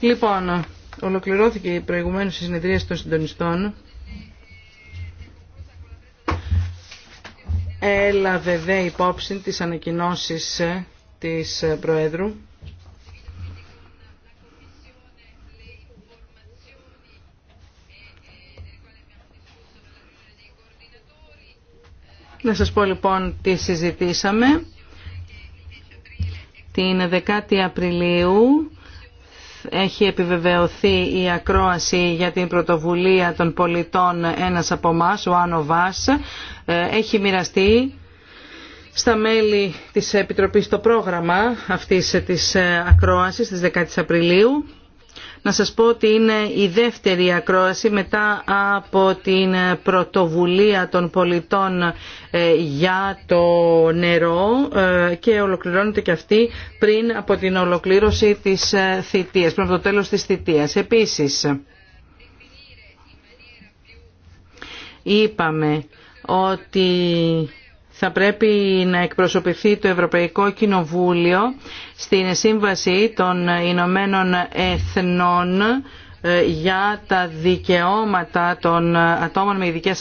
Λοιπόν, ολοκληρώθηκε η προηγουμένη συνεδρία των συντονιστών. Έλαβε δε υπόψη τις ανακοινώσεις ε, της ε, Προέδρου. Να σας πω λοιπόν τι συζητήσαμε. Την 10η Απριλίου έχει επιβεβαιωθεί η ακρόαση για την πρωτοβουλία των πολιτών ένας από εμά, ο Άνω Βάς, ε, έχει μοιραστεί στα μέλη της Επιτροπής το πρόγραμμα αυτής της ε, ακρόασης της 10ης Απριλίου να σας πω ότι είναι η δεύτερη ακρόαση μετά από την πρωτοβουλία των πολιτών ε, για το νερό ε, και ολοκληρώνεται και αυτή πριν από την ολοκλήρωση της ε, θητείας, πριν από το τέλος της θητείας. Επίσης, είπαμε ότι θα πρέπει να εκπροσωπηθεί το Ευρωπαϊκό Κοινοβούλιο στην Σύμβαση των Ηνωμένων Εθνών ε, για τα δικαιώματα των ατόμων με ειδικέ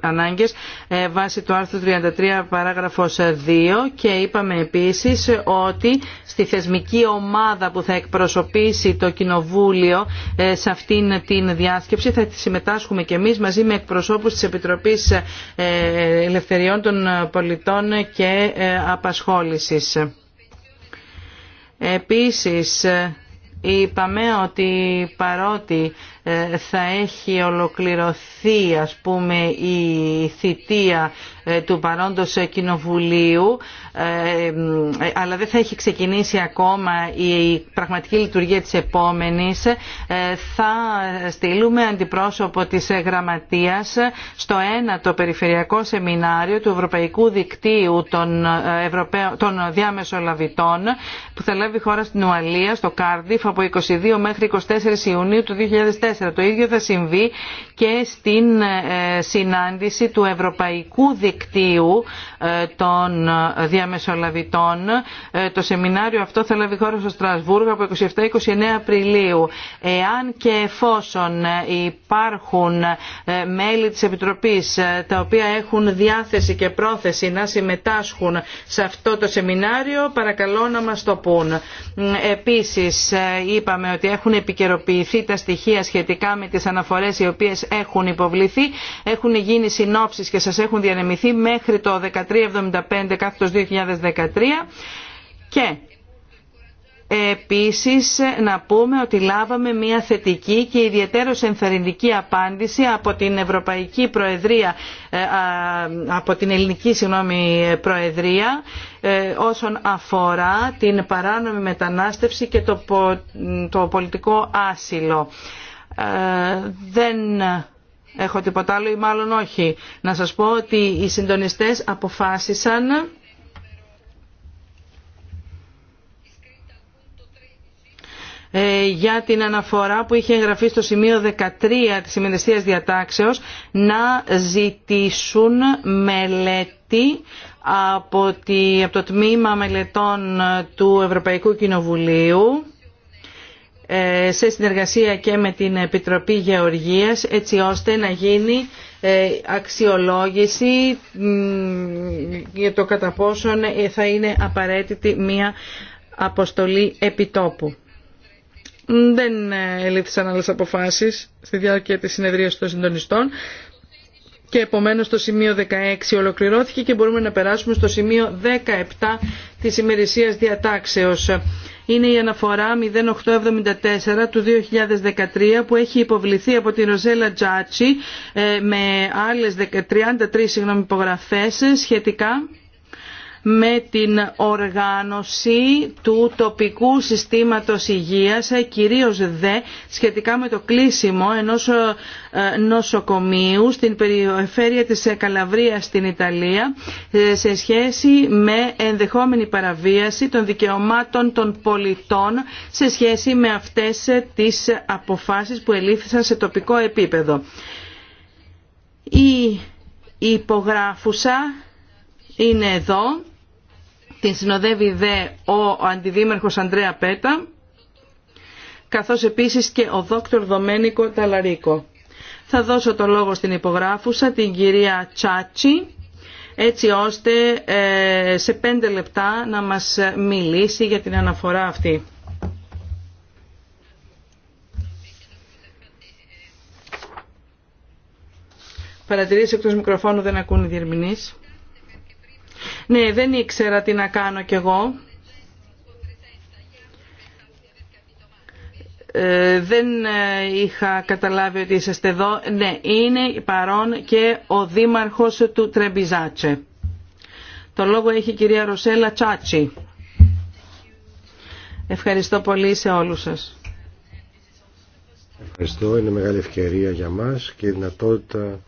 ανάγκες ε, βάσει του άρθρου 33 παράγραφος 2 ε, και είπαμε επίσης ότι στη θεσμική ομάδα που θα εκπροσωπήσει το Κοινοβούλιο σε αυτήν την διάσκεψη θα συμμετάσχουμε και εμείς μαζί με εκπροσώπους της Επιτροπής Ελευθεριών των Πολιτών και Απασχόλησης. Επίσης, είπαμε ότι παρότι ε, θα έχει ολοκληρωθεί ας πούμε η θητεία ε, του παρόντος κοινοβουλίου ε, αλλά δεν θα έχει ξεκινήσει ακόμα η πραγματική λειτουργία της επόμενης θα στείλουμε αντιπρόσωπο της γραμματείας στο ένα το περιφερειακό σεμινάριο του Ευρωπαϊκού Δικτύου των, των Διάμεσολαβητών που θα λάβει χώρα στην Ουαλία, στο Κάρδιφ από 22 μέχρι 24 Ιουνίου του 2004 2014. Το ίδιο θα συμβεί και στην ε, συνάντηση του Ευρωπαϊκού Δικτύου ε, των Διαμεσολαβητών. Ε, το σεμινάριο αυτό θα λάβει χώρα στο Στρασβούργο από 27-29 Απριλίου. Εάν και εφόσον υπάρχουν μέλη της Επιτροπής τα οποία έχουν διάθεση και πρόθεση να συμμετάσχουν σε αυτό το σεμινάριο, παρακαλώ να μας το πούν. Επίσης είπαμε ότι έχουν επικαιροποιηθεί τα στοιχεία σχετικά σχετικά με τις αναφορές οι οποίες έχουν υποβληθεί έχουν γίνει συνόψεις και σας έχουν διανεμηθεί μέχρι το 1375 κάθετος 2013 και Επίσης να πούμε ότι λάβαμε μια θετική και ιδιαίτερως ενθαρρυντική απάντηση από την Ευρωπαϊκή Προεδρία, ε, από την Ελληνική συγγνώμη, Προεδρία ε, όσον αφορά την παράνομη μετανάστευση και το πολιτικό άσυλο. Ε, δεν έχω τίποτα άλλο ή μάλλον όχι. Να σας πω ότι οι συντονιστές αποφάσισαν ε, για την αναφορά που είχε εγγραφεί στο σημείο 13 της ημερησίας διατάξεως να ζητήσουν μελέτη από το τμήμα μελετών του Ευρωπαϊκού Κοινοβουλίου ε, σε συνεργασία και με την Επιτροπή Γεωργίας έτσι ώστε να γίνει ε, αξιολόγηση για το κατά πόσον ε, θα είναι απαραίτητη μία αποστολή επιτόπου. Δεν λήφθησαν άλλες αποφάσεις στη διάρκεια της συνεδρίας των συντονιστών και επομένως το σημείο 16 ολοκληρώθηκε και μπορούμε να περάσουμε στο σημείο 17 της ημερησίας διατάξεως είναι η αναφορά 0874 του 2013 που έχει υποβληθεί από την Ροζέλα Τζάτσι ε, με άλλες 33 συγγνώμη, υπογραφές ε, σχετικά με την οργάνωση του τοπικού συστήματος υγείας, κυρίως δε σχετικά με το κλείσιμο ενός ε, νοσοκομείου στην περιφέρεια της Καλαβρίας στην Ιταλία ε, σε σχέση με ενδεχόμενη παραβίαση των δικαιωμάτων των πολιτών σε σχέση με αυτές τις αποφάσεις που ελήφθησαν σε τοπικό επίπεδο. Η υπογράφουσα είναι εδώ την συνοδεύει δε ο αντιδήμαρχος Ανδρέα Πέτα, καθώς επίσης και ο δόκτωρ Δομένικο Ταλαρίκο. Θα δώσω το λόγο στην υπογράφουσα, την κυρία Τσάτσι, έτσι ώστε ε, σε πέντε λεπτά να μας μιλήσει για την αναφορά αυτή. Παρατηρήσει εκτός μικροφώνου δεν ακούν οι διερμηνείς. Ναι, δεν ήξερα τι να κάνω κι εγώ. Ε, δεν ε, είχα καταλάβει ότι είσαστε εδώ. Ναι, είναι παρόν και ο δήμαρχος του Τρεμπιζάτσε. Το λόγο έχει η κυρία Ροσέλα Τσάτσι. Ευχαριστώ πολύ σε όλους σας. Ευχαριστώ. Είναι μεγάλη ευκαιρία για μας και η δυνατότητα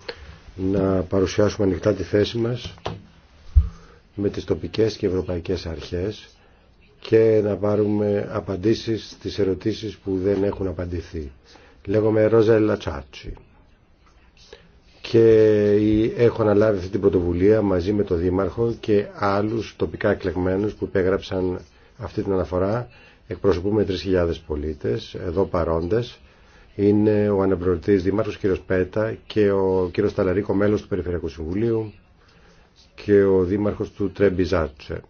να παρουσιάσουμε ανοιχτά τη θέση μας με τις τοπικές και ευρωπαϊκές αρχές και να πάρουμε απαντήσεις στις ερωτήσεις που δεν έχουν απαντηθεί. Λέγομαι Ρόζα Λατσάτσι και έχω αναλάβει αυτή την πρωτοβουλία μαζί με τον Δήμαρχο και άλλους τοπικά εκλεγμένους που υπέγραψαν αυτή την αναφορά. Εκπροσωπούμε 3.000 πολίτες, εδώ παρόντες. Είναι ο αναπληρωτής Δήμαρχος κ. Πέτα και ο κ. Σταλαρίκο, μέλος του Περιφερειακού Συμβουλίου και ο δήμαρχος του Τρεμπιζάτσε.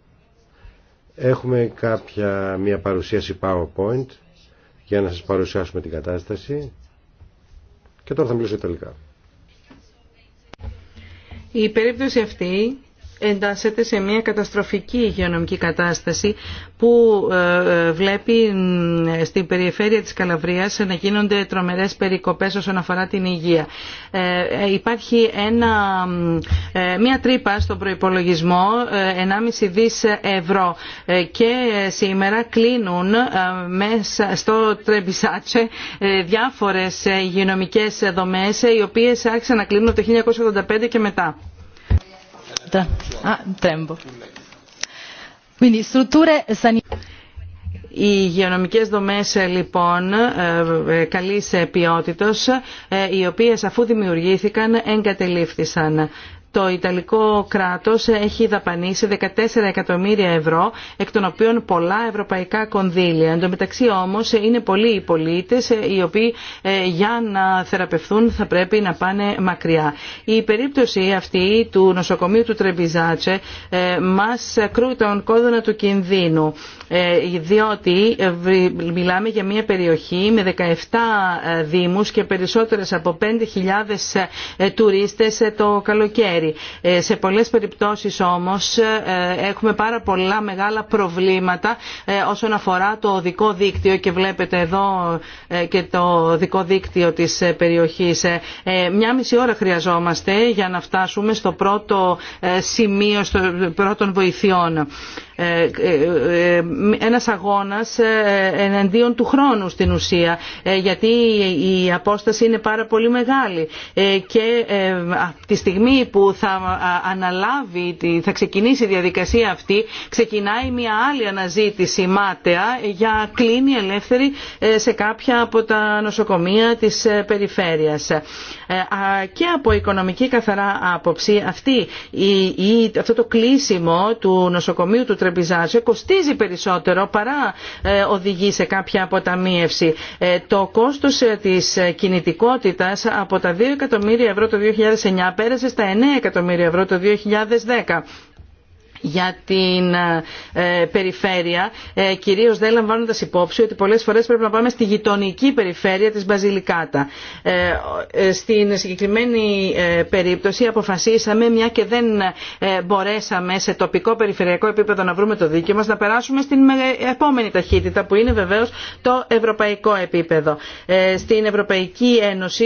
Έχουμε κάποια μια παρουσίαση PowerPoint για να σας παρουσιάσουμε την κατάσταση και τώρα θα μιλήσω τελικά. Η περίπτωση αυτή εντάσσεται σε μια καταστροφική υγειονομική κατάσταση που ε, ε, βλέπει στην περιφέρεια της Καλαβρίας να γίνονται τρομερές περικοπές όσον αφορά την υγεία. Ε, υπάρχει ένα, μια τρύπα στον προϋπολογισμό 1,5 δις ευρώ και σήμερα κλείνουν μέσα στο Τρεμπισάτσε διάφορες υγειονομικές δομές οι οποίες άρχισαν να κλείνουν από το 1985 και μετά. Ah, οι υγειονομικέ δομέ ε, λοιπόν ε, ε, καλή ποιότητα, οι οποίε, αφού δημιουργήθηκαν εγκατελείφθησαν το Ιταλικό κράτος έχει δαπανίσει 14 εκατομμύρια ευρώ, εκ των οποίων πολλά ευρωπαϊκά κονδύλια. Εν τω μεταξύ όμως είναι πολλοί οι πολίτες ε, οι οποίοι ε, για να θεραπευθούν θα πρέπει να πάνε μακριά. Η περίπτωση αυτή του νοσοκομείου του Τρεμπιζάτσε ε, μας κρούει τον κόδωνα του κινδύνου. Ε, διότι ε, μιλάμε για μια περιοχή με 17 ε, δήμους και περισσότερες από 5.000 τουρίστες το καλοκαίρι. Σε πολλές περιπτώσεις όμως έχουμε πάρα πολλά μεγάλα προβλήματα όσον αφορά το οδικό δίκτυο και βλέπετε εδώ και το δικό δίκτυο της περιοχής. Μια μισή ώρα χρειαζόμαστε για να φτάσουμε στο πρώτο σημείο, στο βοηθειών. Ε, ε, ε, ένας αγώνας εναντίον του χρόνου στην ουσία γιατί η απόσταση είναι πάρα πολύ μεγάλη και τη στιγμή που θα αναλάβει, θα ξεκινήσει η διαδικασία αυτή ξεκινάει μια άλλη αναζήτηση μάταια για κλίνη ελεύθερη σε κάποια από τα νοσοκομεία της περιφέρειας. Και από οικονομική καθαρά άποψη αυτή, αυτό το κλείσιμο του νοσοκομείου του κοστίζει περισσότερο παρά ε, οδηγεί σε κάποια αποταμίευση. Ε, το κόστος ε, της κινητικότητας από τα 2 εκατομμύρια ευρώ το 2009 πέρασε στα 9 εκατομμύρια ευρώ το 2010 για την ε, ε, περιφέρεια, ε, κυρίως δεν λαμβάνοντας υπόψη ότι πολλές φορές πρέπει να πάμε στη γειτονική περιφέρεια της Μπαζιλικάτα. Στην συγκεκριμένη περίπτωση αποφασίσαμε, μια και δεν μπορέσαμε σε τοπικό περιφερειακό επίπεδο να βρούμε το δίκαιο μας, να περάσουμε στην επόμενη ταχύτητα που είναι βεβαίως το ευρωπαϊκό επίπεδο. Στην Ευρωπαϊκή Ένωση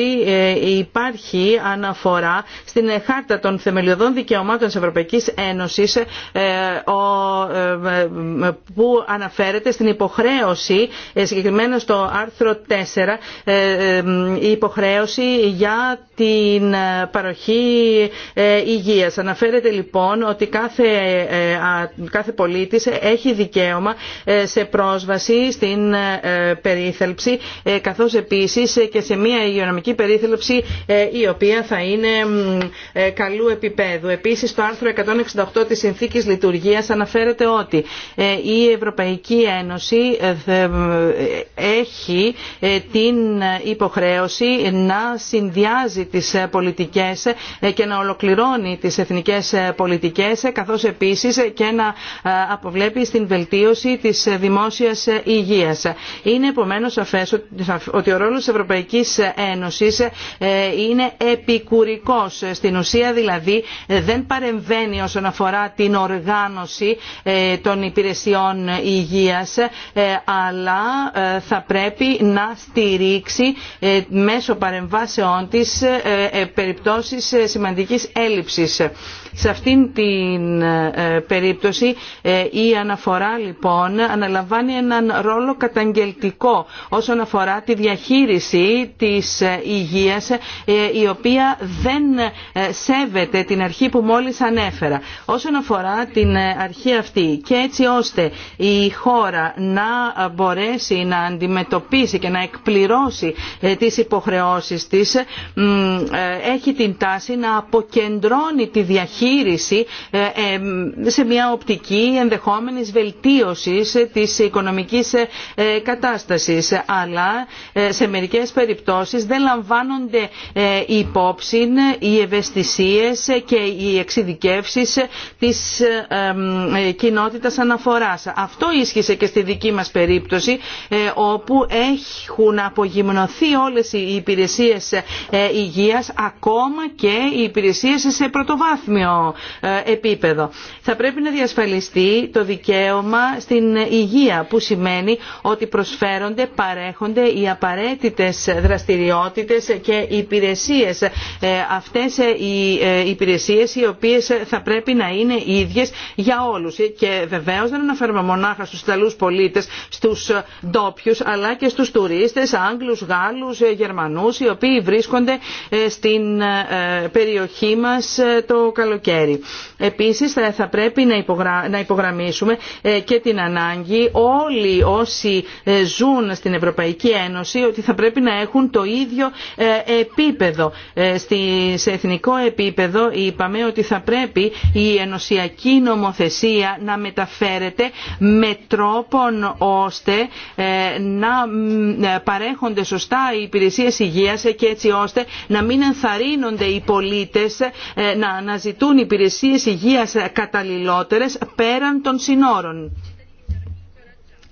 υπάρχει αναφορά στην Χάρτα των Θεμελιωδών Δικαιωμάτων της Ευρωπαϊκής Ένωσης ε, ε, ε, που αναφέρεται στην υποχρέωση, συγκεκριμένα στο άρθρο 4, η υποχρέωση για την παροχή υγείας. Αναφέρεται λοιπόν ότι κάθε, κάθε πολίτης έχει δικαίωμα σε πρόσβαση στην περίθαλψη καθώς επίσης και σε μια υγειονομική περίθαλψη η οποία θα είναι καλού επίπεδου. Επίσης το άρθρο 168 της συνθήκης Ευρωπαϊκής λειτουργίας αναφέρεται ότι ε, η Ευρωπαϊκή Ένωση ε, ε, έχει την υποχρέωση να συνδυάζει τις πολιτικές και να ολοκληρώνει τις εθνικές πολιτικές καθώς επίσης και να αποβλέπει στην βελτίωση της δημόσιας υγείας. Είναι επομένως σαφές ότι ο ρόλος της Ευρωπαϊκής Ένωσης είναι επικουρικός. Στην ουσία δηλαδή δεν παρεμβαίνει όσον αφορά την οργάνωση ε, των υπηρεσιών υγείας ε, αλλά ε, θα πρέπει να στηρίξει μέσω παρεμβάσεών της περιπτώσεις σημαντικής έλλειψης σε αυτήν την ε, περίπτωση ε, η αναφορά λοιπόν αναλαμβάνει έναν ρόλο καταγγελτικό όσον αφορά τη διαχείριση της ε, υγείας η οποία δεν σέβεται την αρχή που μόλις ανέφερα. Όσον αφορά την αρχή αυτή και έτσι ώστε η χώρα να μπορέσει να αντιμετωπίσει και να εκπληρώσει τις υποχρεώσεις της έχει την τάση να αποκεντρώνει τη διαχείριση ε, σε μια οπτική ενδεχόμενης βελτίωσης της οικονομικής ε, κατάστασης. Αλλά ε, σε μερικές περιπτώσεις δεν λαμβάνονται υπόψη οι ευαισθησίες και οι εξειδικεύσεις της κοινότητας αναφοράς. Αυτό ίσχυσε και στη δική μας περίπτωση όπου έχουν απογυμνοθεί όλες οι υπηρεσίες υγείας ακόμα και οι υπηρεσίες σε πρωτοβάθμιο ε, επίπεδο. Θα πρέπει να διασφαλιστεί το δικαίωμα στην υγεία που σημαίνει ότι προσφέρονται, παρέχονται οι απαραίτητες δραστηριότητες και υπηρεσίες. Ε, αυτές ε, οι υπηρεσίες οι οποίες θα πρέπει να είναι ίδιες για όλους. Και βεβαίως δεν αναφέρουμε μονάχα στους Ιταλούς πολίτες, στους ντόπιου, αλλά και στους τουρίστες, Άγγλους, Γάλλους, Γερμανούς οι οποίοι βρίσκονται στην περιοχή μας το καλοκαίρι καλοκαίρι. Επίσης θα πρέπει να υπογραμμίσουμε ε, και την ανάγκη όλοι όσοι ε, ζουν στην Ευρωπαϊκή Ένωση ότι θα πρέπει να έχουν το ίδιο ε, επίπεδο. Σε εθνικό επίπεδο είπαμε ότι θα πρέπει η ενωσιακή νομοθεσία να μεταφέρεται με τρόπον ώστε να παρέχονται σωστά οι υπηρεσίες υγείας και έτσι ώστε να μην ενθαρρύνονται οι πολίτες να αναζητούν υπηρεσίες υγείας καταλληλότερες πέραν των συνόρων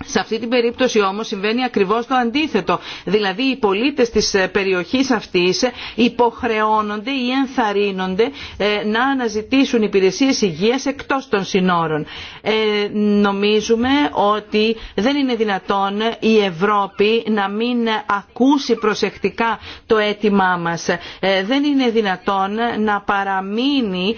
σε αυτή την περίπτωση όμως συμβαίνει ακριβώς το αντίθετο. Δηλαδή οι πολίτες της ε, περιοχής αυτής υποχρεώνονται ή ενθαρρύνονται ε, να αναζητήσουν υπηρεσίες υγείας εκτός των συνόρων. Ε, νομίζουμε ότι δεν είναι δυνατόν η ενθαρρυνονται να αναζητησουν υπηρεσιες υγειας εκτος των συνορων νομιζουμε οτι δεν ειναι δυνατον η ευρωπη να μην ακούσει προσεκτικά το αίτημά μας. Ε, δεν είναι δυνατόν να παραμείνει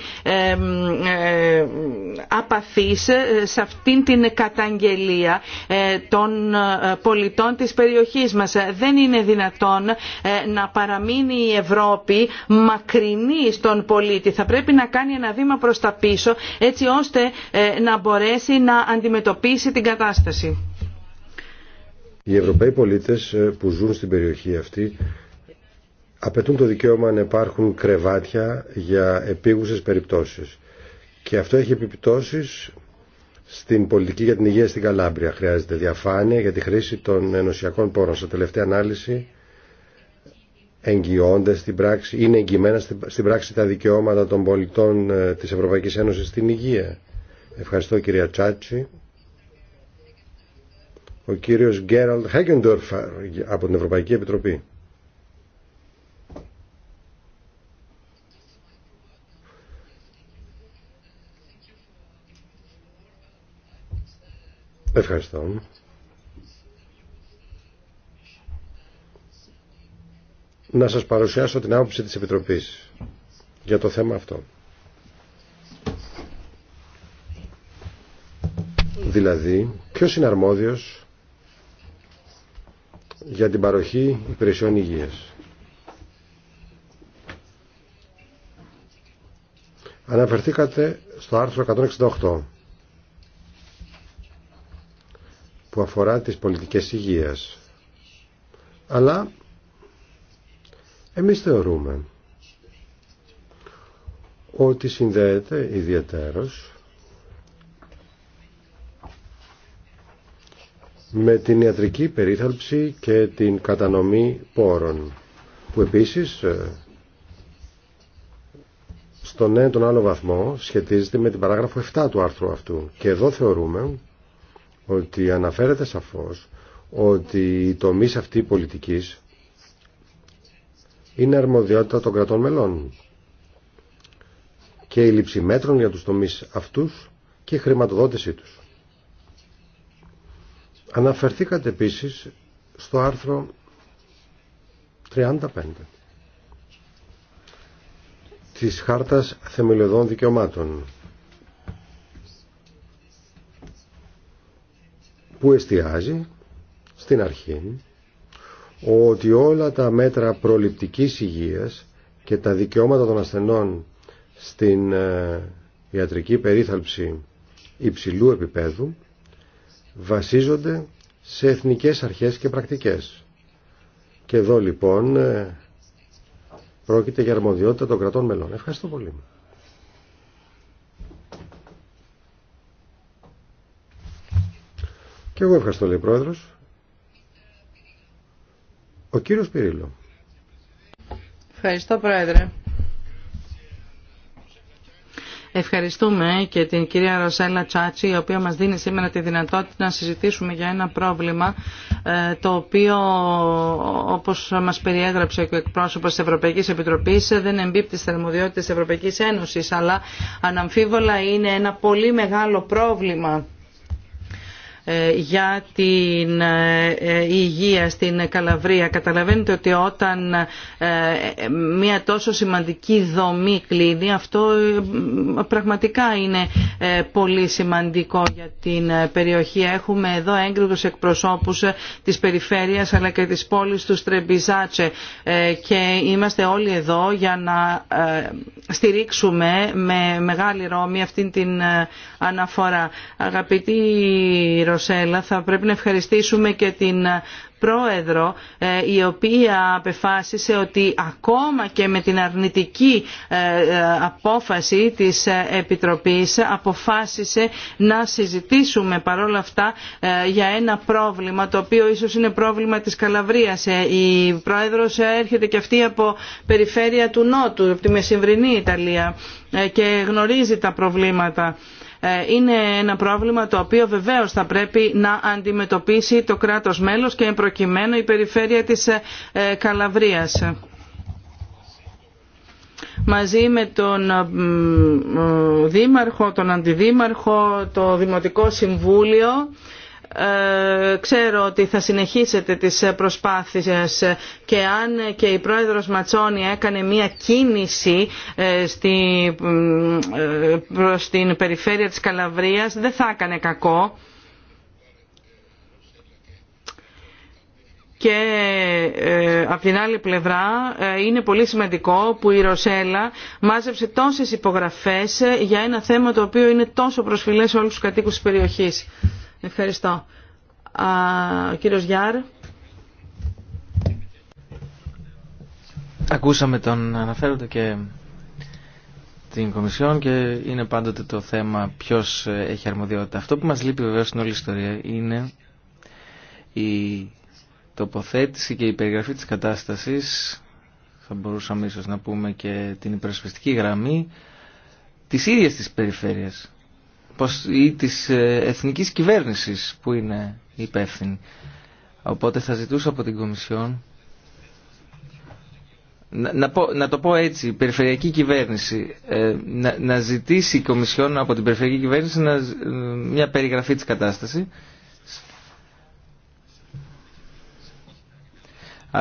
απαθής σε αυτήν την καταγγελία ε, των ε, πολιτών της περιοχής μας. Δεν είναι δυνατόν ε, να παραμείνει η Ευρώπη μακρινή στον πολίτη. Θα πρέπει να κάνει ένα βήμα προς τα πίσω έτσι ώστε να μπορέσει να αντιμετωπίσει την κατάσταση. Οι Ευρωπαίοι πολίτες που ζουν στην περιοχή αυτή απαιτούν το δικαίωμα να υπάρχουν κρεβάτια για επίγουσες περιπτώσεις. Και αυτό έχει επιπτώσεις στην πολιτική για την υγεία στην Καλάμπρια. Χρειάζεται διαφάνεια για τη χρήση των ενωσιακών πόρων. Σε τελευταία ανάλυση εγγυώνται στην πράξη, είναι εγγυημένα στην πράξη τα δικαιώματα των πολιτών ε, της Ευρωπαϊκής Ένωσης στην υγεία. Ευχαριστώ κυρία Τσάτσι. Ο κύριος Γκέραλτ Χέγκεντορφ ε, από την Ευρωπαϊκή Επιτροπή. Ευχαριστώ. Να σας παρουσιάσω την άποψη της Επιτροπής για το θέμα αυτό. Δηλαδή, ποιος είναι αρμόδιος για την παροχή υπηρεσιών υγείας. Αναφερθήκατε στο άρθρο 168 που αφορά τις πολιτικές υγείας. Αλλά εμείς θεωρούμε ότι συνδέεται ιδιαίτερος με την ιατρική περίθαλψη και την κατανομή πόρων που επίσης ε, στον ένα τον άλλο βαθμό σχετίζεται με την παράγραφο 7 του άρθρου αυτού και εδώ θεωρούμε ότι αναφέρεται σαφώς ότι οι τομείς αυτή πολιτικής είναι αρμοδιότητα των κρατών μελών και η λήψη μέτρων για τους τομείς αυτούς και η χρηματοδότησή τους. Αναφερθήκατε επίσης στο άρθρο 35 της Χάρτας Θεμελιωδών Δικαιωμάτων που εστιάζει στην αρχή ότι όλα τα μέτρα προληπτικής υγείας και τα δικαιώματα των ασθενών στην ε, ιατρική περίθαλψη υψηλού επίπεδου βασίζονται σε εθνικές αρχές και πρακτικές. Και εδώ λοιπόν ε, πρόκειται για αρμοδιότητα των κρατών μελών. Ευχαριστώ πολύ. Και εγώ ευχαριστώ, λέει ο Πρόεδρος. Ο κύριος Πυρίλο. Ευχαριστώ, Πρόεδρε. Ευχαριστούμε και την κυρία Ροσέλα Τσάτσι, η οποία μας δίνει σήμερα τη δυνατότητα να συζητήσουμε για ένα πρόβλημα ε, το οποίο, όπως μας περιέγραψε ο εκπρόσωπος της Ευρωπαϊκής Επιτροπής, δεν εμπίπτει στις θερμοδιότητες της Ευρωπαϊκής Ένωσης, αλλά αναμφίβολα είναι ένα πολύ μεγάλο πρόβλημα ε, για την ε, ε, υγεία στην Καλαβρία. Καταλαβαίνετε ότι όταν μια τόσο σημαντική δομή κλείνει, αυτό πραγματικά είναι πολύ σημαντικό για την περιοχή. Έχουμε εδώ έγκριτους εκπροσώπους της περιφέρειας αλλά και της πόλης του Στρεμπιζάτσε και είμαστε όλοι εδώ για να στηρίξουμε με μεγάλη ρόμη αυτή την αναφορά. Αγαπητή θα πρέπει να ευχαριστήσουμε και την πρόεδρο ε, η οποία απεφάσισε ότι ακόμα και με την αρνητική ε, ε, απόφαση της Επιτροπής αποφάσισε να συζητήσουμε παρόλα αυτά για ένα πρόβλημα το οποίο ίσως είναι πρόβλημα της Καλαβρίας. Η πρόεδρος έρχεται και αυτή από περιφέρεια του Νότου, από τη μεσημβρινή Ιταλία και γνωρίζει τα προβλήματα ε, είναι ένα πρόβλημα το οποίο βεβαίως θα πρέπει να αντιμετωπίσει το κράτος μέλος και προκειμένου η περιφέρεια της ε, ε, Καλαβρίας μαζί με τον δήμαρχο, τον αντιδήμαρχο, το Δημοτικό Συμβούλιο ε, ξέρω ότι θα συνεχίσετε τις προσπάθειες και αν και η πρόεδρος Ματσόνη έκανε μια κίνηση ε, στη, ε, προς την περιφέρεια της Καλαβρίας δεν θα έκανε κακό. και από την άλλη πλευρά είναι πολύ σημαντικό που η Ρωσέλα μάζεψε τόσες υπογραφές για ένα θέμα το οποίο είναι τόσο προσφυλές σε όλους τους κατοίκους της περιοχής. Ευχαριστώ. Ο κύριος Γιάρ. Ακούσαμε τον αναφέροντα και την Κομισιόν και είναι πάντοτε το θέμα ποιος έχει αρμοδιότητα. Αυτό που μας λείπει βεβαίως στην όλη ιστορία είναι η τοποθέτηση και η περιγραφή της κατάστασης θα μπορούσαμε ίσως να πούμε και την υπερασπιστική γραμμή της ίδιας της περιφέρειας ή της ε, εθνικής κυβέρνησης που είναι υπεύθυνη. Οπότε θα ζητούσα από την Κομισιόν να, το πω έτσι, η περιφερειακή κυβέρνηση ε, να, ζητήσει η Κομισιόν από την περιφερειακή κυβέρνηση ε, μια περιγραφή της κατάστασης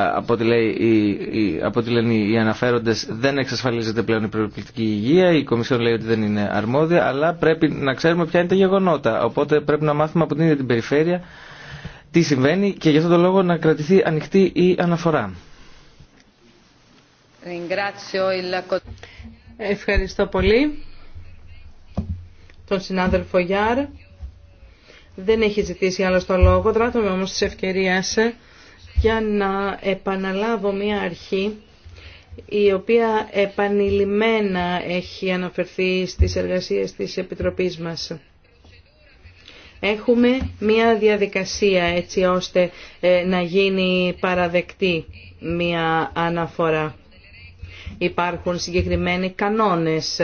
από ό,τι λένε οι αναφέροντες δεν εξασφαλίζεται πλέον η προεπληκτική υγεία, η Κομισιόν λέει ότι δεν είναι αρμόδια, αλλά πρέπει να ξέρουμε ποια είναι τα γεγονότα. Οπότε πρέπει να μάθουμε από την ίδια την περιφέρεια τι συμβαίνει και γι' αυτόν τον λόγο να κρατηθεί ανοιχτή η αναφορά. Ευχαριστώ πολύ τον συνάδελφο Γιάρ. Δεν έχει ζητήσει άλλο το λόγο, δράτω όμως της ευκαιρίας για να επαναλάβω μία αρχή η οποία επανειλημμένα έχει αναφερθεί στις εργασίες της Επιτροπής μας. Έχουμε μία διαδικασία έτσι ώστε ε, να γίνει παραδεκτή μία αναφορά. Υπάρχουν συγκεκριμένοι κανόνες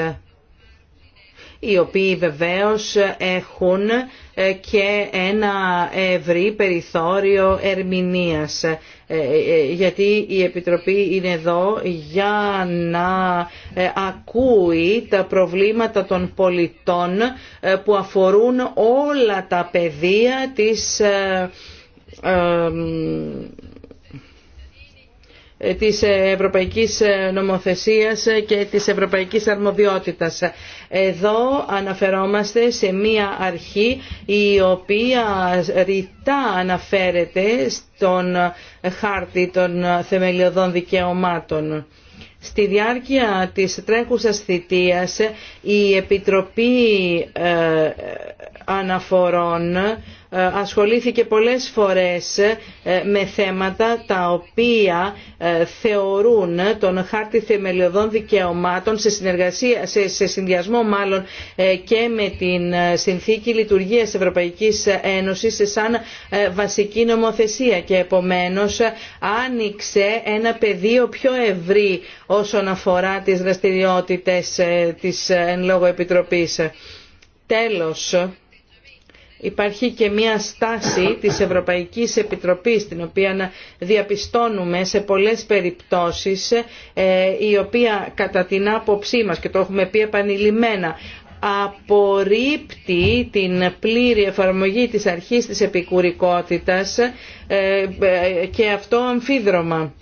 οι οποίοι βεβαίως έχουν ε, και ένα ευρύ περιθώριο ερμηνείας. Ε, ε, γιατί η Επιτροπή είναι εδώ για να ακούει τα προβλήματα των πολιτών που αφορούν όλα τα πεδία της της ευρωπαϊκής νομοθεσίας και της ευρωπαϊκής αρμοδιότητας. Εδώ αναφερόμαστε σε μία αρχή η οποία ρητά αναφέρεται στον χάρτη των θεμελιωδών δικαιωμάτων. Στη διάρκεια της τρέχουσας θητείας η Επιτροπή ε, αναφορών ε, ασχολήθηκε πολλές φορές ε, με θέματα τα οποία ε, θεωρούν τον χάρτη θεμελιωδών δικαιωμάτων σε, συνδυασμό μάλλον και με την συνθήκη λειτουργίας Ευρωπαϊκής Ένωσης σαν βασική νομοθεσία και επομένως άνοιξε ένα πεδίο πιο ευρύ όσον αφορά τις δραστηριότητες της εν λόγω Επιτροπής. Τέλος, υπάρχει και μια στάση της Ευρωπαϊκής Επιτροπής την οποία διαπιστώνουμε σε πολλές περιπτώσεις ε, η οποία κατά την άποψή μας και το έχουμε πει επανειλημμένα απορρίπτει την πλήρη εφαρμογή της αρχής της επικουρικότητας ε, ε, και αυτό αμφίδρομα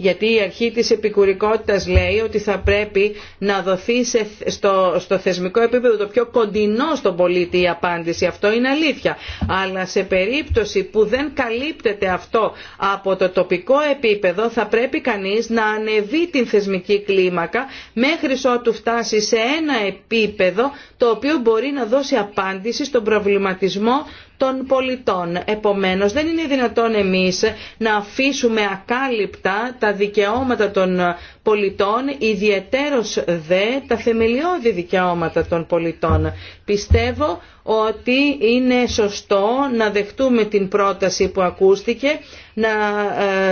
γιατί η αρχή της επικουρικότητας λέει ότι θα πρέπει να δοθεί στο, θεσμικό επίπεδο το πιο κοντινό στον πολίτη η απάντηση. Αυτό είναι αλήθεια. Αλλά σε περίπτωση που δεν καλύπτεται αυτό από το τοπικό επίπεδο θα πρέπει κανείς να ανεβεί την θεσμική κλίμακα μέχρι ότου φτάσει σε ένα επίπεδο το οποίο μπορεί να δώσει απάντηση στον προβληματισμό των πολιτών. Επομένως δεν είναι δυνατόν εμείς να αφήσουμε ακάλυπτα τα δικαιώματα των πολιτών, ιδιαιτέρως δε τα θεμελιώδη δικαιώματα των πολιτών. Πιστεύω ότι είναι σωστό να δεχτούμε την πρόταση που ακούστηκε, να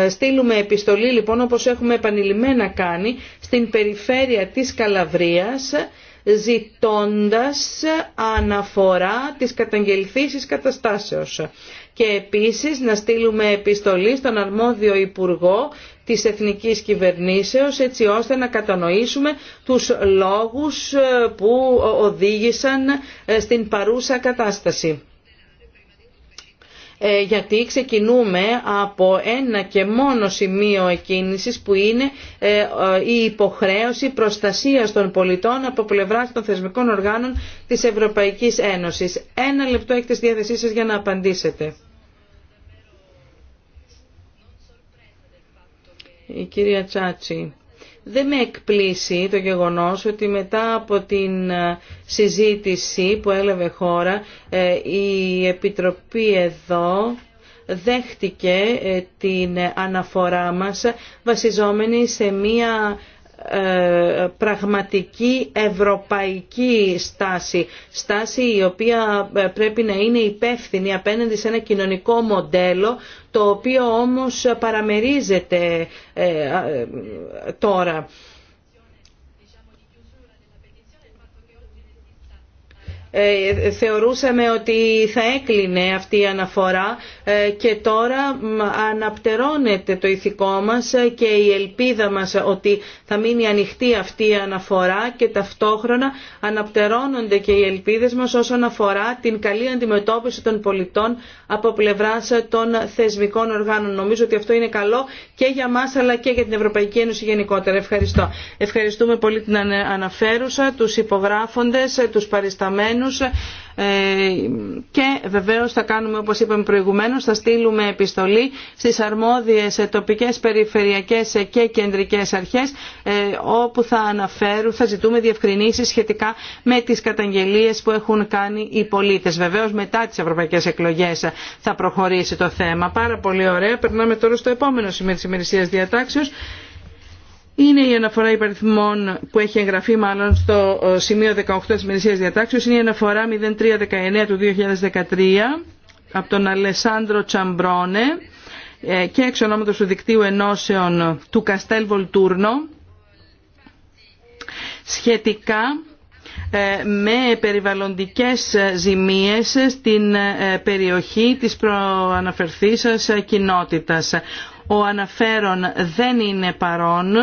ε, στείλουμε επιστολή λοιπόν όπως έχουμε επανειλημμένα κάνει στην περιφέρεια της Καλαβρίας ζητώντας αναφορά της καταγγελθήσης καταστάσεως. Και επίσης να στείλουμε επιστολή στον αρμόδιο Υπουργό της Εθνικής Κυβερνήσεως έτσι ώστε να κατανοήσουμε τους λόγους που οδήγησαν στην παρούσα κατάσταση. Ε, γιατί ξεκινούμε από ένα και μόνο σημείο εκκίνησης που είναι ε, ε, η υποχρέωση προστασίας των πολιτών από πλευρά των θεσμικών οργάνων της Ευρωπαϊκής Ένωσης. Ένα λεπτό έχετε στη διάθεσή σας για να απαντήσετε. Η κυρία Τσάτσι. Δεν με εκπλήσει το γεγονός ότι μετά από την ε, συζήτηση που έλαβε χώρα ε, η Επιτροπή εδώ δέχτηκε ε, την αναφορά μας βασιζόμενη σε μία ε, πραγματική ευρωπαϊκή στάση. Στάση η οποία ε, πρέπει να είναι υπεύθυνη απέναντι σε ένα κοινωνικό μοντέλο το οποίο όμως παραμερίζεται ε, τώρα. Ε, θεωρούσαμε ότι θα έκλεινε αυτή η αναφορά ε, και τώρα αναπτερώνεται το ηθικό μας ε, και η ελπίδα μας ότι θα μείνει ανοιχτή αυτή η αναφορά και ταυτόχρονα αναπτερώνονται και οι ελπίδες μας όσον αφορά την καλή αντιμετώπιση των πολιτών από πλευράς των θεσμικών οργάνων. Νομίζω ότι αυτό είναι καλό και για μας αλλά και για την Ευρωπαϊκή Ένωση γενικότερα. Ευχαριστώ. Ευχαριστούμε πολύ την αναφέρουσα, τους υπογράφοντες, τους παρισταμένους. Ε, και βεβαίως θα κάνουμε όπως είπαμε προηγουμένως θα στείλουμε επιστολή στις αρμόδιες τοπικές, περιφερειακές και κεντρικές αρχές ε, όπου θα αναφέρουν, θα ζητούμε διευκρινήσεις σχετικά με τις καταγγελίες που έχουν κάνει οι πολίτες. Βεβαίως μετά τις ευρωπαϊκές εκλογές θα προχωρήσει το θέμα. Πάρα πολύ ωραία. Περνάμε τώρα στο επόμενο σημείο της ημερησίας διατάξεως είναι η αναφορά υπαριθμών που έχει εγγραφεί μάλλον στο ε, σημείο 18 της Μερισίας Διατάξεως. Είναι η αναφορά 0319 του 2013 από τον Αλεσάνδρο Τσαμπρόνε ε, και εξ ονόματος του δικτύου ενώσεων του Καστέλ Βολτούρνο σχετικά ε, με περιβαλλοντικές ζημίες στην περιοχή της προαναφερθήσας κοινότητας ο αναφέρον δεν είναι παρόν.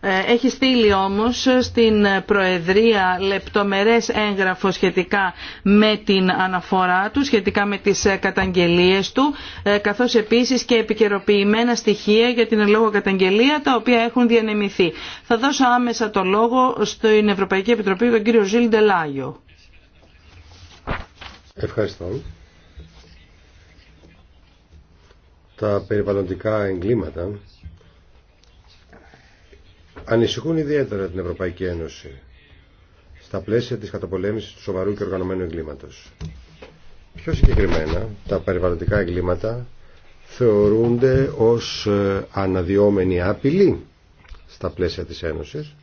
Ε, έχει στείλει όμως στην Προεδρία λεπτομερές έγγραφο σχετικά με την αναφορά του, σχετικά με τις ε, καταγγελίες του, ε, καθώς επίσης και επικαιροποιημένα στοιχεία για την λόγο καταγγελία, τα οποία έχουν διανεμηθεί. Θα δώσω άμεσα το λόγο στην Ευρωπαϊκή Επιτροπή, τον κύριο Ζιλ Ντελάγιο. Ευχαριστώ. τα περιβαλλοντικά εγκλήματα ανησυχούν ιδιαίτερα την Ευρωπαϊκή Ένωση στα πλαίσια της καταπολέμησης του σοβαρού και οργανωμένου εγκλήματος. Πιο συγκεκριμένα, τα περιβαλλοντικά εγκλήματα θεωρούνται ως ε, αναδιόμενη απειλή στα πλαίσια της Ένωσης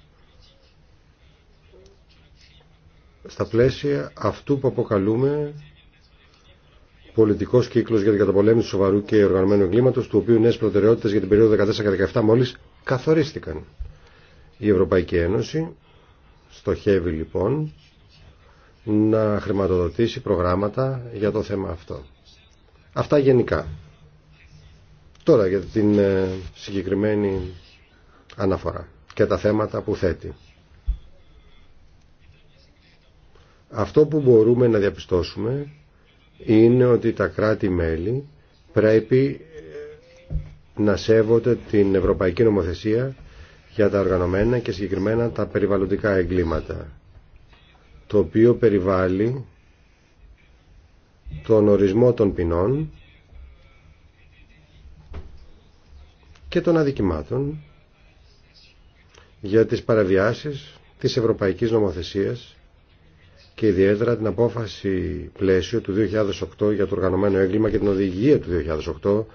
στα πλαίσια αυτού που αποκαλούμε πολιτικό κύκλο για την καταπολέμηση του σοβαρού και οργανωμένου εγκλήματο, του οποίου νέε προτεραιότητε για την περίοδο 14-17 μόλι καθορίστηκαν. Η Ευρωπαϊκή Ένωση στοχεύει λοιπόν να χρηματοδοτήσει προγράμματα για το θέμα αυτό. Αυτά γενικά. Τώρα για την ε, συγκεκριμένη αναφορά και τα θέματα που θέτει. Αυτό που μπορούμε να διαπιστώσουμε είναι ότι τα κράτη-μέλη πρέπει ε, να σέβονται την Ευρωπαϊκή Νομοθεσία για τα οργανωμένα και συγκεκριμένα τα περιβαλλοντικά εγκλήματα το οποίο περιβάλλει τον ορισμό των ποινών και των αδικημάτων για τις παραβιάσεις της Ευρωπαϊκής Νομοθεσίας και ιδιαίτερα την απόφαση πλαίσιο του 2008 για το οργανωμένο έγκλημα και την οδηγία του 2008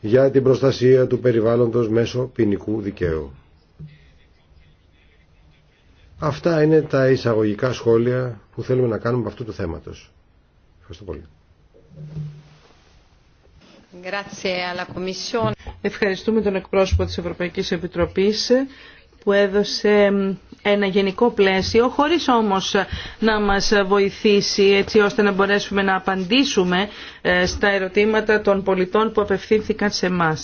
για την προστασία του περιβάλλοντος μέσω ποινικού δικαίου. Αυτά είναι τα εισαγωγικά σχόλια που θέλουμε να κάνουμε από αυτού του θέματος. Ευχαριστώ πολύ. Ευχαριστούμε τον εκπρόσωπο της Ευρωπαϊκής Επιτροπής που έδωσε ένα γενικό πλαίσιο, χωρίς όμως να μας βοηθήσει έτσι ώστε να μπορέσουμε να απαντήσουμε ε, στα ερωτήματα των πολιτών που απευθύνθηκαν σε εμά.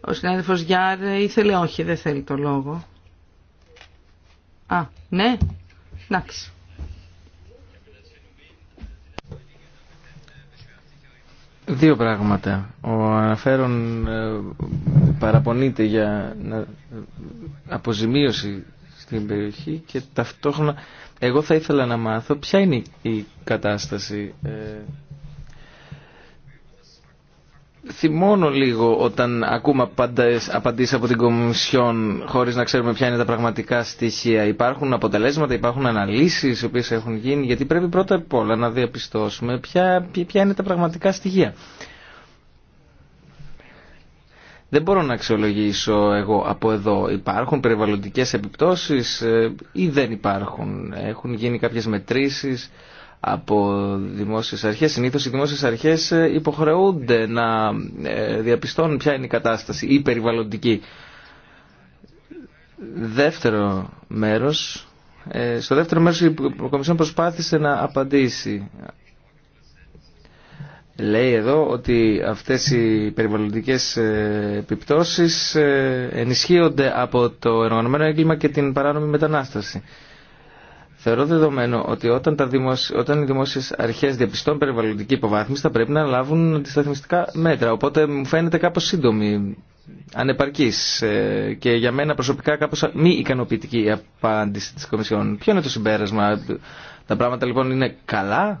Ο συνάδελφος Γιάρ ήθελε όχι, δεν θέλει το λόγο. Α, ναι, εντάξει. Δύο πράγματα. Ο αναφέρον ε, παραπονείται για ε, αποζημίωση στην περιοχή και ταυτόχρονα εγώ θα ήθελα να μάθω ποια είναι η κατάσταση ε, θυμώνω λίγο όταν ακούμε απαντήσεις από την Κομισιόν χωρίς να ξέρουμε ποια είναι τα πραγματικά στοιχεία. Υπάρχουν αποτελέσματα, υπάρχουν αναλύσεις οι οποίες έχουν γίνει, γιατί πρέπει πρώτα απ' όλα να διαπιστώσουμε ποια, ποια είναι τα πραγματικά στοιχεία. Δεν μπορώ να αξιολογήσω εγώ από εδώ. Υπάρχουν περιβαλλοντικές επιπτώσεις ε, ή δεν υπάρχουν. Έχουν γίνει κάποιες μετρήσεις από δημόσιες αρχές. Συνήθως οι δημόσιες αρχές ε, υποχρεούνται να ε, διαπιστώνουν ποια είναι η κατάσταση ή περιβαλλοντική. Δεύτερο μέρος, ε, στο δεύτερο μέρος η Κομισιόν προσπάθησε να απαντήσει. Λέει εδώ ότι αυτές οι περιβαλλοντικές επιπτώσεις ενισχύονται από το εργανωμένο έγκλημα και την παράνομη μετανάσταση. Θεωρώ δεδομένο ότι όταν, τα δημόσια, όταν οι δημόσιε αρχέ διαπιστώνουν περιβαλλοντική υποβάθμιση θα πρέπει να λάβουν αντισταθμιστικά μέτρα. Οπότε μου φαίνεται κάπω σύντομη, ανεπαρκή ε, και για μένα προσωπικά κάπω μη ικανοποιητική η απάντηση τη Κομισιόν. Ποιο είναι το συμπέρασμα, Τα πράγματα λοιπόν είναι καλά.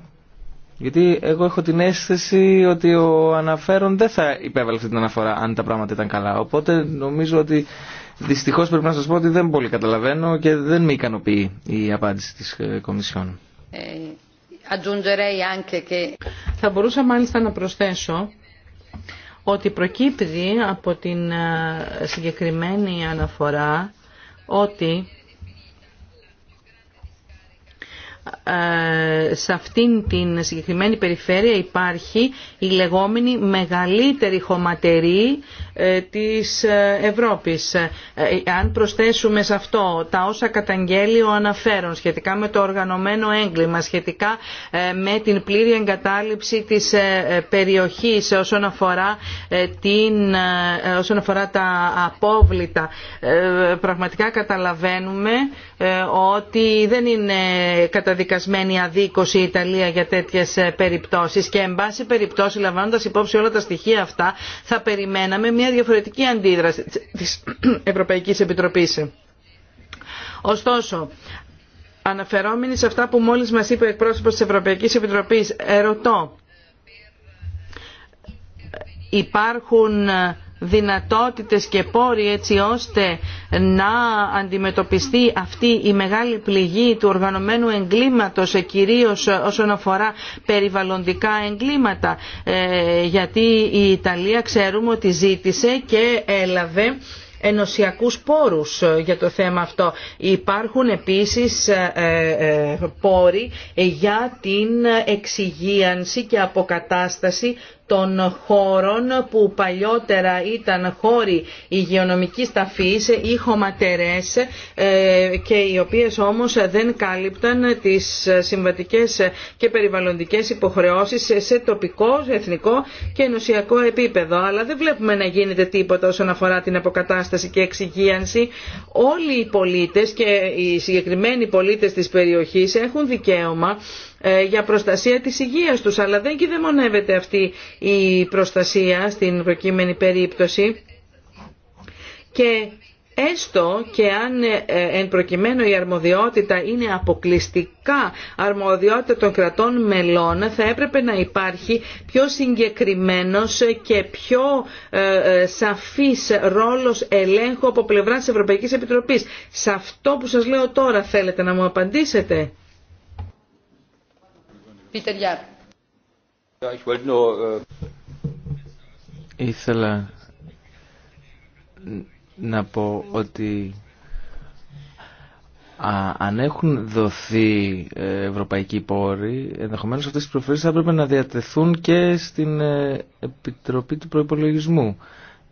Γιατί εγώ έχω την αίσθηση ότι ο αναφέρον δεν θα υπέβαλε αυτή την αναφορά αν τα πράγματα ήταν καλά. Οπότε νομίζω ότι Δυστυχώς πρέπει να σας πω ότι δεν πολύ καταλαβαίνω και δεν με ικανοποιεί η απάντηση της ε, Κομισιόν. Ε, Θα μπορούσα μάλιστα να προσθέσω ότι προκύπτει από την ε, συγκεκριμένη αναφορά ότι σε αυτήν την συγκεκριμένη περιφέρεια υπάρχει η λεγόμενη μεγαλύτερη χωματερή ε, της ε, Ευρώπης. Ε, αν προσθέσουμε σε αυτό τα όσα καταγγέλει ο αναφέρον σχετικά με το οργανωμένο έγκλημα, σχετικά με την πλήρη εγκατάλειψη της περιοχής όσον αφορά, την, όσον αφορά τα απόβλητα, πραγματικά καταλαβαίνουμε ότι δεν είναι καταδικασμένη αδίκωση η Ιταλία για τέτοιες περιπτώσεις και εν πάση περιπτώσει λαμβάνοντας υπόψη όλα τα στοιχεία αυτά θα περιμέναμε μια διαφορετική αντίδραση της Ευρωπαϊκής Επιτροπής. Ωστόσο, αναφερόμενοι σε αυτά που μόλις μας είπε ο εκπρόσωπος της Ευρωπαϊκής Επιτροπής, ερωτώ, υπάρχουν ε, δυνατότητες και πόροι έτσι ώστε να αντιμετωπιστεί αυτή η μεγάλη πληγή του οργανωμένου εγκλήματος ε, κυρίως όσον αφορά περιβαλλοντικά εγκλήματα ε, γιατί η Ιταλία ξέρουμε ότι ζήτησε και έλαβε ενωσιακούς πόρους ε, για το θέμα αυτό. Υπάρχουν επίσης πόροι για την εξυγίανση και αποκατάσταση των χώρων που παλιότερα ήταν χώροι υγειονομικής ταφής ή χωματερές ε, και οι οποίες όμως δεν κάλυπταν τις συμβατικές και περιβαλλοντικές υποχρεώσεις σε τοπικό, εθνικό και ενωσιακό επίπεδο. Αλλά δεν βλέπουμε να γίνεται τίποτα όσον αφορά την αποκατάσταση και εξυγίανση. Όλοι οι πολίτες και οι συγκεκριμένοι πολίτες της περιοχής έχουν δικαίωμα ε, για προστασία της υγείας τους. Αλλά δεν κυδεμονεύεται αυτή η προστασία στην προκείμενη περίπτωση. Και έστω και αν ε, εν προκειμένου η αρμοδιότητα είναι αποκλειστικά αρμοδιότητα των κρατών μελών θα έπρεπε να υπάρχει πιο συγκεκριμένος και πιο ε, σαφής ρόλος ελέγχου από πλευρά της Ευρωπαϊκής Επιτροπής. Σε αυτό που σας λέω τώρα θέλετε να μου απαντήσετε. Äh, Ήθελα να πω ότι αν έχουν δοθεί ε, ευρωπαϊκοί πόροι, ενδεχομένως αυτές οι προφορές θα έπρεπε να διατεθούν και στην ε, Επιτροπή του Προϋπολογισμού.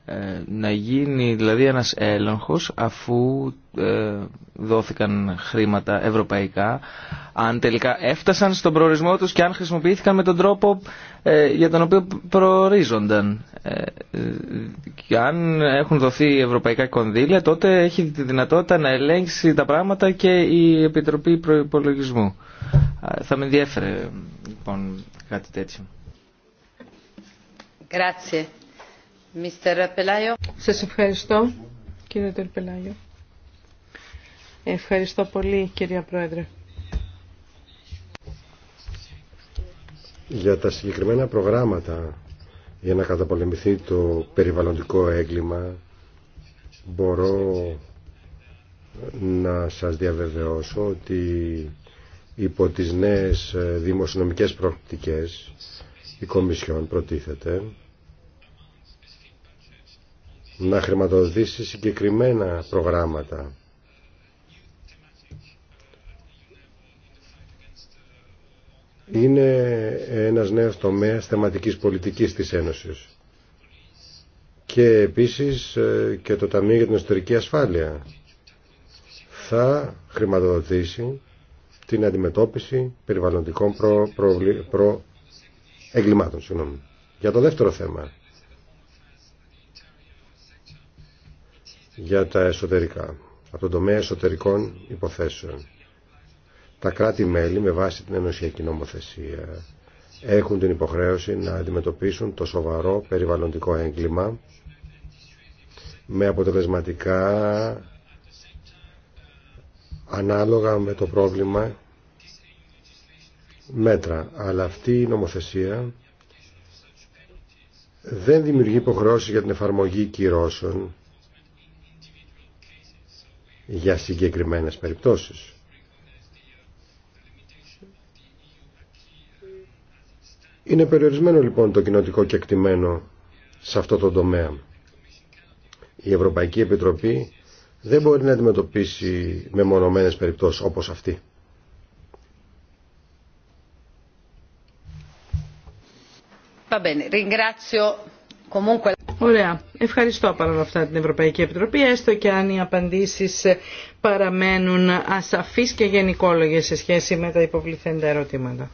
Ε, να γίνει δηλαδή ένας έλεγχος αφού δόθηκαν χρήματα ευρωπαϊκά, αν τελικά έφτασαν στον προορισμό τους και αν χρησιμοποιήθηκαν με τον τρόπο ε, για τον οποίο προορίζονταν. Και ε, ε, αν έχουν δοθεί ευρωπαϊκά κονδύλια, τότε έχει τη δυνατότητα να ελέγξει τα πράγματα και η Επιτροπή Προϋπολογισμού. Θα με ενδιέφερε λοιπόν κάτι τέτοιο. Grazie. Mr. Σας ευχαριστώ, κύριε Τερπελάγιο. Ευχαριστώ πολύ κυρία Πρόεδρε. Για τα συγκεκριμένα προγράμματα για να καταπολεμηθεί το περιβαλλοντικό έγκλημα μπορώ να σας διαβεβαιώσω ότι υπό τις νέες δημοσιονομικές προοπτικές η Κομισιόν προτίθεται να χρηματοδοτήσει συγκεκριμένα προγράμματα είναι ένας νέος τομέας θεματικής πολιτικής της Ένωσης και επίσης ε, και το Ταμείο για την Εσωτερική Ασφάλεια θα χρηματοδοτήσει την αντιμετώπιση περιβαλλοντικών προ, προ, εγκλημάτων. Για το δεύτερο θέμα, για τα εσωτερικά, από τον τομέα εσωτερικών υποθέσεων τα κράτη-μέλη με βάση την ενωσιακή νομοθεσία έχουν την υποχρέωση να αντιμετωπίσουν το σοβαρό περιβαλλοντικό έγκλημα με αποτελεσματικά ανάλογα με το πρόβλημα μέτρα. Αλλά αυτή η νομοθεσία δεν δημιουργεί υποχρεώσεις για την εφαρμογή κυρώσεων για συγκεκριμένες περιπτώσεις. Είναι περιορισμένο λοιπόν το κοινοτικό κεκτημένο σε αυτό το τομέα. Η Ευρωπαϊκή Επιτροπή δεν μπορεί να αντιμετωπίσει με μονομένες περιπτώσεις όπως αυτή. Ωραία. Ευχαριστώ παρόλα αυτά την Ευρωπαϊκή Επιτροπή, έστω και αν οι απαντήσεις παραμένουν ασαφείς και γενικόλογες σε σχέση με τα υποβληθέντα ερωτήματα.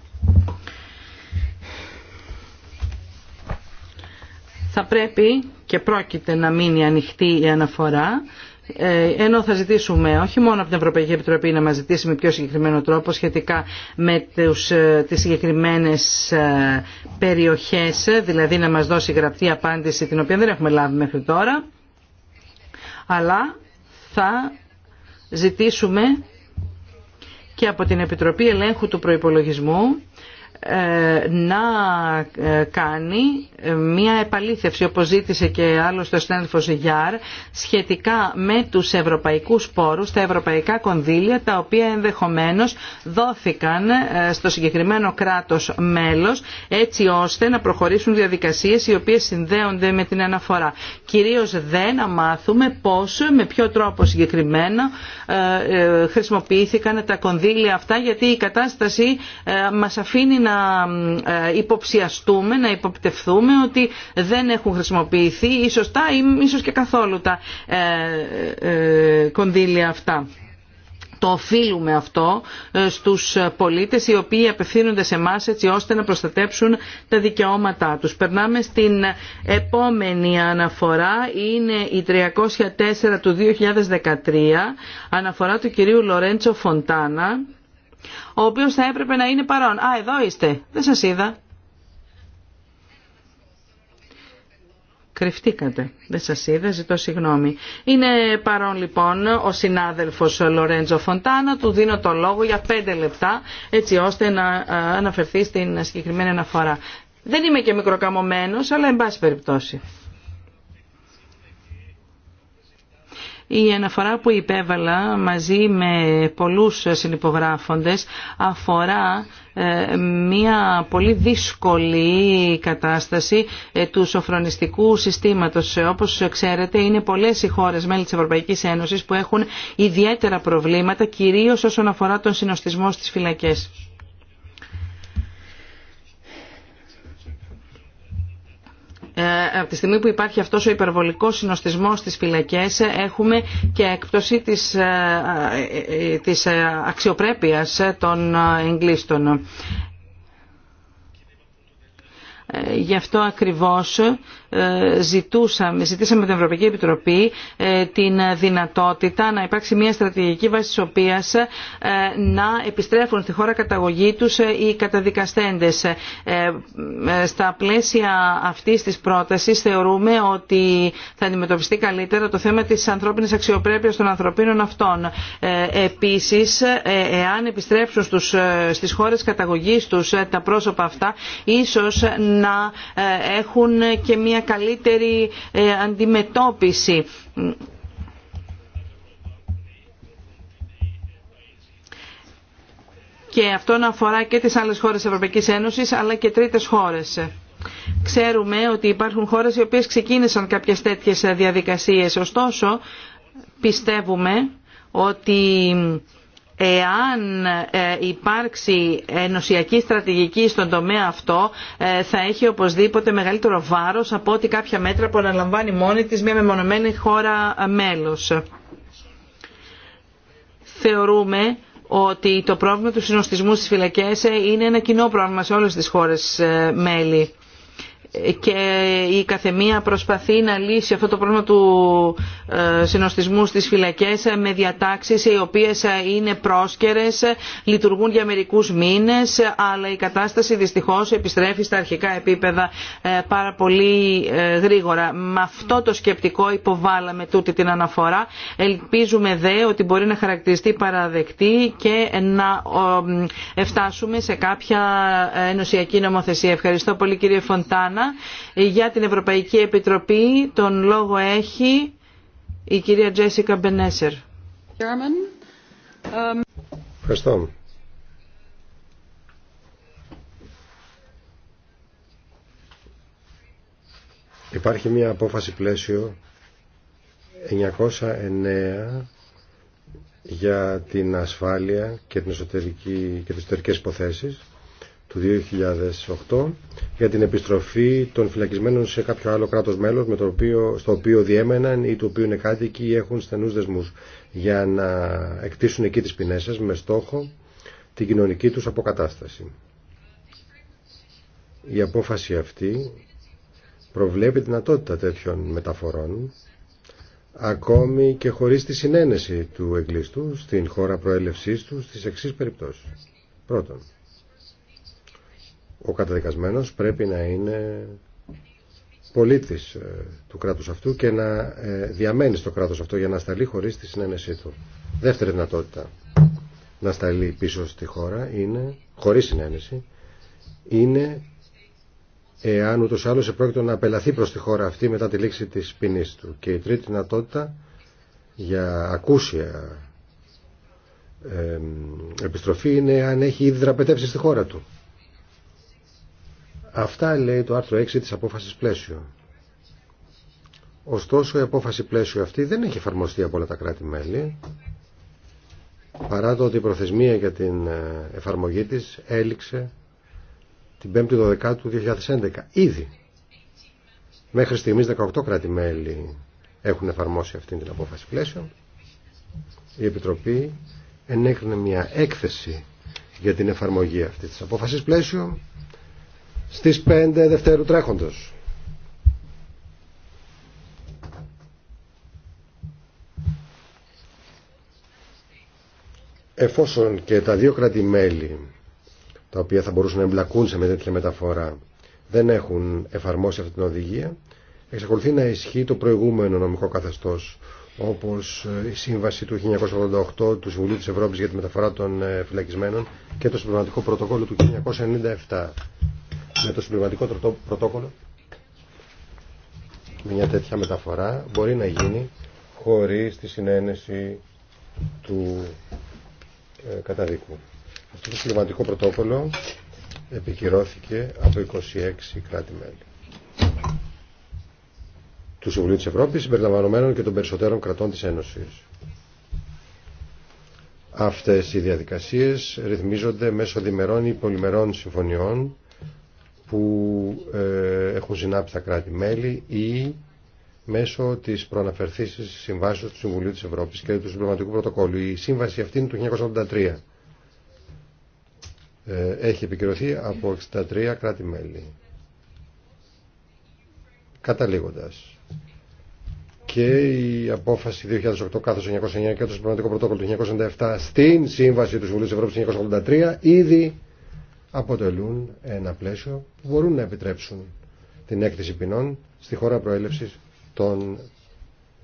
Θα πρέπει και πρόκειται να μείνει ανοιχτή η αναφορά ε, ενώ θα ζητήσουμε όχι μόνο από την Ευρωπαϊκή Επιτροπή να μας ζητήσει με πιο συγκεκριμένο τρόπο σχετικά με τους, ε, τις συγκεκριμένες ε, περιοχές, δηλαδή να μας δώσει γραπτή απάντηση την οποία δεν έχουμε λάβει μέχρι τώρα, αλλά θα ζητήσουμε και από την Επιτροπή Ελέγχου του Προϋπολογισμού ε, να ε, κάνει μια επαλήθευση όπως ζήτησε και άλλος το συνάδελφος Γιάρ σχετικά με τους ευρωπαϊκούς πόρους, τα ευρωπαϊκά κονδύλια τα οποία ενδεχομένως δόθηκαν ε, στο συγκεκριμένο κράτος μέλος έτσι ώστε να προχωρήσουν διαδικασίες οι οποίες συνδέονται με την αναφορά. Κυρίως δεν να μάθουμε πώς, με ποιο τρόπο συγκεκριμένα χρησιμοποιήθηκαν τα κονδύλια αυτά γιατί η κατάσταση μας αφήνει να να ε, υποψιαστούμε, να υποπτευθούμε ότι δεν έχουν χρησιμοποιηθεί ίσως τα ή ίσως και καθόλου τα ε, ε, κονδύλια αυτά το οφείλουμε αυτό στους πολίτες οι οποίοι απευθύνονται σε εμά έτσι ώστε να προστατέψουν τα δικαιώματά τους. Περνάμε στην επόμενη αναφορά, είναι η 304 του 2013, αναφορά του κυρίου Λορέντσο Φοντάνα ο οποίος θα έπρεπε να είναι παρόν. Α, εδώ είστε. Δεν σας είδα. Κρυφτήκατε. Δεν σας είδα, ζητώ συγγνώμη. Είναι παρόν λοιπόν ο συνάδελφος Λορέντζο Φοντάνα. Του δίνω το λόγο για πέντε λεπτά έτσι ώστε να ε, αναφερθεί στην συγκεκριμένη αναφορά. Δεν είμαι και μικροκαμωμένος, αλλά εν πάση περιπτώσει. Η αναφορά που υπέβαλα μαζί με πολλούς συνυπογράφοντες αφορά ε, μια πολύ δύσκολη κατάσταση ε, του σοφρονιστικού συστήματος. Όπως ξέρετε είναι πολλές οι χώρες μέλη της Ευρωπαϊκής Ένωσης που έχουν ιδιαίτερα προβλήματα κυρίως όσον αφορά τον συνοστισμό στις φυλακές. Ε, από τη στιγμή που υπάρχει αυτός ο υπερβολικός συνοστισμός στις φυλακές έχουμε και έκπτωση της, ε, ε, της αξιοπρέπειας των εγκλήστων. Γι' αυτό ακριβώς ε, ζητούσαμε, ζητήσαμε από την Ευρωπαϊκή Επιτροπή ε, την δυνατότητα να υπάρξει μια στρατηγική βάση της οποίας ε, να επιστρέφουν στη χώρα καταγωγή τους οι καταδικαστέντες. Στα πλαίσια αυτής της πρότασης θεωρούμε ότι θα αντιμετωπιστεί καλύτερα το θέμα της ανθρώπινης αξιοπρέπειας των ανθρωπίνων αυτών. Επίσης, εάν επιστρέψουν στους, στις χώρες καταγωγής τους τα πρόσωπα αυτά, ίσως να έχουν και μια καλύτερη ε, αντιμετώπιση. Και αυτό να αφορά και τις άλλες χώρες της Ευρωπαϊκής Ένωσης αλλά και τρίτες χώρες. Ξέρουμε ότι υπάρχουν χώρες οι οποίες ξεκίνησαν κάποιες τέτοιες διαδικασίες. Ωστόσο, πιστεύουμε ότι εάν ε, υπάρξει ενωσιακή στρατηγική στον τομέα αυτό ε, θα έχει οπωσδήποτε μεγαλύτερο βάρος από ότι κάποια μέτρα που αναλαμβάνει μόνη της μια μεμονωμένη χώρα μέλος. Θεωρούμε ότι το πρόβλημα του συνοστισμού στις φυλακές ε, είναι ένα κοινό πρόβλημα σε όλες τις χώρες μέλη και η καθεμία προσπαθεί να λύσει αυτό το πρόβλημα του ε, συνοστισμού στις φυλακές με διατάξεις οι οποίες είναι πρόσκαιρες, λειτουργούν για μερικούς μήνες αλλά η κατάσταση δυστυχώς επιστρέφει στα αρχικά επίπεδα ε, πάρα πολύ ε, γρήγορα. Με αυτό το σκεπτικό υποβάλαμε τούτη την αναφορά. Ελπίζουμε δε ότι μπορεί να χαρακτηριστεί παραδεκτή και να φτάσουμε σε κάποια ενωσιακή νομοθεσία. Ευχαριστώ πολύ κύριε Φοντάνα για την Ευρωπαϊκή Επιτροπή τον λόγο έχει η κυρία Τζέσικα Μπενέσερ. Um, Ευχαριστώ. Υπάρχει μια απόφαση πλαίσιο 909 για την ασφάλεια και, την εσωτερική, και τις εσωτερικές υποθέσεις του 2008 για την επιστροφή των φυλακισμένων σε κάποιο άλλο κράτος μέλος με το οποίο, στο οποίο διέμεναν ή το οποίο είναι κάτοικοι ή έχουν στενούς δεσμούς για να εκτίσουν εκεί τις ποινές με στόχο την κοινωνική τους αποκατάσταση. Η απόφαση αυτή προβλέπει δυνατότητα τέτοιων μεταφορών ακόμη και χωρίς τη συνένεση του εγκλήστου στην χώρα προέλευσής του στις εξής περιπτώσεις. Πρώτον, ο καταδικασμένος πρέπει να είναι πολίτης ε, του κράτους αυτού και να ε, διαμένει στο κράτος αυτό για να σταλεί χωρίς τη συνένεσή του. Δεύτερη δυνατότητα να σταλεί πίσω στη χώρα είναι, χωρίς συνένεση, είναι εάν ούτως ή άλλως επρόκειτο να απελαθεί προς τη χώρα αυτή μετά τη λήξη της ποινή του. Και η τρίτη δυνατότητα για ακούσια επιστροφή είναι αν έχει ήδη δραπετεύσει στη χώρα του. Αυτά λέει το άρθρο 6 της απόφασης πλαίσιο. Ωστόσο η απόφαση πλαίσιο αυτή δεν έχει εφαρμοστεί από όλα τα κράτη-μέλη παρά το ότι η προθεσμία για την ε, εφαρμογή της έληξε την 5η 12 του 2011. Ήδη μέχρι στιγμής 18 κράτη-μέλη έχουν εφαρμόσει αυτή την απόφαση πλαίσιο. Η Επιτροπή ενέκρινε μια έκθεση για την εφαρμογή αυτής της απόφασης πλαίσιο στις 5 Δευτέρου τρέχοντος. Εφόσον και τα δύο κράτη-μέλη τα οποία θα μπορούσαν να εμπλακούν σε τέτοια μεταφορά δεν έχουν εφαρμόσει αυτή την οδηγία, εξακολουθεί να ισχύει το προηγούμενο νομικό καθεστώς όπως η Σύμβαση του 1988 του Συμβουλίου της Ευρώπης για τη μεταφορά των ε, φυλακισμένων και το συμπληρωματικό πρωτοκόλλο του 1997 με το συμπληρωματικό πρωτόκολλο μια τέτοια μεταφορά μπορεί να γίνει χωρίς τη συνένεση του ε, καταδίκου. Αυτό το συμπληρωματικό πρωτόκολλο επικυρώθηκε από 26 κράτη-μέλη του Συμβουλίου της Ευρώπης συμπεριλαμβανομένων και των περισσότερων κρατών της Ένωσης. Αυτές οι διαδικασίες ρυθμίζονται μέσω διμερών ή πολυμερών συμφωνιών που ε, έχουν συνάψει τα κράτη-μέλη ή μέσω της προαναφερθήσης συμβάσεω του Συμβουλίου της Ευρώπης και του Συμπληρωματικού Πρωτοκόλλου. Η σύμβαση αυτή είναι του 1983. Ε, έχει επικυρωθεί από 63 κράτη-μέλη. Καταλήγοντας, και η απόφαση 2008 κάθε 909 και το συμπληρωματικό πρωτόκολλο του 1997 στην Σύμβαση του Συμβουλίου της Ευρώπης 1983 ήδη αποτελούν ένα πλαίσιο που μπορούν να επιτρέψουν την έκθεση ποινών στη χώρα προέλευσης των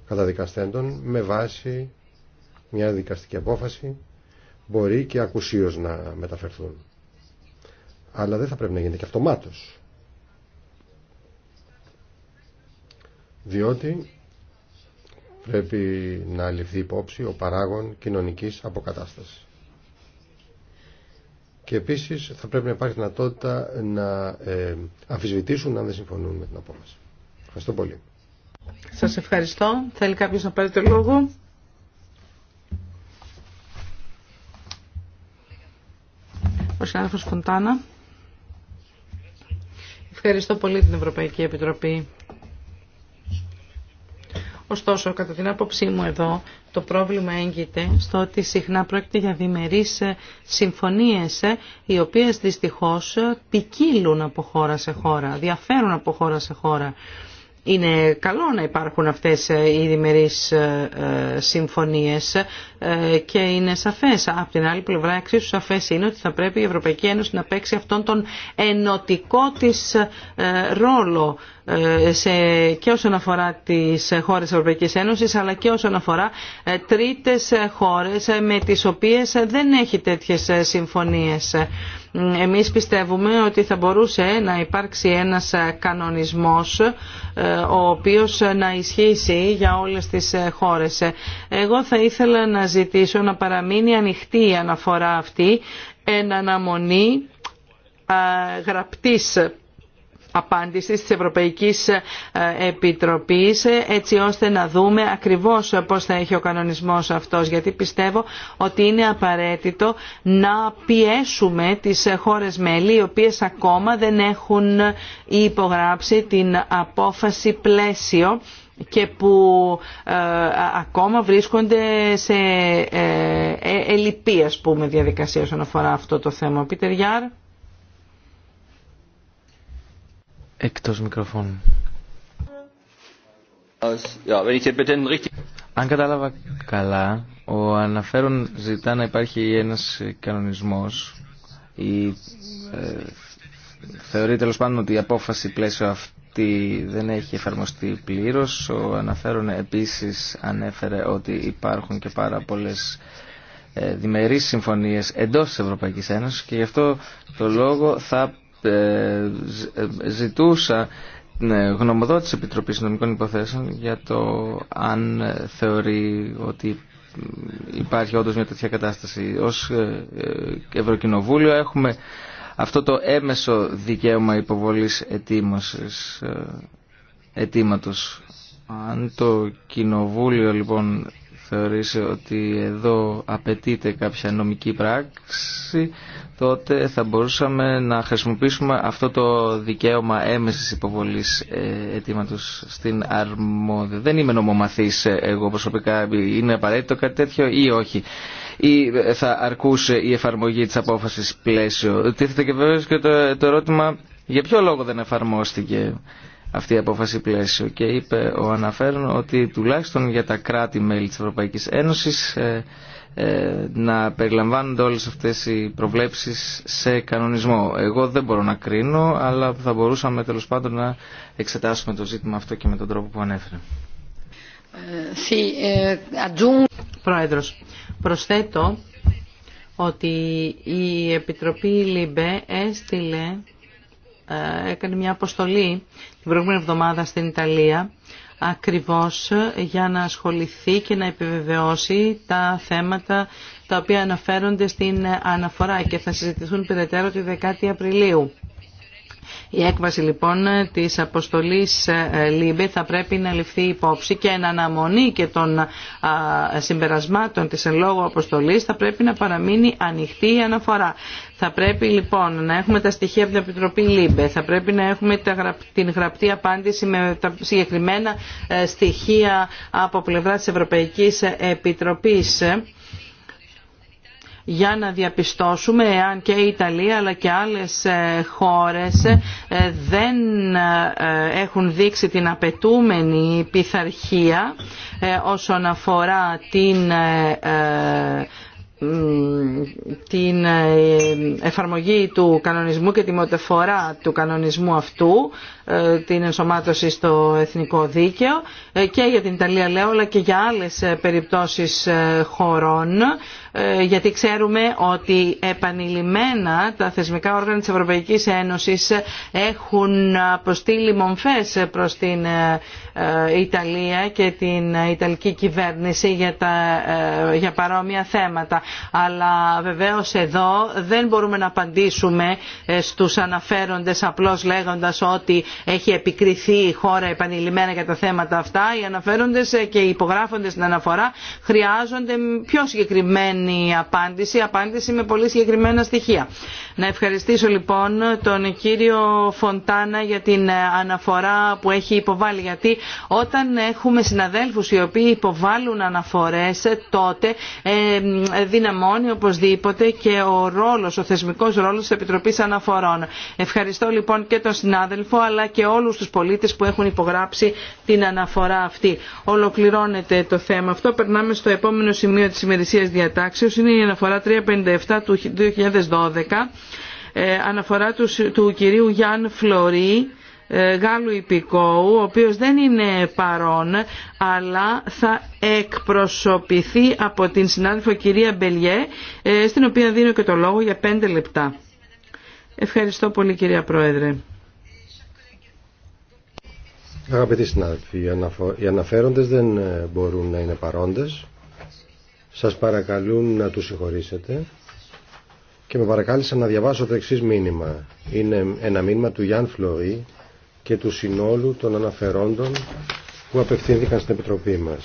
καταδικαστέντων με βάση μια δικαστική απόφαση μπορεί και ακουσίως να μεταφερθούν. Αλλά δεν θα πρέπει να γίνεται και αυτομάτως. Διότι πρέπει να ληφθεί υπόψη ο παράγων κοινωνικής αποκατάστασης και επίσης θα πρέπει να υπάρχει δυνατότητα να ε, αμφισβητήσουν αν δεν συμφωνούν με την απόφαση. Ευχαριστώ πολύ. Σας ευχαριστώ. Θέλει κάποιος να πάρει το λόγο. Ο συνάδελφο Φοντάνα. Ευχαριστώ πολύ την Ευρωπαϊκή Επιτροπή Ωστόσο, κατά την άποψή μου εδώ, το πρόβλημα έγκυται στο ότι συχνά πρόκειται για διμερείς ε, συμφωνίες, ε, οι οποίες δυστυχώς ε, ποικίλουν από χώρα σε χώρα, διαφέρουν από χώρα σε χώρα είναι καλό να υπάρχουν αυτές ε, οι διμερείς ε, ε, συμφωνίες και είναι σαφές. Από την άλλη πλευρά εξίσου σαφές είναι ότι θα πρέπει η Ευρωπαϊκή Ένωση να παίξει αυτόν τον ενωτικό της ρόλο σε, και όσον αφορά τις χώρες της Ευρωπαϊκής Ένωσης αλλά και όσον αφορά τρίτες χώρες με τις οποίες δεν έχει τέτοιες συμφωνίες. Εμείς πιστεύουμε ότι θα μπορούσε να υπάρξει ένας κανονισμός ε, ο οποίος να ισχύσει για όλες τις χώρες. Εγώ θα ήθελα να ζητήσω να παραμείνει ανοιχτή η αναφορά αυτή εν αναμονή ε, γραπτής απάντησης της Ευρωπαϊκής ε, Επιτροπής ε, έτσι ώστε να δούμε ακριβώς ε, πώς θα έχει ο κανονισμός αυτός γιατί πιστεύω ότι είναι απαραίτητο να πιέσουμε τις χώρες μέλη οι οποίες ακόμα δεν έχουν υπογράψει την απόφαση πλαίσιο και που ακόμα βρίσκονται σε ε, ε, ελλειπή διαδικασία όσον αφορά αυτό το θέμα. Πίτερ Εκτός μικροφώνου. Αν κατάλαβα καλά, ο αναφέρον ζητά να υπάρχει ένας κανονισμός ή ε, θεωρεί τέλος πάντων ότι η απόφαση πλαίσιο αυτή δεν έχει εφαρμοστεί πλήρως. Ο αναφέρον επίσης ανέφερε ότι υπάρχουν και πάρα πολλές ε, διμερείς συμφωνίες εντός της Ευρωπαϊκής Ένωσης και γι' αυτό το λόγο θα ε, ε, ζητούσα ναι, γνωμοδότηση Επιτροπής Νομικών Υποθέσεων για το αν θεωρεί ότι υπάρχει όντως μια τέτοια κατάσταση. Ως ε, Ευρωκοινοβούλιο έχουμε αυτό το έμεσο δικαίωμα υποβολής αιτήματος. Αν το Κοινοβούλιο λοιπόν Θεωρήσε ότι εδώ απαιτείται κάποια νομική πράξη, τότε θα μπορούσαμε να χρησιμοποιήσουμε αυτό το δικαίωμα έμεσης υποβολής ε, αιτήματο στην αρμόδια. Δεν είμαι νομομαθής ε, εγώ προσωπικά, είναι απαραίτητο κάτι τέτοιο ή όχι ή ε, θα αρκούσε η εφαρμογή της απόφασης πλαίσιο. Τίθεται και βέβαια και το ερώτημα για ποιο λόγο δεν εφαρμόστηκε αυτή η απόφαση πλαίσιο και είπε ο αναφέρον ότι τουλάχιστον για τα κράτη-μέλη της Ευρωπαϊκής Ένωσης ε, ε, να περιλαμβάνονται όλες αυτές οι προβλέψεις σε κανονισμό. Εγώ δεν μπορώ να κρίνω, αλλά θα μπορούσαμε τέλος πάντων να εξετάσουμε το ζήτημα αυτό και με τον τρόπο που ανέφερε. Πρόεδρος, προσθέτω ότι η Επιτροπή ΛΥΜΠΕ έστειλε ε, έκανε μια αποστολή την προηγούμενη εβδομάδα στην Ιταλία ακριβώς για να ασχοληθεί και να επιβεβαιώσει τα θέματα τα οποία αναφέρονται στην αναφορά και θα συζητηθούν περαιτέρω τη 10η Απριλίου. Η έκβαση λοιπόν της αποστολής ε, ΛΥΜΠΕ θα πρέπει να ληφθεί υπόψη και εν αναμονή και των συμπερασμάτων της εν λόγω αποστολής θα πρέπει να παραμείνει ανοιχτή η αναφορά. Θα πρέπει λοιπόν να έχουμε τα στοιχεία από την Επιτροπή ΛΥΜΠΕ, θα πρέπει να έχουμε την γραπτή απάντηση με τα συγκεκριμένα ε, στοιχεία από πλευρά της Ευρωπαϊκής Επιτροπής για να διαπιστώσουμε εάν και η Ιταλία αλλά και άλλες ε, χώρες ε, δεν ε, έχουν δείξει την απαιτούμενη πειθαρχία όσον αφορά την την εφαρμογή του κανονισμού και τη μεταφορά του κανονισμού αυτού, την ενσωμάτωση στο εθνικό δίκαιο και για την Ιταλία λέω αλλά και για άλλες περιπτώσεις χωρών ε, γιατί ξέρουμε ότι επανειλημμένα τα θεσμικά όργανα της Ευρωπαϊκής Ένωσης έχουν αποστείλει μομφές προς την ε, ε, Ιταλία και την Ιταλική κυβέρνηση για, τα, για παρόμοια θέματα. Αλλά βεβαίως εδώ δεν μπορούμε να απαντήσουμε στους αναφέροντες απλώς λέγοντας ότι έχει επικριθεί η χώρα επανειλημμένα για τα θέματα αυτά. Οι αναφέροντες και οι υπογράφοντες στην αναφορά χρειάζονται πιο συγκεκριμένα συγκεκριμένη απάντηση, απάντηση με πολύ συγκεκριμένα στοιχεία. Να ευχαριστήσω λοιπόν τον κύριο Φοντάνα για την αναφορά που έχει υποβάλει, γιατί όταν έχουμε συναδέλφους οι οποίοι υποβάλλουν αναφορές, τότε ε, δυναμώνει οπωσδήποτε και ο ρόλος, ο θεσμικός ρόλος της Επιτροπής Αναφορών. Ευχαριστώ λοιπόν και τον συνάδελφο, αλλά και όλους τους πολίτες που έχουν υπογράψει την αναφορά αυτή. Ολοκληρώνεται το θέμα αυτό. Περνάμε στο επόμενο σημείο της ημερησίας διατάξης πράξεως είναι η αναφορά 357 του 2012, ε, αναφορά του κυρίου Γιάνν Φλωρί, ε, Γάλλου υπηκόου, ο οποίος δεν είναι παρόν, αλλά θα εκπροσωπηθεί από την συνάδελφο κυρία Μπελιέ, ε, στην οποία δίνω και το λόγο για πέντε λεπτά. Ευχαριστώ πολύ κυρία Πρόεδρε. Αγαπητοί συνάδελφοι, οι αναφέροντες δεν μπορούν να είναι παρόντες σας παρακαλούν να τους συγχωρήσετε και με παρακάλεσαν να διαβάσω το εξής μήνυμα. Είναι ένα μήνυμα του Γιάνν Φλωρή και του συνόλου των αναφερόντων που απευθύνθηκαν στην Επιτροπή μας.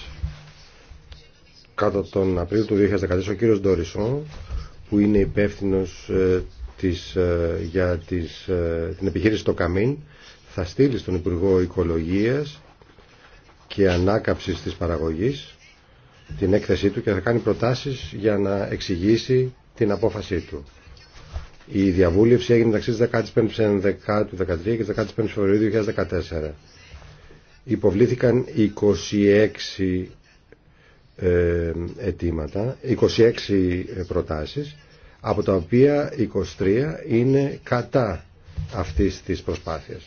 Κάτω τον Απρίλιο του 2014 ο κύριος Ντόρισον που είναι υπεύθυνο ε, ε, για ε, την επιχείρηση στο Καμίν θα στείλει στον Υπουργό Οικολογίας και Ανάκαψης της Παραγωγής την έκθεσή του και θα κάνει προτάσεις για να εξηγήσει την απόφασή του. Η διαβούλευση έγινε μεταξύ της 15 του 2013 και της 15 Φεβρουαρίου 2014. Υποβλήθηκαν 26 ε, αιτήματα, 26 ε, προτάσεις, από τα οποία 23 είναι κατά αυτής της προσπάθειας.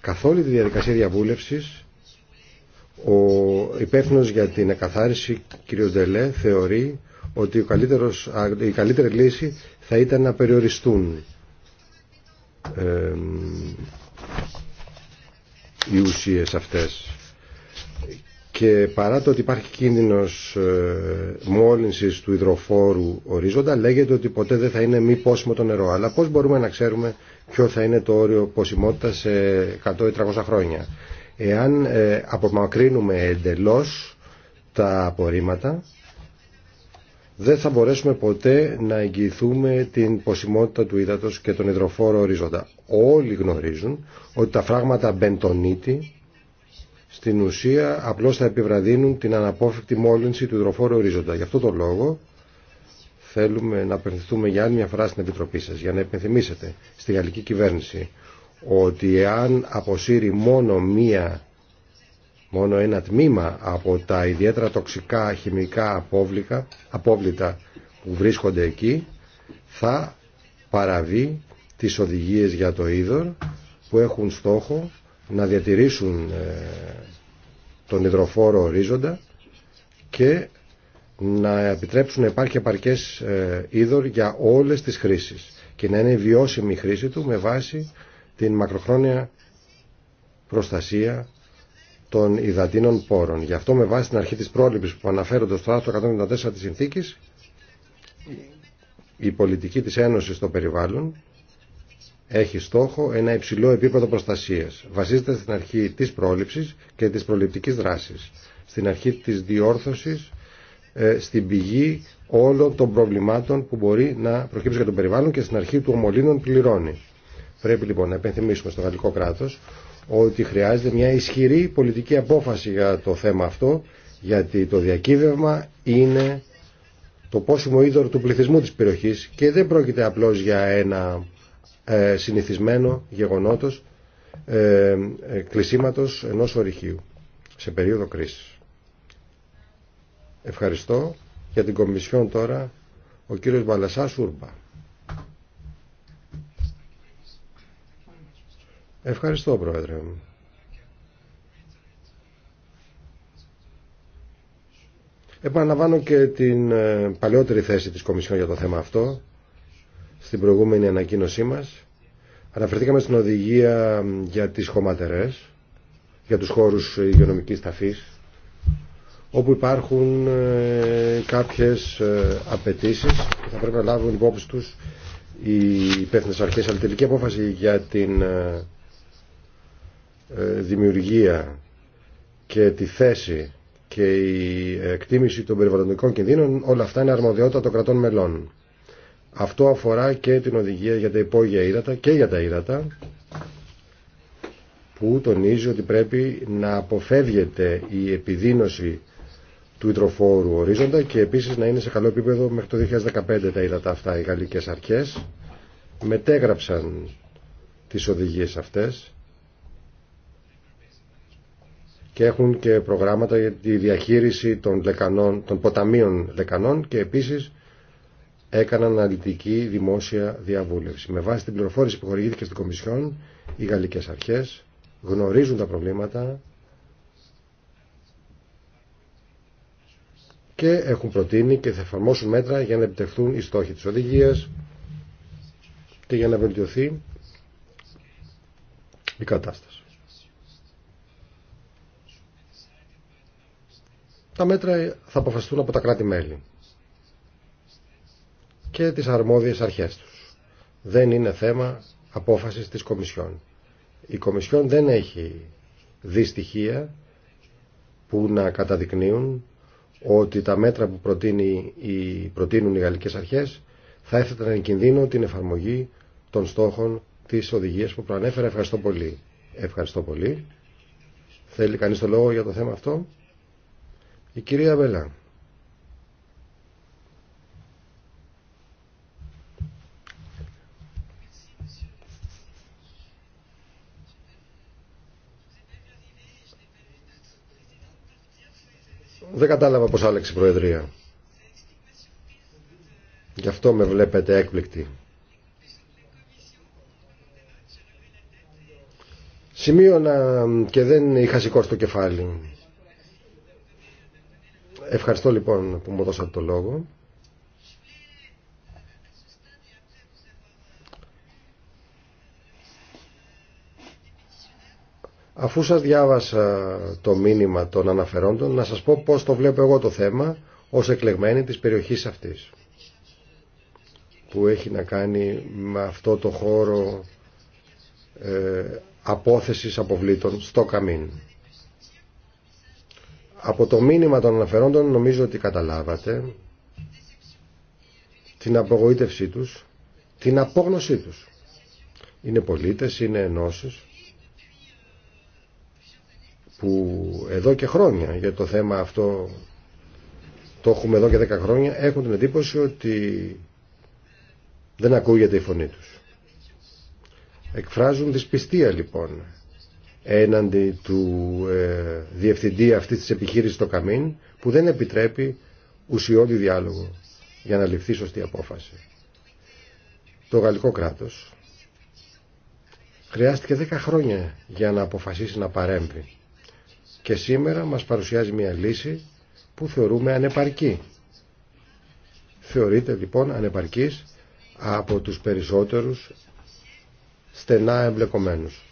Καθ' όλη τη διαδικασία διαβούλευσης ο υπεύθυνο για την εκαθάριση, κ. Ντελέ, θεωρεί ότι ο καλύτερος, η καλύτερη λύση θα ήταν να περιοριστούν οι ουσίες αυτές και παρά το ότι υπάρχει κίνδυνος ε, μόλυνσης του υδροφόρου ορίζοντα λέγεται ότι ποτέ δεν θα είναι μη πόσιμο το νερό αλλά πώς μπορούμε να ξέρουμε ποιο θα είναι το όριο ποσιμότητα σε 100 ή 300 χρόνια Εάν ε, απομακρύνουμε εντελώς τα απορρίμματα, δεν θα μπορέσουμε ποτέ να εγγυηθούμε την ποσιμότητα του ύδατος και τον υδροφόρο ορίζοντα. Όλοι γνωρίζουν ότι τα φράγματα μπεντονίτη στην ουσία απλώς θα επιβραδύνουν την αναπόφευκτη μόλυνση του υδροφόρου ορίζοντα. Γι' αυτό το λόγο θέλουμε να απευθυνθούμε για άλλη μια φορά στην Επιτροπή σας για να επιθυμίσετε στη γαλλική κυβέρνηση ότι εάν αποσύρει μόνο μία μόνο ένα τμήμα από τα ιδιαίτερα τοξικά χημικά απόβλητα, απόβλητα που βρίσκονται εκεί θα παραβεί τις οδηγίες για το είδωρ που έχουν στόχο να διατηρήσουν ε, τον υδροφόρο ορίζοντα και να επιτρέψουν να υπάρχει επαρκές ε, είδωρ για όλες τις χρήσεις και να είναι βιώσιμη η χρήση του με βάση την μακροχρόνια προστασία των υδατίνων πόρων. Γι' αυτό με βάση την αρχή της πρόληψης που αναφέρονται στο άρθρο 194 της συνθήκης η πολιτική της Ένωσης στο περιβάλλον έχει στόχο ένα υψηλό επίπεδο προστασίας. Βασίζεται στην αρχή της πρόληψης και της προληπτικής δράσης. Στην αρχή της διόρθωσης, ε, στην πηγή όλων των προβλημάτων που μπορεί να προκύψει για το περιβάλλον και στην αρχή του ομολύνων πληρώνει. Πρέπει λοιπόν να επενθυμίσουμε στο γαλλικό κράτος ότι χρειάζεται μια ισχυρή πολιτική απόφαση για το θέμα αυτό γιατί το διακύβευμα είναι το πόσιμο είδωρο του πληθυσμού της περιοχής και δεν πρόκειται απλώς για ένα ε, συνηθισμένο γεγονότος ε, ε, κλεισίματος ενός ορυχείου σε περίοδο κρίσης. Ευχαριστώ για την Κομισιόν τώρα ο κύριος Μπαλασάς Ούρμπα. Ευχαριστώ, Πρόεδρε. Επαναλαμβάνω και την ε, παλαιότερη θέση της Κομισιόν για το θέμα αυτό. Στην προηγούμενη ανακοίνωσή μας αναφερθήκαμε στην οδηγία για τις χωματερές, για τους χώρους υγειονομικής ταφής, όπου υπάρχουν ε, κάποιες ε, απαιτήσεις που θα πρέπει να λάβουν υπόψη τους οι υπεύθυνες αρχές, αλλά τελική απόφαση για την ε, δημιουργία και τη θέση και η εκτίμηση των περιβαλλοντικών κινδύνων, όλα αυτά είναι αρμοδιότητα των κρατών μελών. Αυτό αφορά και την οδηγία για τα υπόγεια ύδατα και για τα ύδατα που τονίζει ότι πρέπει να αποφεύγεται η επιδείνωση του υδροφόρου ορίζοντα και επίσης να είναι σε καλό επίπεδο μέχρι το 2015 τα ύδατα αυτά οι γαλλικές αρχές μετέγραψαν τις οδηγίες αυτές και έχουν και προγράμματα για τη διαχείριση των, ποταμίων λεκανών και επίσης έκαναν αναλυτική δημόσια διαβούλευση. Με βάση την πληροφόρηση που χορηγήθηκε στην Κομισιόν, οι γαλλικές αρχές γνωρίζουν τα προβλήματα και έχουν προτείνει και θα εφαρμόσουν μέτρα για να επιτευχθούν οι στόχοι της οδηγίας και για να βελτιωθεί η κατάσταση. Τα μέτρα θα αποφασιστούν από τα κράτη-μέλη και τις αρμόδιες αρχές τους. Δεν είναι θέμα απόφασης της Κομισιόν. Η Κομισιόν δεν έχει δυστυχία που να καταδεικνύουν ότι τα μέτρα που προτείνουν οι γαλλικές αρχές θα έθεταν εν κινδύνο την εφαρμογή των στόχων της οδηγίας που προανέφερα. Ευχαριστώ πολύ. Ευχαριστώ πολύ. Θέλει κανείς το λόγο για το θέμα αυτό. Η κυρία Βελά. Δεν κατάλαβα πως άλλαξε η Προεδρία. Γι' αυτό με βλέπετε έκπληκτη. Σημείωνα και δεν είχα σηκώσει το κεφάλι. Ευχαριστώ λοιπόν που μου δώσατε το λόγο. Αφού σας διάβασα το μήνυμα των αναφερόντων, να σας πω πώς το βλέπω εγώ το θέμα ως εκλεγμένη της περιοχής αυτής που έχει να κάνει με αυτό το χώρο ε, απόθεσης αποβλήτων στο Καμίν. Από το μήνυμα των αναφερόντων νομίζω ότι καταλάβατε την απογοήτευσή τους, την απόγνωσή τους. Είναι πολίτες, είναι ενώσεις που εδώ και χρόνια για το θέμα αυτό το έχουμε εδώ και δέκα χρόνια έχουν την εντύπωση ότι δεν ακούγεται η φωνή τους. Εκφράζουν δυσπιστία λοιπόν έναντι του ε, διευθυντή αυτής της επιχείρησης το Καμίν που δεν επιτρέπει ουσιώδη διάλογο για να ληφθεί σωστή απόφαση. Το γαλλικό κράτος χρειάστηκε 10 χρόνια για να αποφασίσει να παρέμβει και σήμερα μας παρουσιάζει μια λύση που θεωρούμε ανεπαρκή. Θεωρείται λοιπόν ανεπαρκής από τους περισσότερους στενά εμπλεκομένους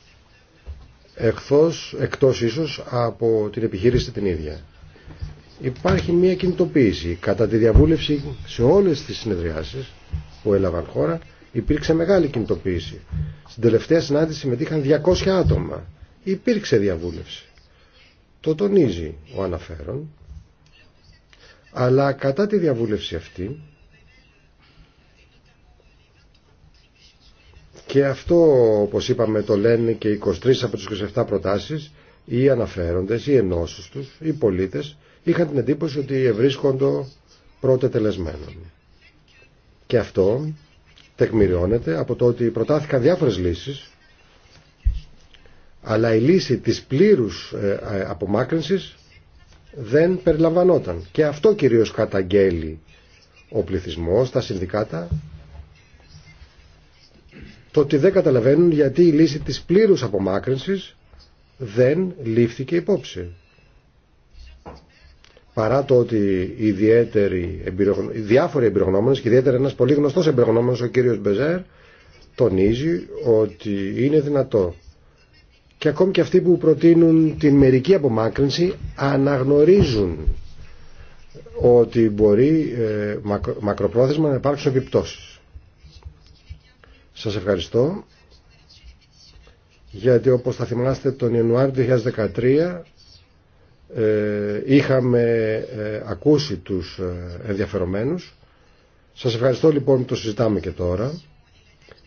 εκτός, εκτός ίσως από την επιχείρηση την ίδια. Υπάρχει μια κινητοποίηση. Κατά τη διαβούλευση σε όλες τις συνεδριάσεις που έλαβαν χώρα υπήρξε μεγάλη κινητοποίηση. Στην τελευταία συνάντηση συμμετείχαν 200 άτομα. Υπήρξε διαβούλευση. Το τονίζει ο αναφέρον. Αλλά κατά τη διαβούλευση αυτή Και αυτό, όπως είπαμε, το λένε και 23 από τι 27 προτάσεις, οι αναφέροντες, οι ενώσεις τους, οι πολίτες, είχαν την εντύπωση ότι ευρίσκονται πρώτε Και αυτό τεκμηριώνεται από το ότι προτάθηκαν διάφορες λύσεις, αλλά η λύση της πλήρους ε, ε, απομάκρυνσης δεν περιλαμβανόταν. Και αυτό κυρίως καταγγέλει ο πληθυσμός, τα συνδικάτα το ότι δεν καταλαβαίνουν γιατί η λύση της πλήρους απομάκρυνσης δεν λήφθηκε υπόψη. Παρά το ότι οι διάφοροι εμπειρογνώμονες και ιδιαίτερα ένας πολύ γνωστός εμπειρογνώμονας ο κύριος Μπεζέρ τονίζει ότι είναι δυνατό και ακόμη και αυτοί που προτείνουν την μερική απομάκρυνση αναγνωρίζουν ότι μπορεί ε, μακροπρόθεσμα να υπάρξουν επιπτώσεις. Σας ευχαριστώ γιατί όπως θα θυμάστε τον Ιανουάριο 2013 ε, είχαμε ε, ακούσει τους ε, ενδιαφερομένους. Σας ευχαριστώ λοιπόν που το συζητάμε και τώρα.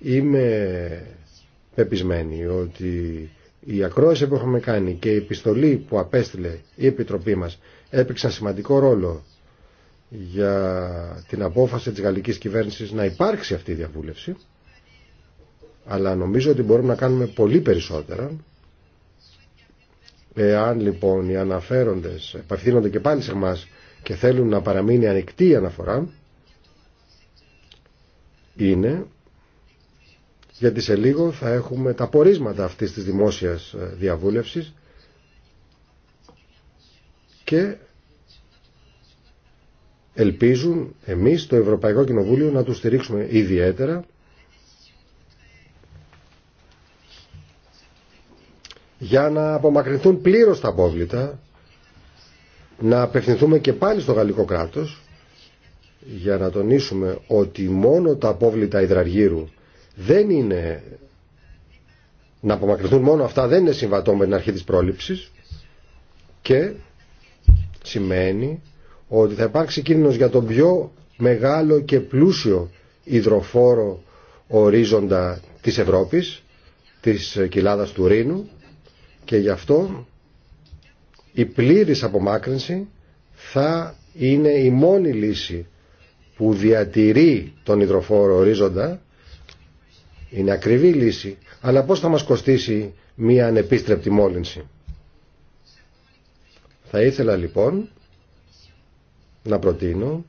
Είμαι πεπισμένη ότι η ακρόαση που έχουμε κάνει και η επιστολή που απέστειλε η Επιτροπή μας έπαιξαν σημαντικό ρόλο για την απόφαση της γαλλικής κυβέρνησης να υπάρξει αυτή η διαβούλευση αλλά νομίζω ότι μπορούμε να κάνουμε πολύ περισσότερα. Εάν λοιπόν οι αναφέροντες επαυθύνονται και πάλι σε εμά και θέλουν να παραμείνει ανοιχτή η αναφορά, είναι γιατί σε λίγο θα έχουμε τα πορίσματα αυτής της δημόσιας ε, διαβούλευσης και ελπίζουν εμείς το Ευρωπαϊκό Κοινοβούλιο να τους στηρίξουμε ιδιαίτερα για να απομακρυνθούν πλήρως τα απόβλητα, να απευθυνθούμε και πάλι στο γαλλικό κράτος, για να τονίσουμε ότι μόνο τα απόβλητα υδραργύρου δεν είναι, να απομακρυνθούν μόνο αυτά δεν είναι συμβατό με την αρχή της πρόληψης και σημαίνει ότι θα υπάρξει κίνδυνος για τον πιο μεγάλο και πλούσιο υδροφόρο ορίζοντα της Ευρώπης, της κοιλάδας του Ρήνου και γι' αυτό η πλήρης απομάκρυνση θα είναι η μόνη λύση που διατηρεί τον υδροφόρο ορίζοντα. Είναι ακριβή λύση, αλλά πώς θα μας κοστίσει μία ανεπίστρεπτη μόλυνση. Θα ήθελα λοιπόν να προτείνω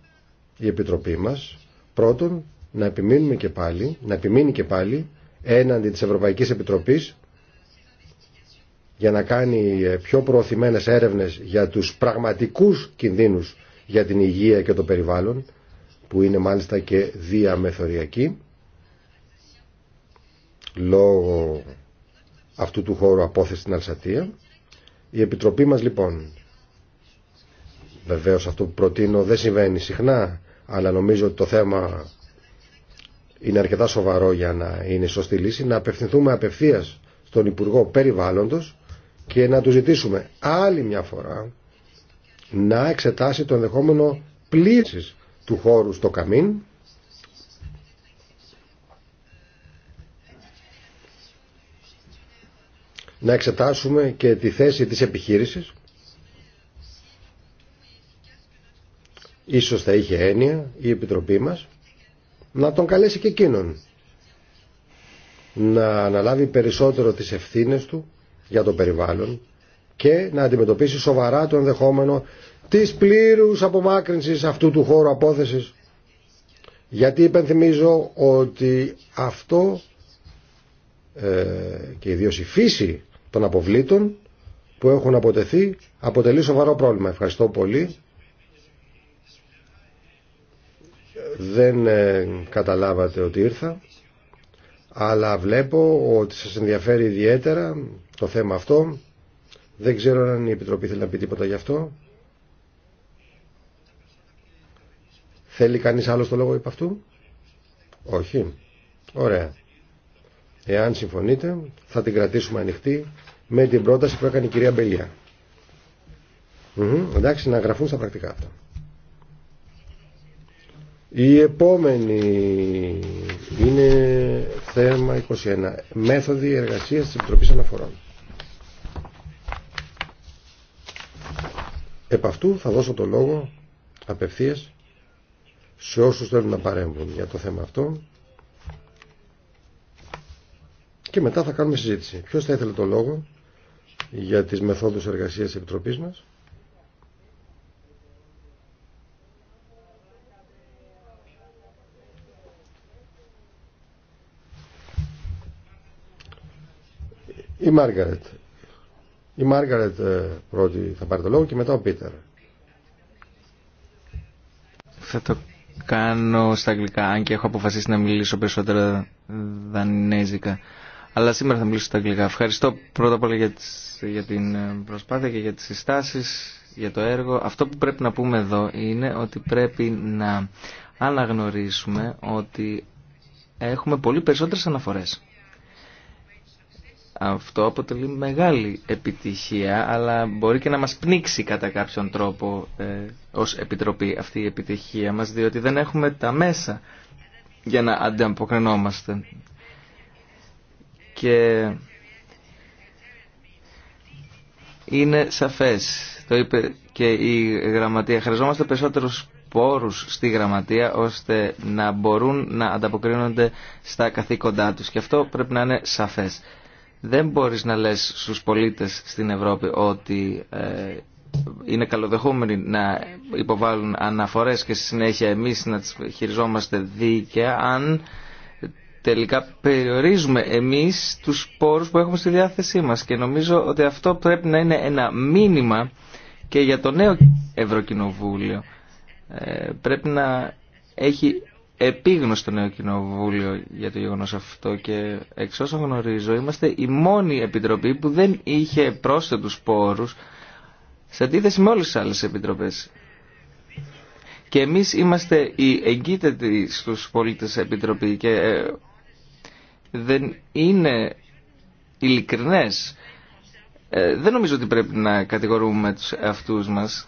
η Επιτροπή μας πρώτον να επιμείνουμε και πάλι, να επιμείνει και πάλι έναντι της Ευρωπαϊκής Επιτροπής για να κάνει ε, πιο προωθημένες έρευνες για τους πραγματικούς κινδύνους για την υγεία και το περιβάλλον, που είναι μάλιστα και διαμεθοριακοί, λόγω αυτού του χώρου απόθεση στην Αλσατία. Η Επιτροπή μας λοιπόν, βεβαίως αυτό που προτείνω δεν συμβαίνει συχνά, αλλά νομίζω ότι το θέμα είναι αρκετά σοβαρό για να είναι σωστή λύση, να απευθυνθούμε απευθείας στον Υπουργό Περιβάλλοντος και να του ζητήσουμε άλλη μια φορά να εξετάσει το ενδεχόμενο πλήρησης του χώρου στο Καμίν να εξετάσουμε και τη θέση της επιχείρησης ίσως θα είχε έννοια η Επιτροπή μας να τον καλέσει και εκείνον να αναλάβει περισσότερο τις ευθύνες του για το περιβάλλον και να αντιμετωπίσει σοβαρά το ενδεχόμενο της πλήρους απομάκρυνσης αυτού του χώρου απόθεσης. Γιατί υπενθυμίζω ότι αυτό ε, και ιδίως η φύση των αποβλήτων που έχουν αποτεθεί αποτελεί σοβαρό πρόβλημα. Ευχαριστώ πολύ. Δεν ε, καταλάβατε ότι ήρθα αλλά βλέπω ότι σας ενδιαφέρει ιδιαίτερα το θέμα αυτό. Δεν ξέρω αν η Επιτροπή θέλει να πει τίποτα γι' αυτό. Θέλει κανείς άλλο το λόγο υπ' αυτού. Όχι. Ωραία. Εάν συμφωνείτε θα την κρατήσουμε ανοιχτή με την πρόταση που έκανε η κυρία Μπελιά. Εντάξει, να γραφούν στα πρακτικά αυτά. Η επόμενη είναι θέμα 21. Μέθοδοι εργασίας της Επιτροπής Αναφορών. Επ' αυτού θα δώσω το λόγο απευθείας σε όσους θέλουν να παρέμβουν για το θέμα αυτό και μετά θα κάνουμε συζήτηση. Ποιος θα ήθελε το λόγο για τις μεθόδους εργασίας της Επιτροπής μας. Η Μάργαρετ η Μάργαρετ ε, πρώτη θα πάρει το λόγο και μετά ο Πίτερ. Θα το κάνω στα αγγλικά, αν και έχω αποφασίσει να μιλήσω περισσότερα δανέζικα. Αλλά σήμερα θα μιλήσω στα αγγλικά. Ευχαριστώ πρώτα απ' όλα για, για την ε, προσπάθεια και για τις συστάσεις, για το έργο. Αυτό που πρέπει να πούμε εδώ είναι ότι πρέπει να αναγνωρίσουμε ότι έχουμε πολύ περισσότερες αναφορές αυτό αποτελεί μεγάλη επιτυχία, αλλά μπορεί και να μας πνίξει κατά κάποιον τρόπο ε, ως Επιτροπή αυτή η επιτυχία μας, διότι δεν έχουμε τα μέσα για να ανταποκρινόμαστε. Και είναι σαφές, το είπε και η Γραμματεία, χρειαζόμαστε περισσότερους πόρους στη γραμματεία ώστε να μπορούν να ανταποκρίνονται στα καθήκοντά τους και αυτό πρέπει να είναι σαφές δεν μπορείς να λες στους πολίτες στην Ευρώπη ότι ε, είναι καλοδεχούμενοι να υποβάλουν αναφορές και στη συνέχεια εμείς να τις χειριζόμαστε δίκαια αν τελικά περιορίζουμε εμείς τους πόρους που έχουμε στη διάθεσή μας και νομίζω ότι αυτό πρέπει να είναι ένα μήνυμα και για το νέο Ευρωκοινοβούλιο ε, πρέπει να έχει Επίγνωστο νέο κοινοβούλιο για το γεγονός αυτό και εξ όσων γνωρίζω είμαστε η μόνη επιτροπή που δεν είχε πρόσθετους πόρους σε αντίθεση με όλες τις άλλες επιτροπές. Και εμείς είμαστε οι εγκύτετοι στους πολίτες επιτροπή και ε, δεν είναι ειλικρινές. Ε, δεν νομίζω ότι πρέπει να κατηγορούμε τους αυτούς μας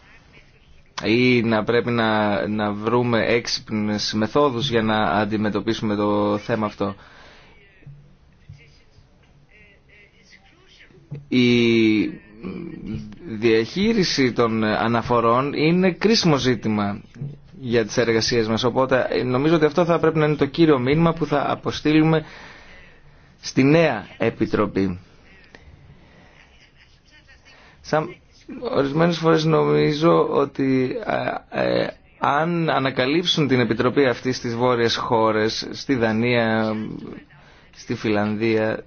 ή να πρέπει να, να βρούμε έξυπνες μεθόδους για να αντιμετωπίσουμε το θέμα αυτό. Η διαχείριση των αναφορών είναι κρίσιμο ζήτημα για τις εργασίες μας. Οπότε νομίζω ότι αυτό θα πρέπει να είναι το κύριο μήνυμα που θα αποστείλουμε στη νέα Επιτροπή. Ορισμένες φορές νομίζω ότι ε, ε, αν ανακαλύψουν την επιτροπή αυτή στις βόρειες χώρες, στη Δανία, στη Φιλανδία,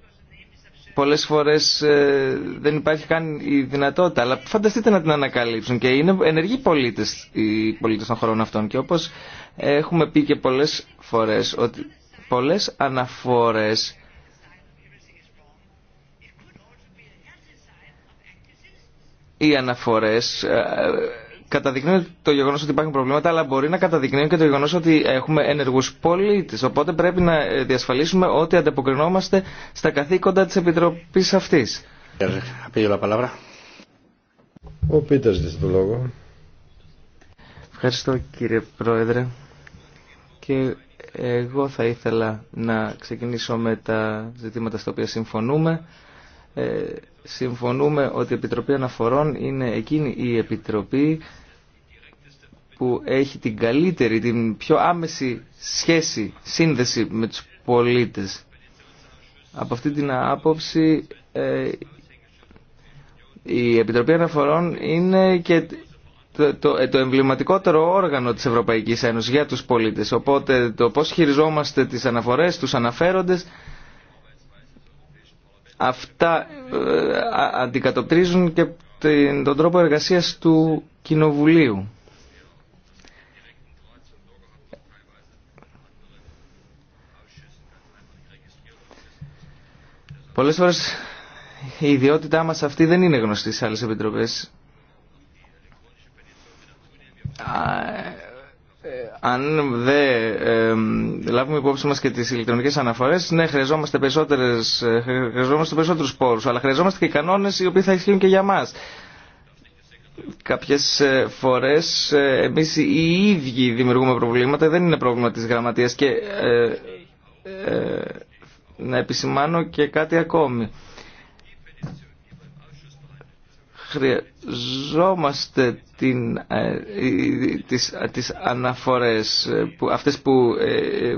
πολλές φορές ε, δεν υπάρχει καν η δυνατότητα. Αλλά φανταστείτε να την ανακαλύψουν και είναι ενεργοί πολίτες οι πολίτες των χωρών αυτών. Και όπως έχουμε πει και πολλές φορές, ότι πολλές αναφορές οι αναφορές ε, καταδεικνύουν το γεγονό ότι υπάρχουν προβλήματα, αλλά μπορεί να καταδεικνύουν και το γεγονό ότι έχουμε ενεργούς πολίτε. Οπότε πρέπει να ε, διασφαλίσουμε ότι ανταποκρινόμαστε στα καθήκοντα τη Επιτροπή αυτή. Ε, Ο το λόγο. Ευχαριστώ κύριε Πρόεδρε. Και εγώ θα ήθελα να ξεκινήσω με τα ζητήματα στα οποία συμφωνούμε. Ε, συμφωνούμε ότι η Επιτροπή Αναφορών είναι εκείνη η Επιτροπή που έχει την καλύτερη, την πιο άμεση σχέση, σύνδεση με τους πολίτες. Από αυτή την άποψη ε, η Επιτροπή Αναφορών είναι και το, το, ε, το εμβληματικότερο όργανο της Ευρωπαϊκής Ένωσης για τους πολίτες. Οπότε το πώς χειριζόμαστε τις αναφορές, τους αναφέροντες Αυτά ε, αντικατοπτρίζουν και τον τρόπο εργασίας του Κοινοβουλίου. Πολλές φορές η ιδιότητά μας αυτή δεν είναι γνωστή σε άλλες επιτροπές αν δεν λάβουμε υπόψη μας και τις ηλεκτρονικές αναφορές, ναι, χρειαζόμαστε, περισσότερες, ε, χρειαζόμαστε περισσότερους πόρους, αλλά χρειαζόμαστε και οι κανόνες οι οποίοι θα ισχύουν και για μας. Κάποιες ε, φορές ε, εμείς οι ίδιοι δημιουργούμε προβλήματα, δεν είναι πρόβλημα της γραμματείας και ε, να επισημάνω και κάτι ακόμη χρειαζόμαστε την, ε, τις, τις αναφορές, ε, που, αυτές που ε,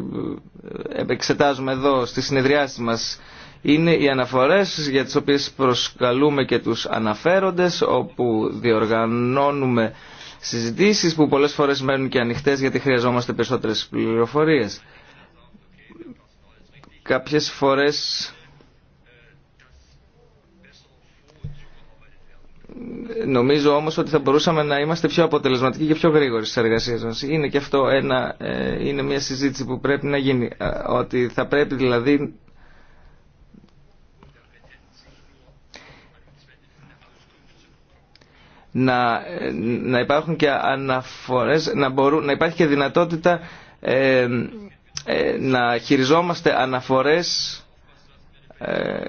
ε εξετάζουμε εδώ στις συνεδριάσεις μας, είναι οι αναφορές για τις οποίες προσκαλούμε και τους αναφέροντες, όπου διοργανώνουμε συζητήσεις που πολλές φορές μένουν και ανοιχτές γιατί χρειαζόμαστε περισσότερες πληροφορίες. Κάποιες φορές Νομίζω όμως ότι θα μπορούσαμε να είμαστε πιο αποτελεσματικοί και πιο γρήγοροι στις εργασίες μας. Είναι και αυτό ένα, ε, είναι μια συζήτηση που πρέπει να γίνει. Ε, ότι θα πρέπει δηλαδή να, ε, να υπάρχουν και αναφορές, να, να υπάρχει και δυνατότητα ε, να χειριζόμαστε αναφορές ε,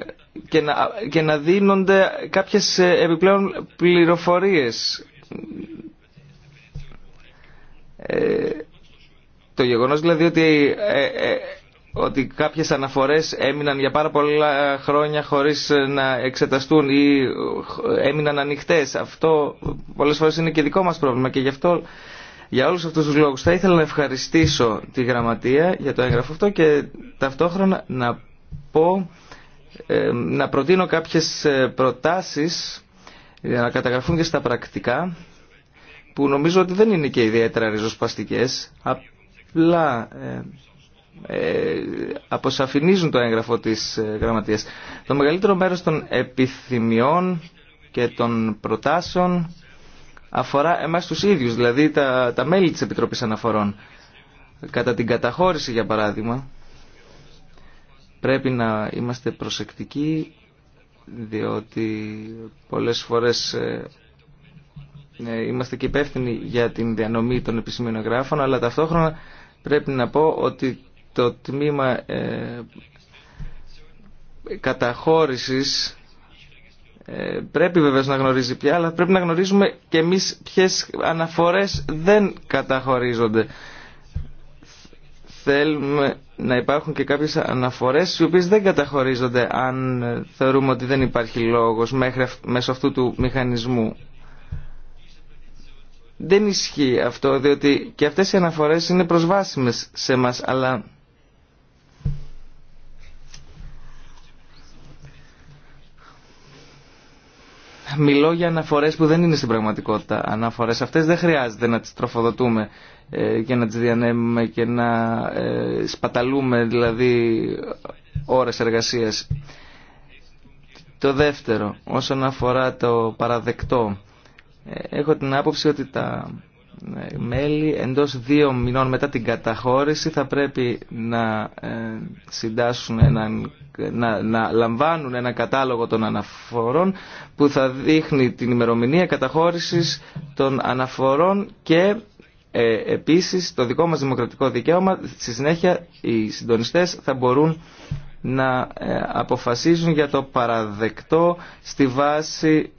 και να, να δίνονται κάποιες ε, επιπλέον πληροφορίες. Ε, το γεγονός δηλαδή ότι, ε, ε, ότι κάποιες αναφορές έμειναν για πάρα πολλά χρόνια χωρίς ε, να εξεταστούν ή έμειναν ανοιχτές. Αυτό πολλές φορές είναι και δικό μας πρόβλημα και γι' αυτό για όλους αυτούς τους λόγους θα ήθελα να ευχαριστήσω τη Γραμματεία για το έγγραφο αυτό και ταυτόχρονα να πω ε, να προτείνω κάποιες ε, προτάσεις για να καταγραφούν και στα πρακτικά που νομίζω ότι δεν είναι και ιδιαίτερα ριζοσπαστικές απλά ε, αποσαφηνίζουν το έγγραφο της γραμματείας. Το μεγαλύτερο μέρος των επιθυμιών και των προτάσεων αφορά εμάς τους ίδιους, δηλαδή τα, τα μέλη της Επιτροπής Αναφορών. Κατά την καταχώρηση, για παράδειγμα, Πρέπει να είμαστε προσεκτικοί διότι πολλές φορές ε, ε, είμαστε και υπεύθυνοι για την διανομή των επισήμενων αλλά ταυτόχρονα πρέπει να πω ότι το τμήμα ε, καταχώρησης πρέπει βέβαια να γνωρίζει πια αλλά πρέπει να γνωρίζουμε και εμείς ποιες αναφορές δεν καταχωρίζονται θέλουμε να υπάρχουν και κάποιες αναφορές οι οποίες δεν καταχωρίζονται αν θεωρούμε ότι δεν υπάρχει λόγος μέχρι, μέσω αυτού του μηχανισμού. Δεν ισχύει αυτό διότι και αυτές οι αναφορές είναι προσβάσιμες σε μας αλλά μιλώ για αναφορές που δεν είναι στην πραγματικότητα. Αναφορές αυτές δεν χρειάζεται να τις τροφοδοτούμε ε, και να τις διανέμουμε και να ε, σπαταλούμε δηλαδή ώρες εργασίας. Το δεύτερο, όσον αφορά το παραδεκτό, ε, έχω την άποψη ότι τα μέλη εντός δύο μηνών μετά την καταχώρηση θα πρέπει να συντάσσουν έναν να, να λαμβάνουν ένα κατάλογο των αναφορών που θα δείχνει την ημερομηνία καταχώρησης των αναφορών και ε, επίσης, το δικό μας δημοκρατικό δικαίωμα, στη συνέχεια οι συντονιστές θα μπορούν να ε, αποφασίζουν για το παραδεκτό στη βάση,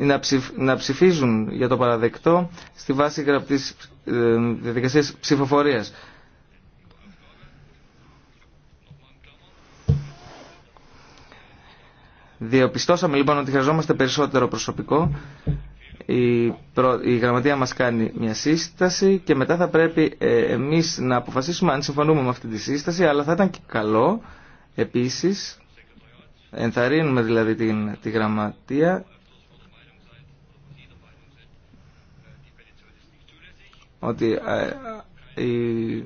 να, ψηφίζουν για το παραδεκτό στη βάση γραπτής ε, διαδικασίας ψηφοφορίας. Διαπιστώσαμε λοιπόν ότι χρειαζόμαστε περισσότερο προσωπικό η Γραμματεία μας κάνει μια σύσταση και μετά θα πρέπει ε, εμείς να αποφασίσουμε αν συμφωνούμε με αυτή τη σύσταση, αλλά θα ήταν και καλό επίσης, ενθαρρύνουμε δηλαδή την, τη Γραμματεία, ότι ε,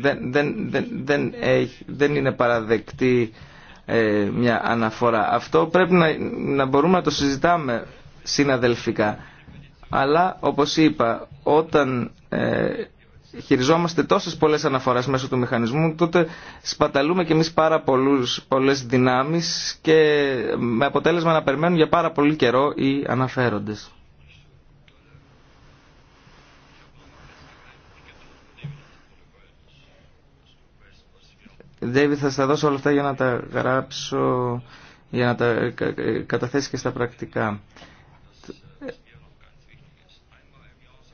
δεν, δεν, δεν, έχει, δεν είναι παραδεκτή ε, μια αναφορά. Αυτό πρέπει να, να μπορούμε να το συζητάμε συναδελφικά αλλά όπως είπα όταν ε, χειριζόμαστε τόσες πολλές αναφορές μέσω του μηχανισμού τότε σπαταλούμε και εμείς πάρα πολλούς, πολλές δυνάμεις και με αποτέλεσμα να περιμένουν για πάρα πολύ καιρό οι αναφέροντες. Δέβη θα στα δώσω όλα αυτά για να τα γράψω, για να τα καταθέσει και στα πρακτικά.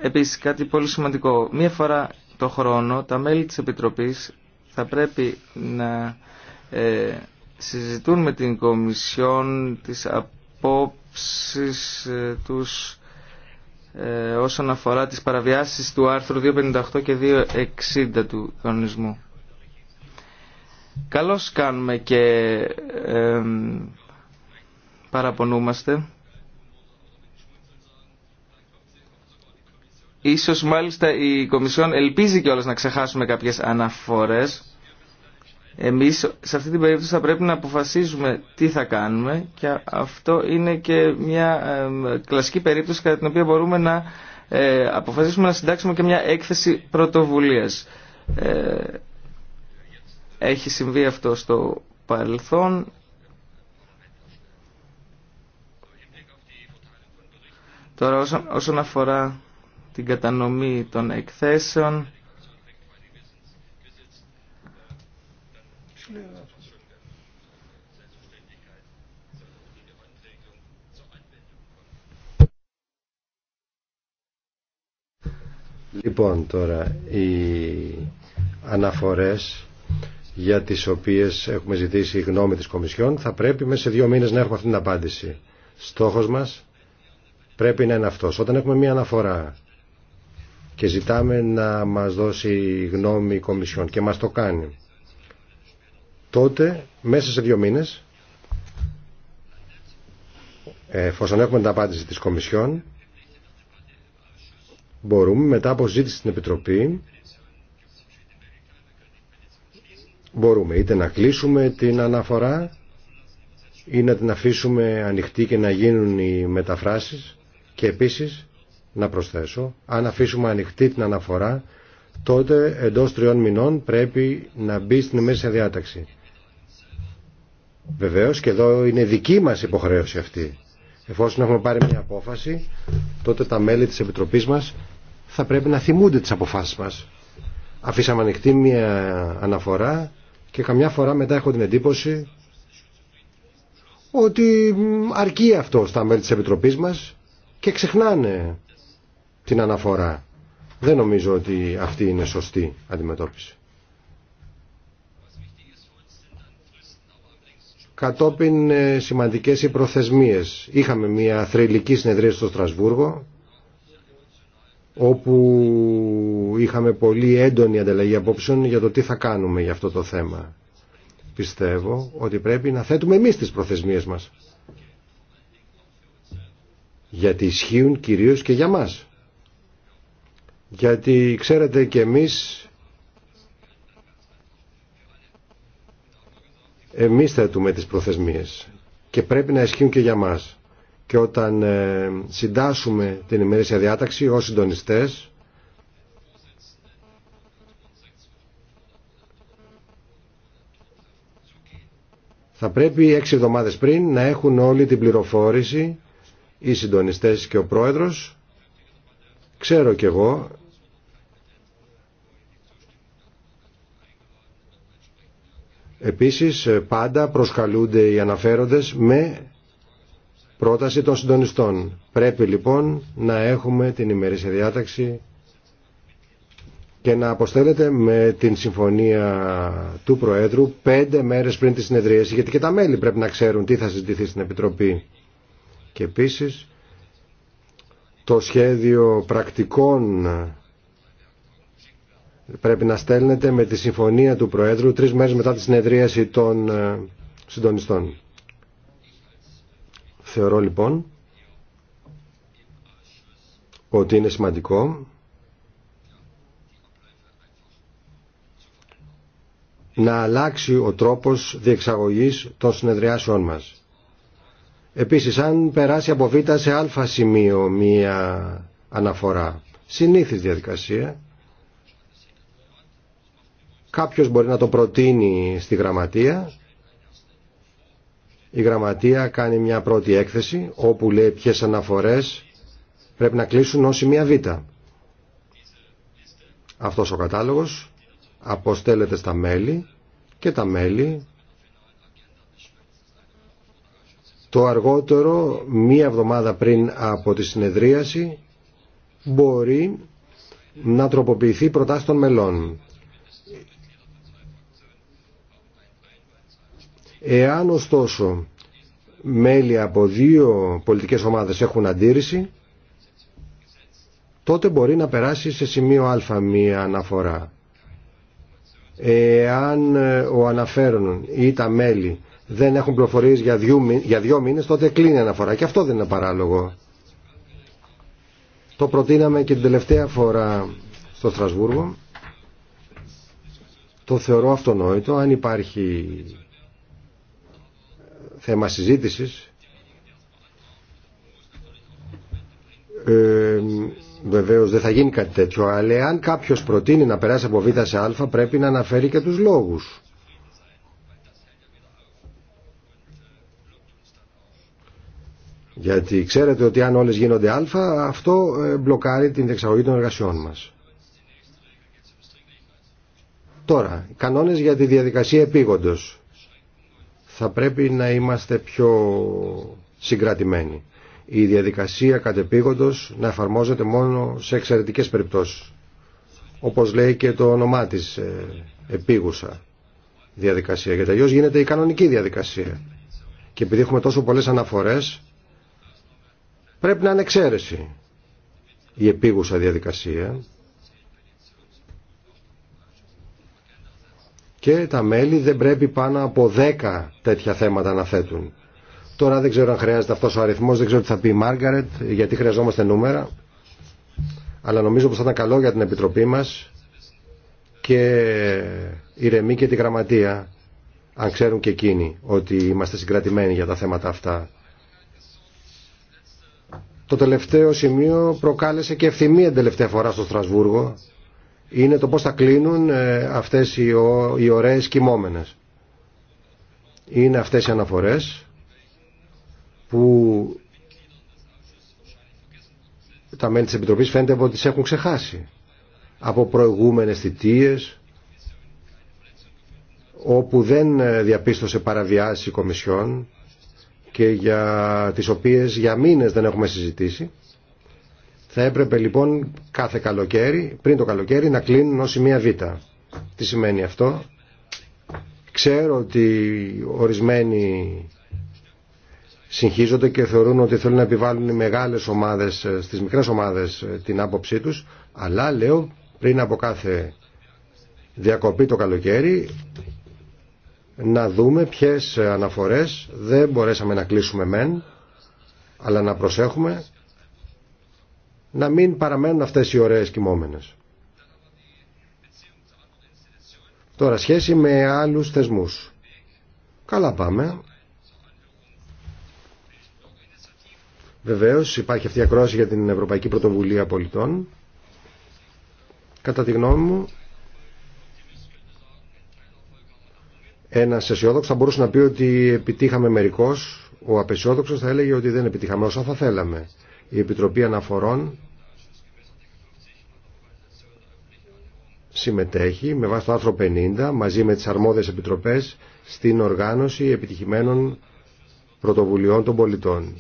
Επίσης κάτι πολύ σημαντικό. Μία φορά το χρόνο τα μέλη της Επιτροπής θα πρέπει να ε, συζητούν με την Κομισιόν τις απόψεις ε, τους ε, όσον αφορά τις παραβιάσεις του άρθρου 258 και 260 του κανονισμού. Καλώς κάνουμε και ε, παραπονούμαστε Ίσως μάλιστα η Κομισιόν ελπίζει κιόλας να ξεχάσουμε κάποιες αναφορές. Εμείς σε αυτή την περίπτωση θα πρέπει να αποφασίζουμε τι θα κάνουμε και αυτό είναι και μια κλασική περίπτωση κατά την οποία μπορούμε να ε, αποφασίσουμε να συντάξουμε και μια έκθεση πρωτοβουλίας. Ε, έχει συμβεί αυτό στο παρελθόν. Τώρα όσον αφορά την κατανομή των εκθέσεων. Λοιπόν τώρα οι αναφορές για τις οποίες έχουμε ζητήσει η γνώμη της Κομισιόν θα πρέπει μέσα σε δύο μήνες να έχουμε αυτή την απάντηση. Στόχος μας πρέπει να είναι αυτός. Όταν έχουμε μία αναφορά και ζητάμε να μας δώσει γνώμη η Κομισιόν και μας το κάνει. Τότε, μέσα σε δύο μήνες, εφόσον έχουμε την απάντηση της Κομισιόν, μπορούμε μετά από ζήτηση στην Επιτροπή μπορούμε είτε να κλείσουμε την αναφορά ή να την αφήσουμε ανοιχτή και να γίνουν οι μεταφράσεις και επίσης να προσθέσω, αν αφήσουμε ανοιχτή την αναφορά, τότε εντός τριών μηνών πρέπει να μπει στην μέση διάταξη. Βεβαίως και εδώ είναι δική μας υποχρέωση αυτή. Εφόσον έχουμε πάρει μια απόφαση, τότε τα μέλη της Επιτροπής μας θα πρέπει να θυμούνται τις αποφάσεις μας. Αφήσαμε ανοιχτή μια αναφορά και καμιά φορά μετά έχω την εντύπωση ότι αρκεί αυτό στα μέλη της Επιτροπής μας και ξεχνάνε την αναφορά. Δεν νομίζω ότι αυτή είναι σωστή αντιμετώπιση. Κατόπιν ε, σημαντικές οι προθεσμίες. Είχαμε μια θρελική συνεδρία στο Στρασβούργο όπου είχαμε πολύ έντονη ανταλλαγή απόψεων για το τι θα κάνουμε για αυτό το θέμα. Πιστεύω ότι πρέπει να θέτουμε εμείς τις προθεσμίες μας. Γιατί ισχύουν κυρίως και για μας γιατί ξέρετε και εμείς εμείς θέτουμε τις προθεσμίες και πρέπει να ισχύουν και για μας και όταν ε, συντάσσουμε την ημερήσια διάταξη ως συντονιστές θα πρέπει έξι εβδομάδες πριν να έχουν όλη την πληροφόρηση οι συντονιστές και ο πρόεδρος ξέρω κι εγώ Επίσης ε, πάντα προσκαλούνται οι αναφέροντες με πρόταση των συντονιστών. Πρέπει λοιπόν να έχουμε την ημερήσια διάταξη και να αποστέλλεται με την συμφωνία του Προέδρου πέντε μέρες πριν τη συνεδρίαση, γιατί και τα μέλη πρέπει να ξέρουν τι θα συζητηθεί στην Επιτροπή. Και επίσης το σχέδιο πρακτικών πρέπει να στέλνεται με τη συμφωνία του Προέδρου τρεις μέρες μετά τη συνεδρίαση των ε, συντονιστών. Θεωρώ λοιπόν ότι είναι σημαντικό να αλλάξει ο τρόπος διεξαγωγής των συνεδριάσεών μας. Επίσης, αν περάσει από β σε α σημείο μία αναφορά, συνήθις διαδικασία, Κάποιος μπορεί να το προτείνει στη γραμματεία. Η γραμματεία κάνει μια πρώτη έκθεση όπου λέει ποιες αναφορές πρέπει να κλείσουν όσοι μια β. Αυτός ο κατάλογος αποστέλλεται στα μέλη και τα μέλη το αργότερο μία εβδομάδα πριν από τη συνεδρίαση μπορεί να τροποποιηθεί προτάσεις των μελών. Εάν ωστόσο μέλη από δύο πολιτικές ομάδες έχουν αντίρρηση, τότε μπορεί να περάσει σε σημείο α μία αναφορά. Εάν ε, ο αναφέρον ή τα μέλη δεν έχουν πληροφορίες για δύο, για μήνες, τότε κλείνει αναφορά και αυτό δεν είναι παράλογο. Το προτείναμε και την τελευταία φορά στο Στρασβούργο. Το θεωρώ αυτονόητο. Αν υπάρχει θέμα συζήτησης. Ε, Βεβαίω δεν θα γίνει κάτι τέτοιο, αλλά αν κάποιο προτείνει να περάσει από Β σε Α, πρέπει να αναφέρει και του λόγου. Γιατί ξέρετε ότι αν όλες γίνονται α, αυτό ε, μπλοκάρει την εξαγωγή των εργασιών μας. Τώρα, κανόνες για τη διαδικασία επίγοντος θα πρέπει να είμαστε πιο συγκρατημένοι. Η διαδικασία κατεπήγοντος να εφαρμόζεται μόνο σε εξαιρετικές περιπτώσεις. Όπως λέει και το όνομά της ε, επίγουσα διαδικασία. Γιατί αλλιώ γίνεται η κανονική διαδικασία. Και επειδή έχουμε τόσο πολλές αναφορές πρέπει να είναι εξαίρεση η επίγουσα διαδικασία και τα μέλη δεν πρέπει πάνω από 10 τέτοια θέματα να θέτουν. Τώρα δεν ξέρω αν χρειάζεται αυτός ο αριθμός, δεν ξέρω τι θα πει η Μάργαρετ, γιατί χρειαζόμαστε νούμερα, αλλά νομίζω πως θα ήταν καλό για την Επιτροπή μας και ηρεμή και τη Γραμματεία, αν ξέρουν και εκείνοι ότι είμαστε συγκρατημένοι για τα θέματα αυτά. Το τελευταίο σημείο προκάλεσε και ευθυμία την τελευταία φορά στο Στρασβούργο είναι το πώς θα κλείνουν ε, αυτές οι, οι ωραίες κοιμόμενες. Είναι αυτές οι αναφορές που τα μέλη της Επιτροπής φαίνεται ότι τις έχουν ξεχάσει από προηγούμενες θητείες όπου δεν ε, διαπίστωσε παραβιάσει η Κομισιόν και για τις οποίες για μήνες δεν έχουμε συζητήσει θα έπρεπε λοιπόν κάθε καλοκαίρι, πριν το καλοκαίρι, να κλείνουν ως μία Β. Τι σημαίνει αυτό. Ξέρω ότι ορισμένοι συγχύζονται και θεωρούν ότι θέλουν να επιβάλλουν οι μεγάλες ομάδες, ε, στις μικρές ομάδες ε, την άποψή τους, αλλά λέω πριν από κάθε διακοπή το καλοκαίρι να δούμε ποιες αναφορές δεν μπορέσαμε να κλείσουμε μεν, αλλά να προσέχουμε να μην παραμένουν αυτές οι ωραίες κοιμόμενες. Τώρα, σχέση με άλλους θεσμούς. Καλά πάμε. Βεβαίως υπάρχει αυτή η ακρόαση για την Ευρωπαϊκή Πρωτοβουλία Πολιτών. Κατά τη γνώμη μου, ένα αισιόδοξο θα μπορούσε να πει ότι επιτύχαμε μερικώς. Ο απεσιόδοξος θα έλεγε ότι δεν επιτύχαμε όσα θα θέλαμε η Επιτροπή Αναφορών συμμετέχει με βάση το άρθρο 50 μαζί με τις αρμόδιες επιτροπές στην οργάνωση επιτυχημένων πρωτοβουλειών των πολιτών.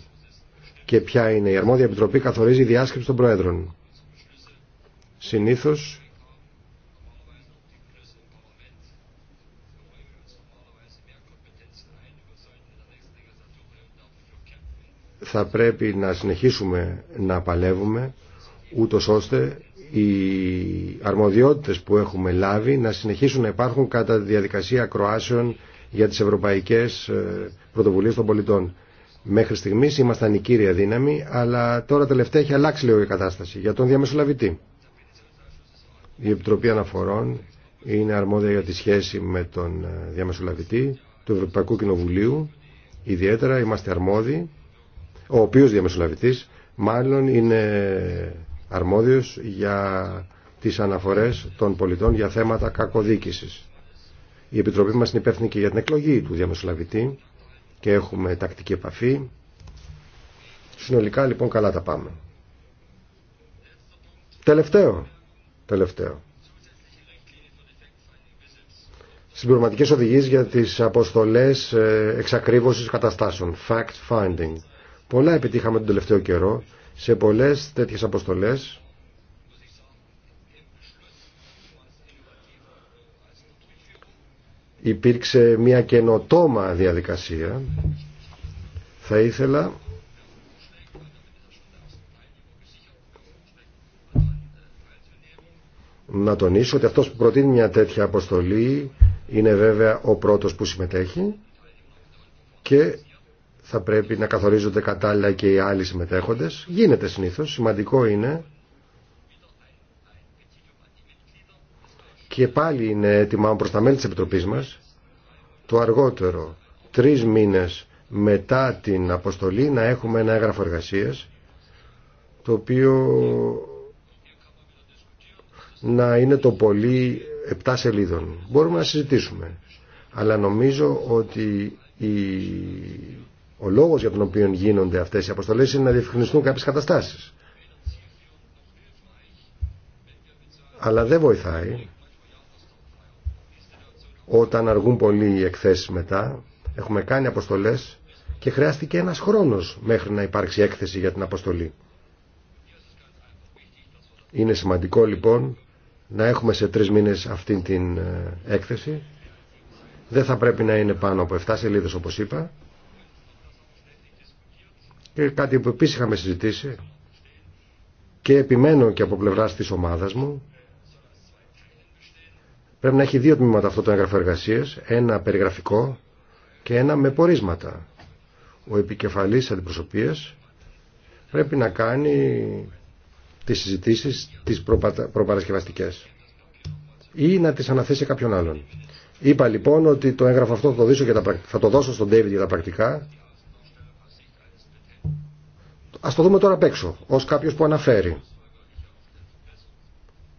Και ποια είναι η αρμόδια επιτροπή καθορίζει η διάσκεψη των Προέδρων. Συνήθως θα πρέπει να συνεχίσουμε να παλεύουμε ούτω ώστε οι αρμοδιότητες που έχουμε λάβει να συνεχίσουν να υπάρχουν κατά τη διαδικασία Κροάσεων για τις ευρωπαϊκές ε, πρωτοβουλίες των πολιτών. Μέχρι στιγμής ήμασταν η κύρια δύναμη, αλλά τώρα τελευταία έχει αλλάξει λίγο η κατάσταση για τον διαμεσολαβητή. Η Επιτροπή Αναφορών είναι αρμόδια για τη σχέση με τον ε, διαμεσολαβητή του Ευρωπαϊκού Κοινοβουλίου. Ιδιαίτερα είμαστε αρμόδιοι ο οποίος διαμεσολαβητής μάλλον είναι αρμόδιος για τις αναφορές των πολιτών για θέματα κακοδίκησης. Η Επιτροπή μας είναι υπεύθυνη και για την εκλογή του διαμεσολαβητή και έχουμε τακτική επαφή. Συνολικά λοιπόν καλά τα πάμε. Τελευταίο. Τελευταίο. Συμπληρωματικές οδηγίες για τις αποστολές ε, εξακρίβωσης καταστάσεων. Fact finding. Πολλά επιτύχαμε τον τελευταίο καιρό σε πολλές τέτοιες αποστολές. Υπήρξε μια καινοτόμα διαδικασία. Θα ήθελα να τονίσω ότι αυτός που προτείνει μια τέτοια αποστολή είναι βέβαια ο πρώτος που συμμετέχει και θα πρέπει να καθορίζονται κατάλληλα και οι άλλοι συμμετέχοντες. Γίνεται συνήθως. Σημαντικό είναι και πάλι είναι έτοιμα προς τα μέλη της Επιτροπής μας το αργότερο τρεις μήνες μετά την αποστολή να έχουμε ένα έγγραφο εργασίας το οποίο να είναι το πολύ 7 σελίδων. Μπορούμε να συζητήσουμε αλλά νομίζω ότι η ο λόγος για τον οποίο γίνονται αυτές οι αποστολέ είναι να διευκρινιστούν κάποιες καταστάσεις. Αλλά δεν βοηθάει όταν αργούν πολύ οι εκθέσει μετά. Έχουμε κάνει αποστολέ και χρειάστηκε ένας χρόνος μέχρι να υπάρξει έκθεση για την αποστολή. Είναι σημαντικό λοιπόν να έχουμε σε τρει μήνες αυτή την ε, έκθεση. Δεν θα πρέπει να είναι πάνω από 7 σελίδε, όπω είπα. Και ε, κάτι που επίσης είχαμε συζητήσει και επιμένω και από πλευρά της ομάδας μου πρέπει να έχει δύο τμήματα αυτό το έγγραφο εργασία, ένα περιγραφικό και ένα με πορίσματα. Ο επικεφαλής αντιπροσωπείας πρέπει να κάνει τις συζητήσεις τις προπαρασκευαστικές ή να τις αναθέσει κάποιον άλλον. Είπα λοιπόν ότι το έγγραφο αυτό θα το, δώσω τα θα το δώσω στον David για τα πρακτικά Ας το δούμε τώρα απ' έξω, ως κάποιος που αναφέρει.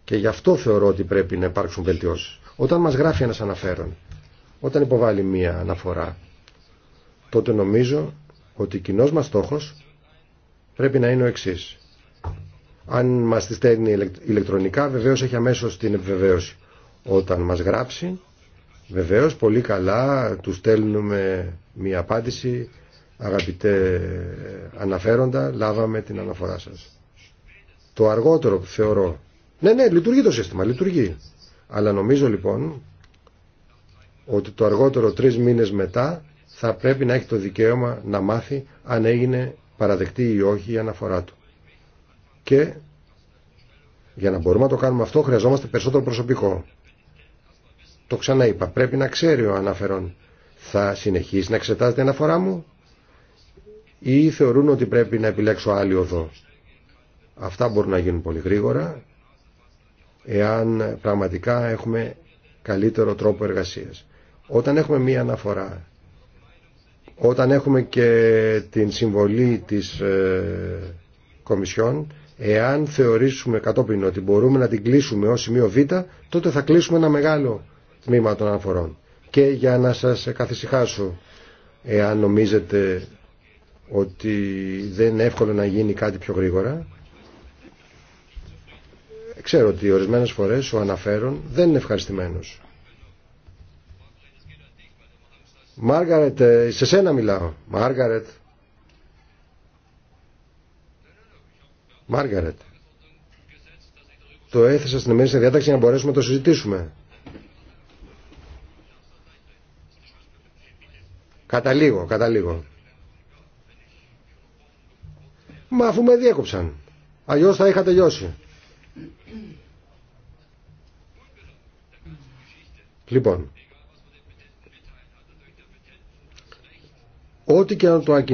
Και γι' αυτό θεωρώ ότι πρέπει να υπάρξουν βελτιώσεις. Όταν μας γράφει ένας αναφέρον, όταν υποβάλλει μία αναφορά, τότε νομίζω ότι κοινός μας στόχος πρέπει να είναι ο εξή. Αν μας τη στέλνει ηλεκτρονικά, βεβαίως έχει αμέσως την επιβεβαίωση. Όταν μας γράψει, βεβαίως πολύ καλά του στέλνουμε μία απάντηση Αγαπητέ αναφέροντα, λάβαμε την αναφορά σας. Το αργότερο που θεωρώ... Ναι, ναι, λειτουργεί το σύστημα, λειτουργεί. Αλλά νομίζω λοιπόν ότι το αργότερο τρεις μήνες μετά θα πρέπει να έχει το δικαίωμα να μάθει αν έγινε παραδεκτή ή όχι η αναφορά του. Και για να μπορούμε να το κάνουμε αυτό χρειαζόμαστε περισσότερο προσωπικό. Το ξαναείπα, πρέπει να ξέρει ο αναφέρον. Θα συνεχίσει να εξετάζεται η αναφορά μου ή θεωρούν ότι πρέπει να επιλέξω άλλη οδό. Αυτά μπορούν να γίνουν πολύ γρήγορα εάν πραγματικά έχουμε καλύτερο τρόπο εργασίας. Όταν έχουμε μία αναφορά, όταν έχουμε και την συμβολή της ε, Κομισιόν, εάν θεωρήσουμε κατόπιν ότι μπορούμε να την κλείσουμε ως σημείο Β, τότε θα κλείσουμε ένα μεγάλο τμήμα των αναφορών. Και για να σας καθησυχάσω, εάν νομίζετε ότι δεν είναι εύκολο να γίνει κάτι πιο γρήγορα. Ξέρω ότι ορισμένες φορές ο αναφέρον δεν είναι ευχαριστημένος. Μάργαρετ, ε, σε σένα μιλάω. Μάργαρετ. Μάργαρετ. Το έθεσα στην εμείς διάταξη για να μπορέσουμε να το συζητήσουμε. Κατά λίγο, κατά λίγο. Μα αφού με διέκοψαν. Αλλιώ θα είχα τελειώσει. Λοιπόν, ό,τι και αν το,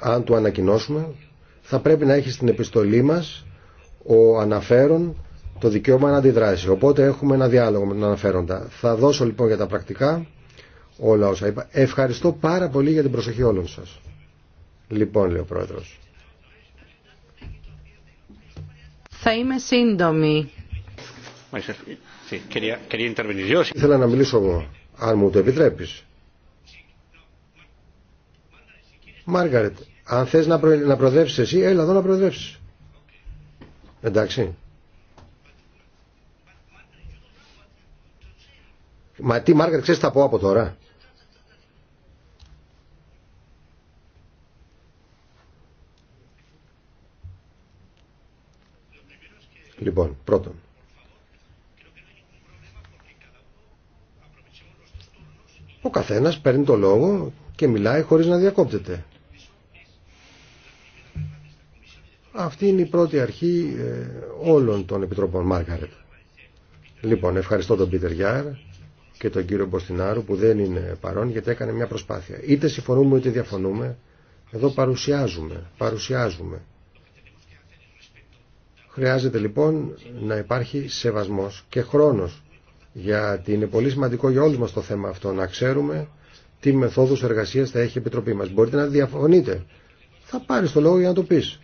αν το ανακοινώσουμε, θα πρέπει να έχει στην επιστολή μας ο αναφέρον το δικαίωμα να αντιδράσει. Οπότε έχουμε ένα διάλογο με τον αναφέροντα. Θα δώσω λοιπόν για τα πρακτικά όλα όσα είπα. Ευχαριστώ πάρα πολύ για την προσοχή όλων σας. Λοιπόν, λέει ο Πρόεδρος. Θα είμαι σύντομη. Ήθελα να μιλήσω εγώ, αν μου το επιτρέπεις. Μάργαρετ, αν θες να, προ... εσύ, έλα εδώ να προδέψεις. Εντάξει. Μα τι Μάργαρετ, ξέρεις τι θα πω από τώρα. Λοιπόν, πρώτον. Ο καθένας παίρνει το λόγο και μιλάει χωρίς να διακόπτεται. Αυτή είναι η πρώτη αρχή ε, όλων των Επιτροπών Μάργαρετ. Λοιπόν, ευχαριστώ τον Πίτερ Γιάρ και τον κύριο Μποστινάρου που δεν είναι παρόν γιατί έκανε μια προσπάθεια. Είτε συμφωνούμε είτε διαφωνούμε, εδώ παρουσιάζουμε, παρουσιάζουμε Χρειάζεται λοιπόν να υπάρχει σεβασμός και χρόνος γιατί είναι πολύ σημαντικό για όλους μας το θέμα αυτό να ξέρουμε τι μεθόδους εργασίας θα έχει η Επιτροπή μας. Μπορείτε να διαφωνείτε. Θα πάρεις το λόγο για να το πεις.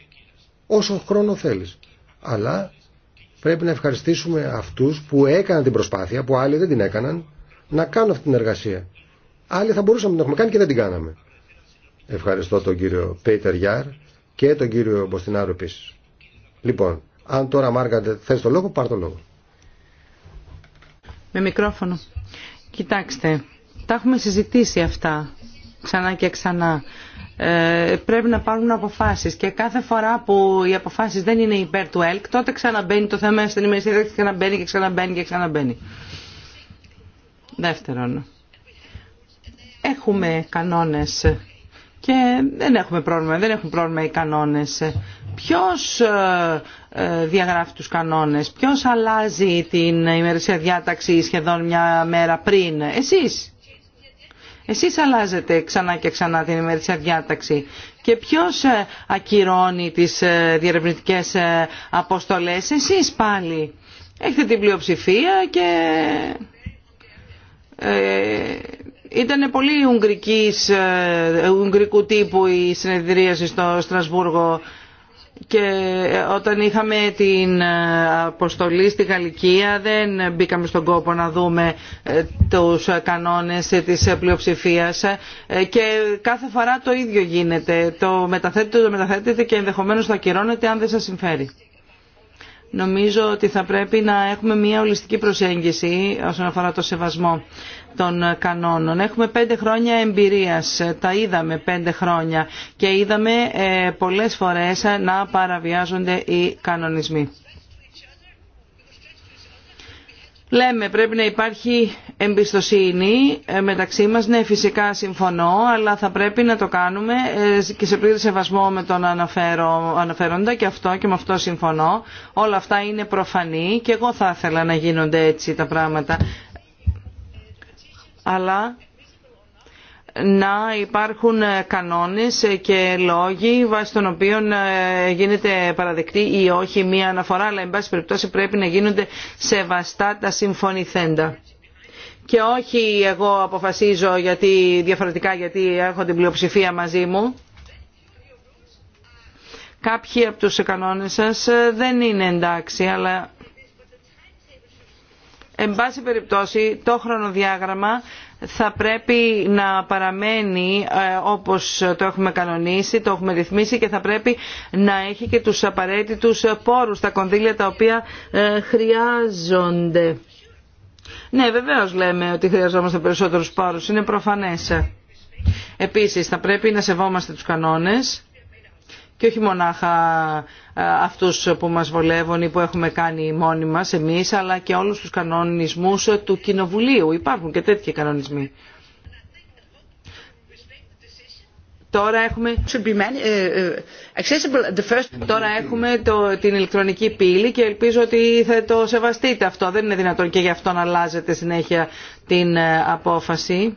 Όσο χρόνο θέλεις. Αλλά πρέπει να ευχαριστήσουμε αυτούς που έκαναν την προσπάθεια, που άλλοι δεν την έκαναν, να κάνουν αυτή την εργασία. Άλλοι θα μπορούσαμε να την έχουμε κάνει και δεν την κάναμε. Ευχαριστώ τον κύριο Πέιτερ Γιάρ και τον κύριο Μποστινάρου επίση. Λοιπόν, αν τώρα Μάργαντε θες το λόγο, πάρ το λόγο. Με μικρόφωνο. Κοιτάξτε, τα έχουμε συζητήσει αυτά ξανά και ξανά. Ε, πρέπει να πάρουν αποφάσεις και κάθε φορά που οι αποφάσεις δεν είναι υπέρ του ΕΛΚ τότε ξαναμπαίνει το θέμα στην ημερησία και ξαναμπαίνει και ξαναμπαίνει και ξαναμπαίνει. Δεύτερον, έχουμε κανόνες και δεν έχουμε πρόβλημα, δεν έχουν πρόβλημα οι κανόνες. Ποιος ε, ε, διαγράφει τους κανόνες, ποιος αλλάζει την ημερησία διάταξη σχεδόν μια μέρα πριν, εσείς. Εσείς αλλάζετε ξανά και ξανά την ημερησία διάταξη. Και ποιος ε, ακυρώνει τις διερευνητικές αποστολές, εσείς πάλι. Έχετε την πλειοψηφία και ήταν πολύ ουγγρικής, ε, ουγγρικού τύπου η συνεδρίαση στο Στρασβούργο και ε, όταν είχαμε την ε, αποστολή στη Γαλλικία δεν μπήκαμε στον κόπο να δούμε τους κανόνες της πλειοψηφία και κάθε φορά το ίδιο γίνεται. Το μεταθέτετε, το μεταθέτετε και ενδεχομένως θα ακυρώνετε αν δεν σας συμφέρει. Νομίζω ότι θα πρέπει να έχουμε μια ολιστική προσέγγιση όσον αφορά το σεβασμό των κανόνων. Έχουμε πέντε χρόνια εμπειρίας, τα είδαμε πέντε χρόνια και είδαμε ε, πολλές φορές να παραβιάζονται οι κανονισμοί. Λέμε πρέπει να υπάρχει εμπιστοσύνη ε, μεταξύ μας. Ναι, φυσικά συμφωνώ, αλλά θα πρέπει να το κάνουμε ε, και σε πλήρη σεβασμό με τον αναφέροντα και αυτό και με αυτό συμφωνώ. Όλα αυτά είναι προφανή και εγώ θα ήθελα να γίνονται έτσι τα πράγματα αλλά να υπάρχουν κανόνες και λόγοι βάσει των οποίων ε, γίνεται παραδεκτή ή όχι μία αναφορά, αλλά εν πάση περιπτώσει πρέπει να γίνονται σεβαστά τα συμφωνηθέντα. Και όχι εγώ αποφασίζω γιατί, διαφορετικά γιατί έχω την πλειοψηφία μαζί μου. Κάποιοι από τους κανόνες σας ε, δεν είναι εντάξει, αλλά Εν πάση περιπτώσει το χρονοδιάγραμμα θα πρέπει να παραμένει ε, όπως το έχουμε κανονίσει, το έχουμε ρυθμίσει και θα πρέπει να έχει και τους απαραίτητους πόρους, τα κονδύλια τα οποία ε, χρειάζονται. Ναι, βεβαίως λέμε ότι χρειαζόμαστε περισσότερους πόρους, είναι προφανές. Επίσης θα πρέπει να σεβόμαστε τους κανόνες και όχι μονάχα ε, αυτούς που μας βολεύουν ή που έχουμε κάνει μόνοι μας εμείς, αλλά και όλους τους κανονισμούς του Κοινοβουλίου. Υπάρχουν και τέτοιοι κανονισμοί. Τώρα έχουμε, ε, ε, το, την ηλεκτρονική πύλη και ελπίζω ότι θα το σεβαστείτε αυτό. Δεν είναι δυνατόν και γι' αυτό να αλλάζετε συνέχεια την απόφαση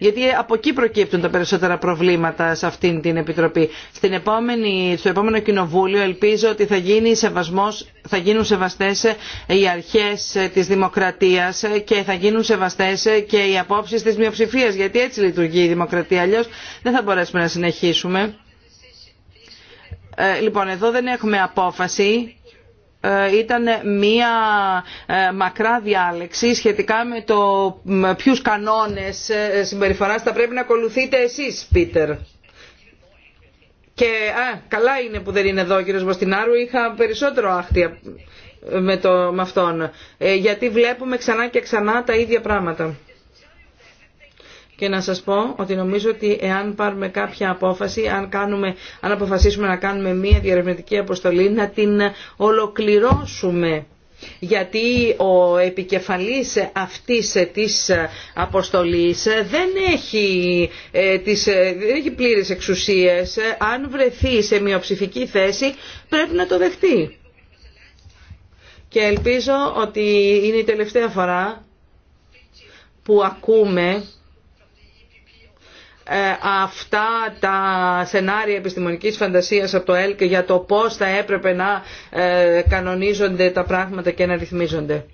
γιατί από εκεί προκύπτουν τα περισσότερα προβλήματα σε αυτήν την Επιτροπή. Στην επόμενη, στο επόμενο Κοινοβούλιο ελπίζω ότι θα, γίνει σεβασμός, θα γίνουν σεβαστές οι αρχές της δημοκρατίας και θα γίνουν σεβαστές και οι απόψεις της μειοψηφίας, γιατί έτσι λειτουργεί η δημοκρατία, αλλιώς δεν θα μπορέσουμε να συνεχίσουμε. Ε, λοιπόν, εδώ δεν έχουμε απόφαση ε, ήταν μία ε, μακρά διάλεξη σχετικά με το ποιου κανόνες ε, συμπεριφορά θα πρέπει να ακολουθείτε εσείς, Πίτερ. Και α, καλά είναι που δεν είναι εδώ ο κύριος Μποστινάρου, είχα περισσότερο άχτια με, το, με αυτόν, γιατί βλέπουμε ξανά και ξανά τα ίδια πράγματα και να σας πω ότι νομίζω ότι εάν πάρουμε κάποια απόφαση, αν, κάνουμε, αν αποφασίσουμε να κάνουμε μία διαρευνητική αποστολή, να την ολοκληρώσουμε γιατί ο επικεφαλής αυτής της αποστολής δεν έχει, ε, τις, ε, δεν έχει πλήρες εξουσίες. Αν βρεθεί σε μειοψηφική θέση πρέπει να το δεχτεί. Και ελπίζω ότι είναι η τελευταία φορά που ακούμε ε, αυτά τα σενάρια επιστημονικής φαντασίας από το ΕΛΚ για το πώς θα έπρεπε να ε, κανονίζονται τα πράγματα και να ρυθμίζονται.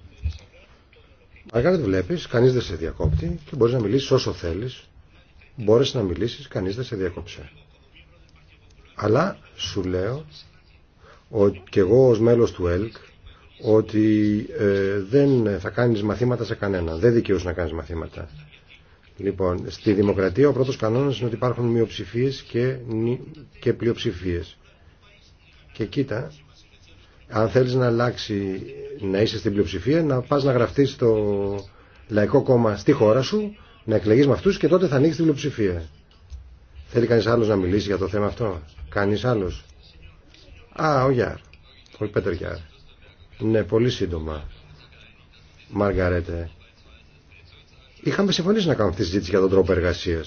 Αργά βλέπεις, κανείς δεν σε διακόπτει και μπορείς να μιλήσεις όσο θέλεις. Μπορείς να μιλήσεις, κανείς δεν σε διακόψε. Αλλά σου λέω ότι και εγώ ως μέλος του ΕΛΚ ότι ε, δεν θα κάνεις μαθήματα σε κανένα. Δεν δικαιούσε να κάνεις μαθήματα. Λοιπόν, στη δημοκρατία ο πρώτος κανόνας είναι ότι υπάρχουν μειοψηφίες και, και πλειοψηφίες. Και κοίτα, αν θέλεις να αλλάξει, να είσαι στην πλειοψηφία, να πας να γραφτείς το λαϊκό κόμμα στη χώρα σου, να εκλεγείς με αυτούς και τότε θα ανοίξει την πλειοψηφία. Θέλει κανείς άλλος να μιλήσει για το θέμα αυτό. Κανείς άλλος. Α, ο Γιάρ. Ο Πέτερ Γιάρ. Ναι, πολύ σύντομα. Μαργαρέτε. Είχαμε συμφωνήσει να κάνουμε αυτή τη συζήτηση για τον τρόπο εργασία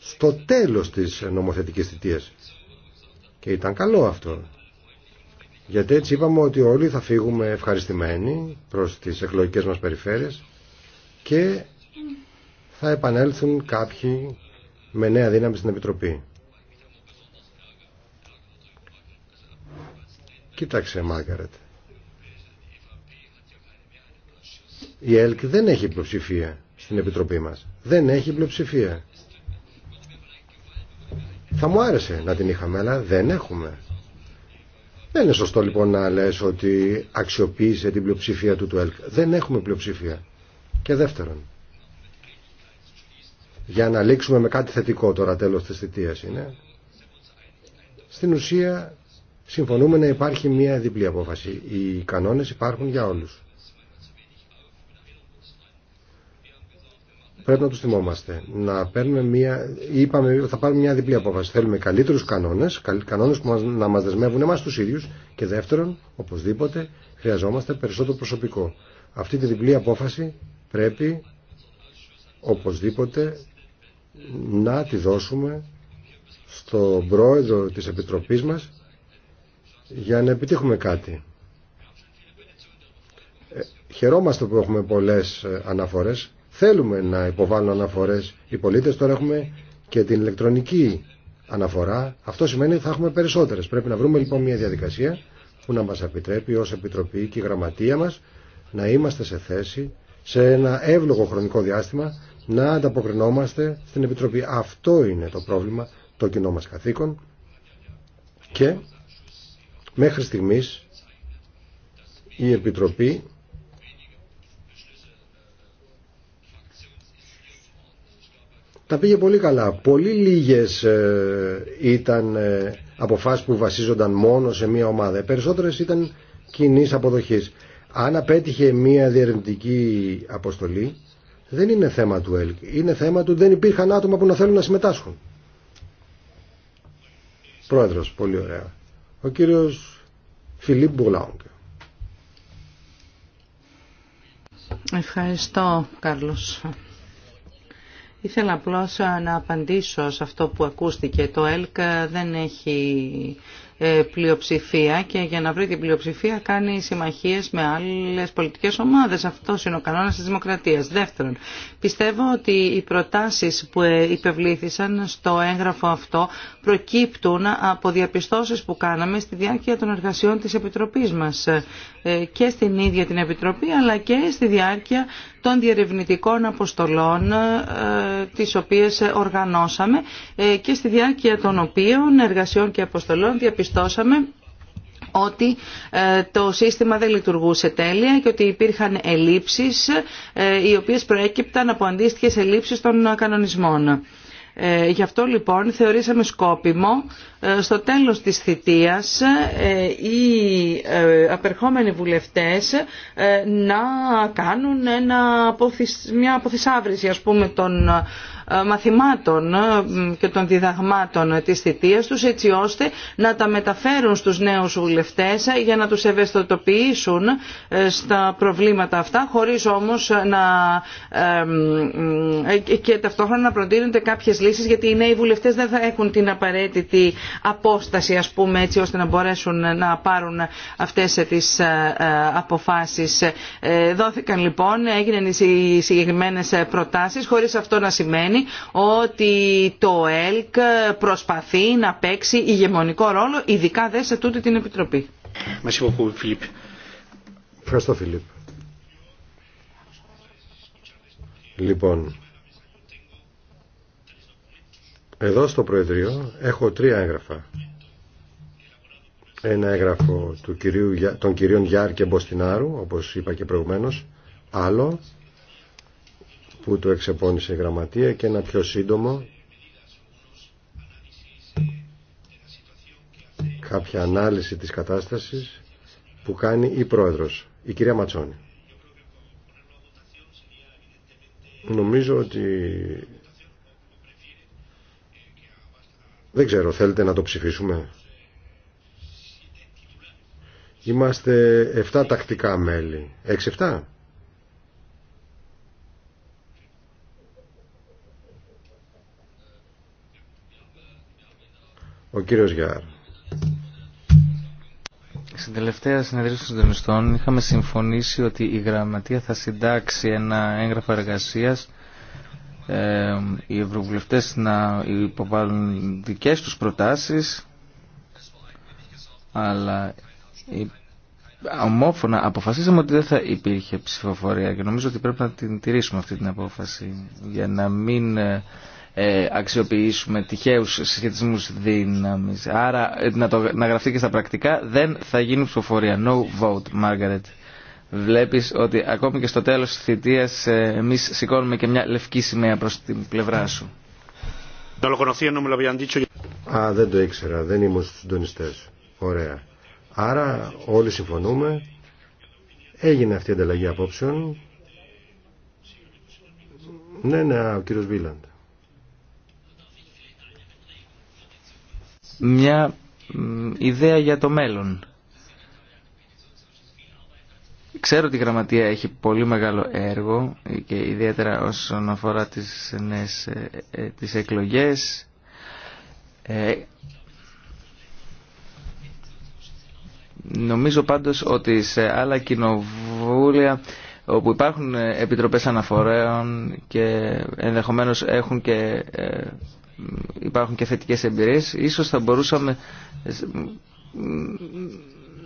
στο τέλος της νομοθετικής θητείας. Και ήταν καλό αυτό. Γιατί έτσι είπαμε ότι όλοι θα φύγουμε ευχαριστημένοι προς τις εκλογικές μας περιφέρειες και θα επανέλθουν κάποιοι με νέα δύναμη στην Επιτροπή. Κοίταξε Μάγκαρετ. Η ΕΛΚ δεν έχει υποψηφία στην Επιτροπή μας. Δεν έχει πλειοψηφία. Θα μου άρεσε να την είχαμε, αλλά δεν έχουμε. Δεν είναι σωστό λοιπόν να λες ότι αξιοποίησε την πλειοψηφία του του ΕΛΚ. Δεν έχουμε πλειοψηφία. Και δεύτερον, για να λήξουμε με κάτι θετικό τώρα τέλος της θητείας είναι, στην ουσία συμφωνούμε να υπάρχει μια διπλή απόφαση. Οι κανόνες υπάρχουν για όλους. πρέπει να τους θυμόμαστε. Να παίρνουμε μια, είπαμε ότι θα πάρουμε μια διπλή απόφαση. Θέλουμε καλύτερου κανόνες, κανόνες που μας, να μας δεσμεύουν εμά τους ίδιου και δεύτερον, οπωσδήποτε, χρειαζόμαστε περισσότερο προσωπικό. Αυτή τη διπλή απόφαση πρέπει οπωσδήποτε να τη δώσουμε στον πρόεδρο της Επιτροπής μας για να επιτύχουμε κάτι. Ε, χαιρόμαστε που έχουμε πολλές ε, αναφορές θέλουμε να υποβάλουν αναφορές οι πολίτες. Τώρα έχουμε και την ηλεκτρονική αναφορά. Αυτό σημαίνει ότι θα έχουμε περισσότερες. Πρέπει να βρούμε λοιπόν μια διαδικασία που να μας επιτρέπει ως Επιτροπή και η Γραμματεία μας να είμαστε σε θέση σε ένα εύλογο χρονικό διάστημα να ανταποκρινόμαστε στην Επιτροπή. Αυτό είναι το πρόβλημα, το κοινό μας καθήκον και μέχρι στιγμής η Επιτροπή Θα πήγε πολύ καλά. Πολύ λίγες ε, ήταν ε, αποφάσεις που βασίζονταν μόνο σε μία ομάδα. περισσότερες ήταν κοινή αποδοχής. Αν απέτυχε μία διερευνητική αποστολή, δεν είναι θέμα του ΕΛΚ. Είναι θέμα του δεν υπήρχαν άτομα που να θέλουν να συμμετάσχουν. Πρόεδρος, πολύ ωραία. Ο κύριος Φιλίπ Μπουλάουγκ. Ευχαριστώ, Κάρλος. Ήθελα απλώς να απαντήσω σε αυτό που ακούστηκε. Το ΕΛΚ δεν έχει ε, πλειοψηφία και για να βρει την πλειοψηφία κάνει συμμαχίες με άλλες πολιτικές ομάδες. Αυτό είναι ο κανόνας της δημοκρατίας. Δεύτερον, πιστεύω ότι οι προτάσεις που ε, υπευλήθησαν στο έγγραφο αυτό προκύπτουν από διαπιστώσεις που κάναμε στη διάρκεια των εργασιών της Επιτροπής μας ε, και στην ίδια την Επιτροπή αλλά και στη διάρκεια των διερευνητικών αποστολών ε, τις οποίες οργανώσαμε ε, και στη διάρκεια των οποίων εργασιών και αποστολών διαπιστώσαμε ότι ε, το σύστημα δεν λειτουργούσε τέλεια και ότι υπήρχαν ελλείψεις οι οποίες προέκυπταν από αντίστοιχες ελλείψεις των κανονισμών. Ε, γι' αυτό λοιπόν θεωρήσαμε σκόπιμο ε, στο τέλος της θητείας ε, οι απερχόμενοι βουλευτές να κάνουν μια αποθυσάβριση ας πούμε των ε, μαθημάτων ε, και των διδαγμάτων της θητείας τους έτσι ώστε να τα μεταφέρουν στους νέους βουλευτές ε, για να τους ευαισθητοποιήσουν στα προβλήματα αυτά χωρίς όμως να και ταυτόχρονα να προτείνονται κάποιες λύσεις γιατί οι νέοι βουλευτές δεν θα έχουν την απαραίτητη απόσταση ας πούμε έτσι ώστε να μπορέσουν να πάρουν αυτές τις αποφάσεις. Δόθηκαν λοιπόν, έγιναν οι συγκεκριμένες προτάσεις χωρίς αυτό να σημαίνει ότι το ΕΛΚ προσπαθεί να παίξει ηγεμονικό ρόλο, ειδικά δε σε τούτη την Επιτροπή. Ευχαριστώ, Φιλίπ. Λοιπόν, εδώ στο Προεδρείο έχω τρία έγγραφα. Ένα έγγραφο του των κυρίων Γιάρ και Μποστινάρου, όπως είπα και προηγουμένως. Άλλο, που το εξεπώνησε η Γραμματεία και ένα πιο σύντομο κάποια ανάλυση της κατάστασης που κάνει η Πρόεδρος, η κυρία Ματσόνη. Νομίζω ότι... Δεν ξέρω, θέλετε να το ψηφίσουμε. Είμαστε 7 τακτικά μέλη. 6-7. Ο κύριος Γιάρ. Στην τελευταία συνεδρία των συντονιστών είχαμε συμφωνήσει ότι η Γραμματεία θα συντάξει ένα έγγραφο εργασίας ε, οι ευρωβουλευτές να υποβάλουν δικές τους προτάσεις αλλά ομόφωνα αποφασίσαμε ότι δεν θα υπήρχε ψηφοφορία και νομίζω ότι πρέπει να την τηρήσουμε αυτή την απόφαση για να μην ε, ε, αξιοποιήσουμε τυχαίου συσχετισμού δύναμη. Άρα ε, να, το, να γραφτεί και στα πρακτικά δεν θα γίνει ψηφοφορία. No vote, Margaret. Βλέπεις ότι ακόμη και στο τέλος της θητείας ε, εμεί σηκώνουμε και μια λευκή σημαία προς την πλευρά σου. Α, δεν το ήξερα. Δεν ήμουν στου συντονιστέ. Ωραία. Άρα όλοι συμφωνούμε. Έγινε αυτή η ανταλλαγή απόψεων. Ναι, ναι, ο κύριος Βίλαντ. μια ιδέα για το μέλλον. Ξέρω ότι η Γραμματεία έχει πολύ μεγάλο έργο και ιδιαίτερα όσον αφορά τις, νέες, ε, ε, τις εκλογές. Ε, νομίζω πάντως ότι σε άλλα κοινοβούλια όπου υπάρχουν επιτροπές αναφορέων και ενδεχομένως έχουν και υπάρχουν και θετικές εμπειρίες, ίσως θα μπορούσαμε ε,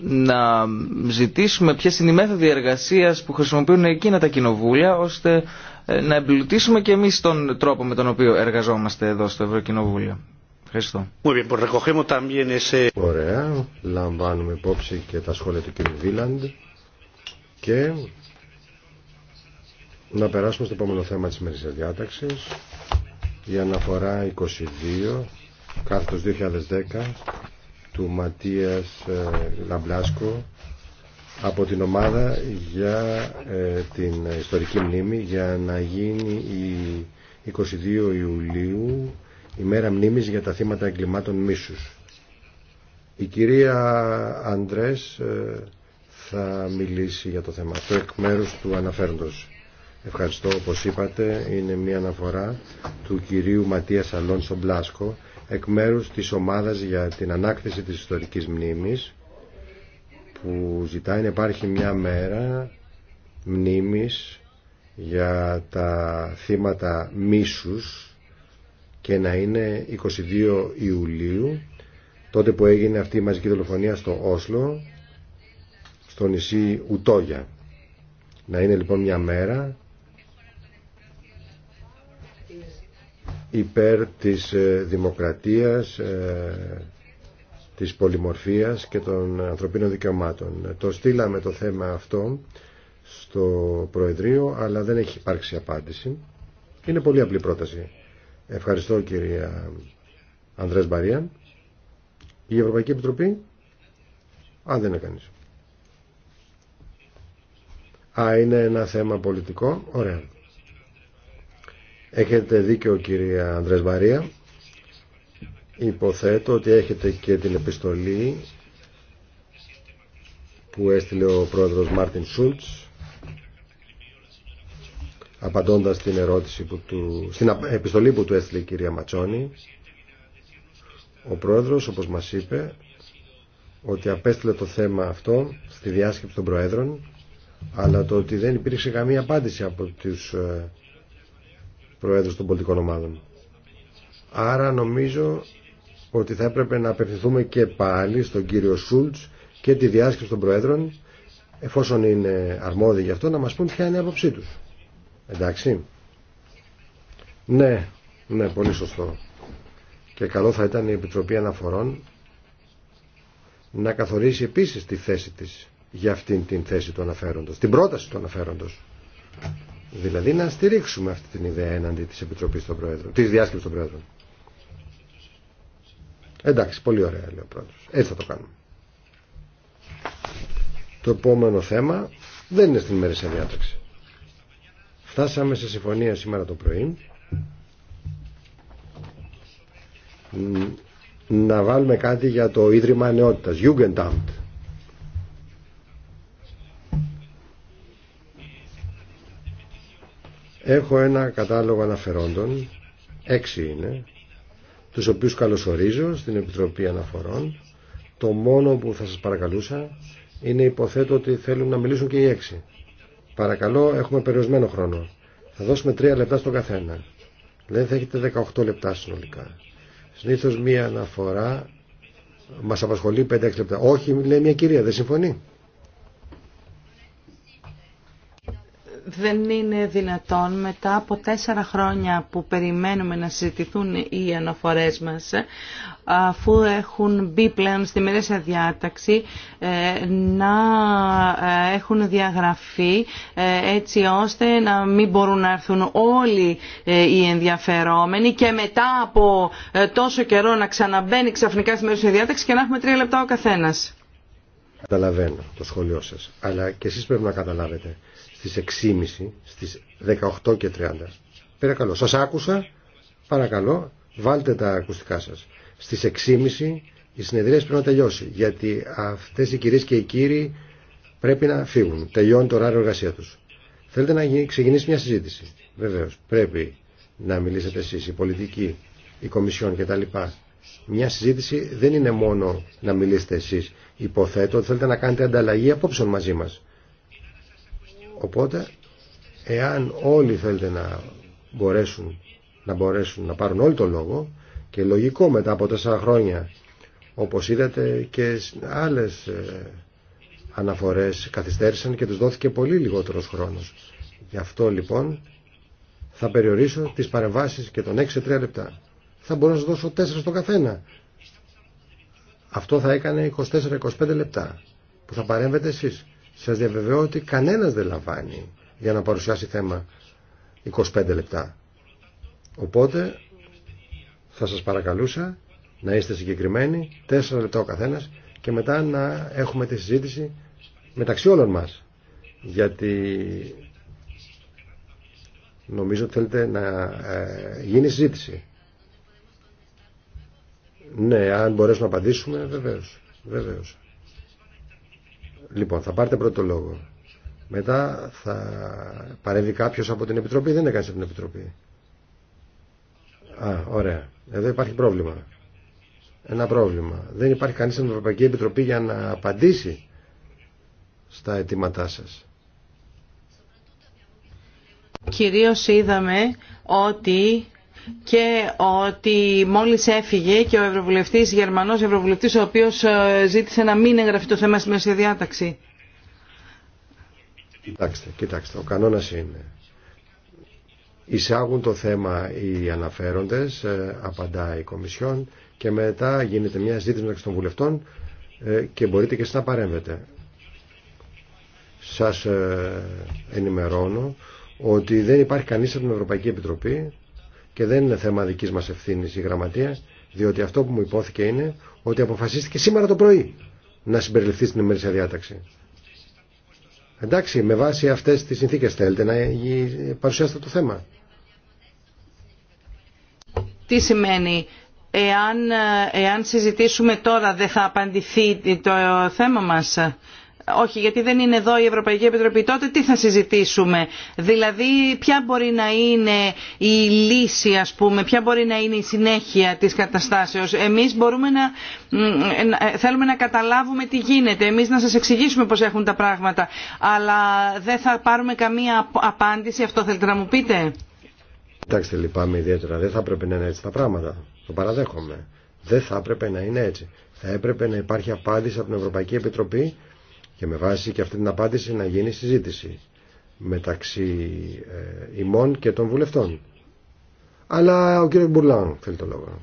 να ζητήσουμε ποιε είναι οι μέθοδοι εργασίας που χρησιμοποιούν εκείνα τα κοινοβούλια, ώστε ε, να εμπλουτίσουμε και εμείς τον τρόπο με τον οποίο εργαζόμαστε εδώ στο Ευρωκοινοβούλιο. Ευχαριστώ. Ωραία. Λαμβάνουμε υπόψη και τα σχόλια του κ. Βίλαντ και να περάσουμε στο επόμενο θέμα της μερικής διάταξης η αναφορά 22 κάρτος 2010 του Ματίας ε, Λαμπλάσκο από την ομάδα για ε, την ιστορική μνήμη για να γίνει η 22 Ιουλίου η μέρα μνήμης για τα θύματα εγκλημάτων μίσους. Η κυρία Αντρές ε, θα μιλήσει για το θέμα αυτό εκ μέρους του αναφέροντος. Ευχαριστώ όπως είπατε. Είναι μια αναφορά του κυρίου Ματίας Αλόνσο Μπλάσκο εκ μέρους της ομάδας για την ανάκτηση της ιστορικής μνήμης που ζητάει να υπάρχει μια μέρα μνήμης για τα θύματα μίσους και να είναι 22 Ιουλίου τότε που έγινε αυτή η μαζική δολοφονία στο Όσλο στο νησί Ουτόγια. Να είναι λοιπόν μια μέρα υπέρ της ε, δημοκρατίας, ε, της πολυμορφίας και των ανθρωπίνων δικαιωμάτων. Το στείλαμε το θέμα αυτό στο Προεδρείο, αλλά δεν έχει υπάρξει απάντηση. Είναι πολύ απλή πρόταση. Ευχαριστώ κυρία Ανδρέας Μπαρία. Η Ευρωπαϊκή Επιτροπή. Α, δεν είναι κανείς. Α, είναι ένα θέμα πολιτικό. Ωραία. Έχετε δίκιο κυρία Ανδρές Μαρία. Υποθέτω ότι έχετε και την επιστολή που έστειλε ο πρόεδρος Μάρτιν Σούλτς απαντώντας την ερώτηση που του, στην επιστολή που του έστειλε η κυρία Ματσόνη ο πρόεδρος όπως μας είπε ότι απέστειλε το θέμα αυτό στη διάσκεψη των προέδρων αλλά το ότι δεν υπήρξε καμία απάντηση από τους ε, προέδρους των πολιτικών ομάδων. Άρα νομίζω ότι θα έπρεπε να απευθυνθούμε και πάλι στον κύριο Σούλτς και τη διάσκεψη των προέδρων, εφόσον είναι αρμόδιοι γι' αυτό, να μας πούν ποια είναι η άποψή τους. Εντάξει. Ναι, ναι, πολύ σωστό. Και καλό θα ήταν η Επιτροπή Αναφορών να καθορίσει επίσης τη θέση της για αυτήν την θέση του αναφέροντος, την πρόταση του αναφέροντος. Δηλαδή να στηρίξουμε αυτή την ιδέα έναντι της Επιτροπής των Προέδρων, της Διάσκεψης των Προέδρων. Εντάξει, πολύ ωραία λέει ο πρόεδρος. Έτσι θα το κάνουμε. Το επόμενο θέμα δεν είναι στην ημερήσια διάταξη. Φτάσαμε σε συμφωνία σήμερα το πρωί να βάλουμε κάτι για το Ίδρυμα Νεότητας, Jugendamt. Έχω ένα κατάλογο αναφερόντων, έξι είναι, τους οποίους καλωσορίζω στην Επιτροπή Αναφορών. Το μόνο που θα σας παρακαλούσα είναι υποθέτω ότι θέλουν να μιλήσουν και οι έξι. Παρακαλώ, έχουμε περιορισμένο χρόνο. Θα δώσουμε τρία λεπτά στον καθένα. Δεν θα έχετε 18 λεπτά συνολικά. Συνήθως μία αναφορά μας απασχολεί 5-6 λεπτά. Όχι, λέει μια κυρία, δεν συμφωνεί. δεν είναι δυνατόν μετά από τέσσερα χρόνια που περιμένουμε να συζητηθούν οι αναφορές μας αφού έχουν μπει πλέον στη μερίσια διάταξη ε, να ε, έχουν διαγραφεί ε, έτσι ώστε να μην μπορούν να έρθουν όλοι οι ενδιαφερόμενοι και μετά από τόσο καιρό να ξαναμπαίνει ξαφνικά στη μερίσια διάταξη και να έχουμε τρία λεπτά ο καθένας. Καταλαβαίνω το σχόλιο σας, αλλά και εσείς πρέπει να καταλάβετε στις 6.30, στις 18 και 30. Παρακαλώ, σας άκουσα, παρακαλώ, βάλτε τα ακουστικά σας. Στις 6.30 οι συνεδρίες πρέπει να τελειώσει, γιατί αυτές οι κυρίες και οι κύριοι πρέπει να φύγουν. Τελειώνει το ωράριο εργασία τους. Θέλετε να ξεκινήσει μια συζήτηση. Βεβαίως, πρέπει να μιλήσετε εσείς, η πολιτική, η κομισιόν κτλ. Μια συζήτηση δεν είναι μόνο να μιλήσετε εσείς. Υποθέτω ότι θέλετε να κάνετε ανταλλαγή απόψεων μαζί μας. Οπότε, εάν όλοι θέλετε να μπορέσουν να, μπορέσουν να πάρουν όλοι τον λόγο και λογικό μετά από τέσσερα χρόνια όπως είδατε και άλλες ε, αναφορές καθυστέρησαν και τους δόθηκε πολύ λιγότερος χρόνος. Γι' αυτό λοιπόν θα περιορίσω τις παρεμβάσεις και των 6 3 λεπτά. Θα μπορώ να σας δώσω 4 στον καθένα. Αυτό θα έκανε 24-25 λεπτά που θα παρέμβετε εσείς. Σας διαβεβαιώ ότι κανένας δεν λαμβάνει για να παρουσιάσει θέμα 25 λεπτά. Οπότε θα σας παρακαλούσα να είστε συγκεκριμένοι, 4 λεπτά ο καθένας και μετά να έχουμε τη συζήτηση μεταξύ όλων μας. Γιατί νομίζω ότι θέλετε να ε, γίνει συζήτηση. Ναι, αν μπορέσουμε να απαντήσουμε, βεβαίως. βεβαίως. Λοιπόν, θα πάρετε πρώτο λόγο. Μετά θα παρεύει κάποιο από την Επιτροπή. Δεν έκανε την Επιτροπή. Α, ωραία. Εδώ υπάρχει πρόβλημα. Ένα πρόβλημα. Δεν υπάρχει κανεί στην Ευρωπαϊκή Επιτροπή για να απαντήσει στα αιτήματά σα. Κυρίως είδαμε ότι και ότι μόλις έφυγε και ο Ευρωβουλευτής, Γερμανός Ευρωβουλευτής, ο οποίος ε, ζήτησε να μην εγγραφεί το θέμα στη Μέση Διάταξη. Κοιτάξτε, κοιτάξτε, ο κανόνας είναι. Εισάγουν το θέμα οι αναφέροντες, ε, απαντάει η Κομισιόν και μετά γίνεται μια ζήτηση μεταξύ των βουλευτών ε, και μπορείτε και εσείς να παρέμβετε. Σας ενημερώνω ότι δεν υπάρχει κανείς από την Ευρωπαϊκή Επιτροπή και δεν είναι θέμα δική μα ευθύνη η γραμματεία, διότι αυτό που μου υπόθηκε είναι ότι αποφασίστηκε σήμερα το πρωί να συμπεριληφθεί στην ημερήσια διάταξη. Εντάξει, με βάση αυτέ τι συνθήκε θέλετε να παρουσιάσετε το θέμα. Τι σημαίνει εάν, εάν συζητήσουμε τώρα δεν θα απαντηθεί το θέμα μας όχι γιατί δεν είναι εδώ η Ευρωπαϊκή Επιτροπή, τότε τι θα συζητήσουμε. Δηλαδή ποια μπορεί να είναι η λύση ας πούμε, ποια μπορεί να είναι η συνέχεια της καταστάσεως. Εμείς μπορούμε να, ε, θέλουμε να καταλάβουμε τι γίνεται, εμείς να σας εξηγήσουμε πώς έχουν τα πράγματα, αλλά δεν θα πάρουμε καμία απάντηση, αυτό θέλετε να μου πείτε. Κοιτάξτε λυπάμαι ιδιαίτερα, δεν θα έπρεπε να είναι έτσι τα πράγματα, το παραδέχομαι. Δεν θα έπρεπε να είναι έτσι. Θα έπρεπε να υπάρχει απάντηση από την Ευρωπαϊκή Επιτροπή και με βάση και αυτή την απάντηση να γίνει συζήτηση μεταξύ ε, ημών και των βουλευτών. Αλλά ο κύριος Μπουρλάν θέλει το λόγο.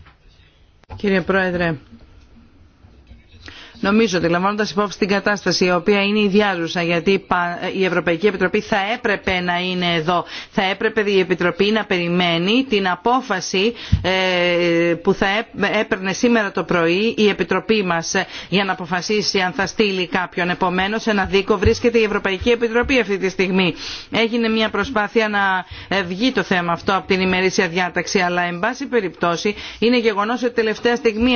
Κύριε Πρόεδρε, Νομίζω ότι λαμβάνοντα υπόψη την κατάσταση η οποία είναι ιδιάζουσα γιατί η Ευρωπαϊκή Επιτροπή θα έπρεπε να είναι εδώ, θα έπρεπε η Επιτροπή να περιμένει την απόφαση ε, που θα έπαιρνε σήμερα το πρωί η Επιτροπή μα ε, για να αποφασίσει αν θα στείλει κάποιον. Επομένω, ένα δίκο βρίσκεται η Ευρωπαϊκή Επιτροπή αυτή τη στιγμή. Έγινε μια προσπάθεια να ε, βγει το θέμα αυτό από την ημερήσια διάταξη, αλλά εν πάση περιπτώσει είναι γεγονό ότι τελευταία στιγμή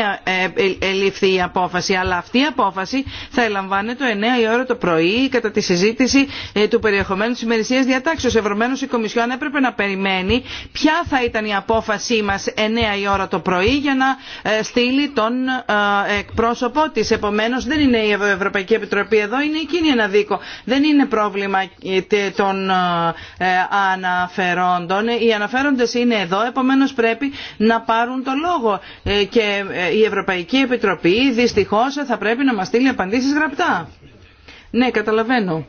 ελήφθη η απόφαση. Αλλά αυτή η απόφαση θα ελαμβάνεται 9 η ώρα το πρωί κατά τη συζήτηση ε, του περιεχομένου της ημερησίας διατάξεως. Ευρωμένως η Κομισιόν έπρεπε να περιμένει ποια θα ήταν η απόφασή μας 9 η ώρα το πρωί για να ε, στείλει τον ε, εκπρόσωπό της. Επομένως δεν είναι η Ευρωπαϊκή Επιτροπή εδώ, είναι εκείνη ένα δίκο. Δεν είναι πρόβλημα των αναφερόντων. Οι αναφέροντες είναι εδώ, επομένως πρέπει να πάρουν το λόγο. Και η Ευρωπαϊκή Επιτροπή πρέπει να μας στείλει απαντήσεις γραπτά. Ναι, καταλαβαίνω.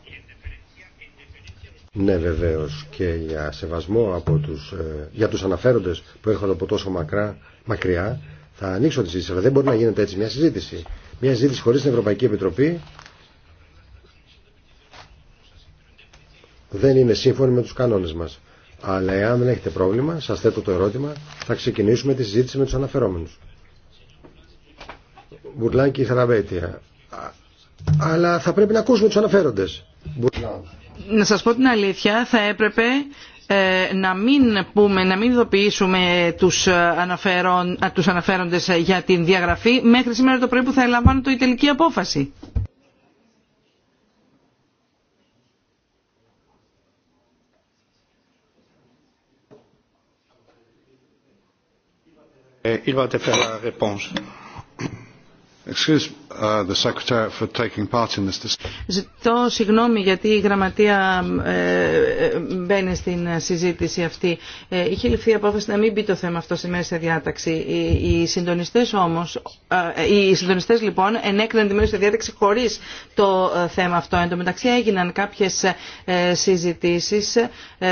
Ναι, βεβαίως και για σεβασμό από τους, ε, για τους αναφέροντες που έρχονται από τόσο μακρά, μακριά θα ανοίξω τη συζήτηση, αλλά δεν μπορεί να γίνεται έτσι μια συζήτηση. Μια συζήτηση χωρίς την Ευρωπαϊκή Επιτροπή δεν είναι σύμφωνη με τους κανόνες μας. Αλλά εάν δεν έχετε πρόβλημα, σας θέτω το ερώτημα, θα ξεκινήσουμε τη συζήτηση με τους αναφερόμενους. Μπουρλάκη Θεραβέτια. Αλλά θα πρέπει να ακούσουμε τους αναφέροντες. Να σας πω την αλήθεια, θα έπρεπε ε, να μην πούμε, να μην ειδοποιήσουμε τους, ε, αναφέρον, αναφέροντες ε, για την διαγραφή μέχρι σήμερα το πρωί που θα ελαμβάνω το η τελική απόφαση. il la réponse. Excuse me. Uh, Ζητώ συγγνώμη γιατί η γραμματεία ε, ε, μπαίνει στην συζήτηση αυτή. Ε, είχε ληφθεί απόφαση να μην μπει το θέμα αυτό στη μέση διάταξη. Οι συντονιστές όμως, οι συντονιστές λοιπόν ενέκριναν τη μέση διάταξη χωρίς το θέμα αυτό. Εν τω μεταξύ έγιναν κάποιες συζητήσεις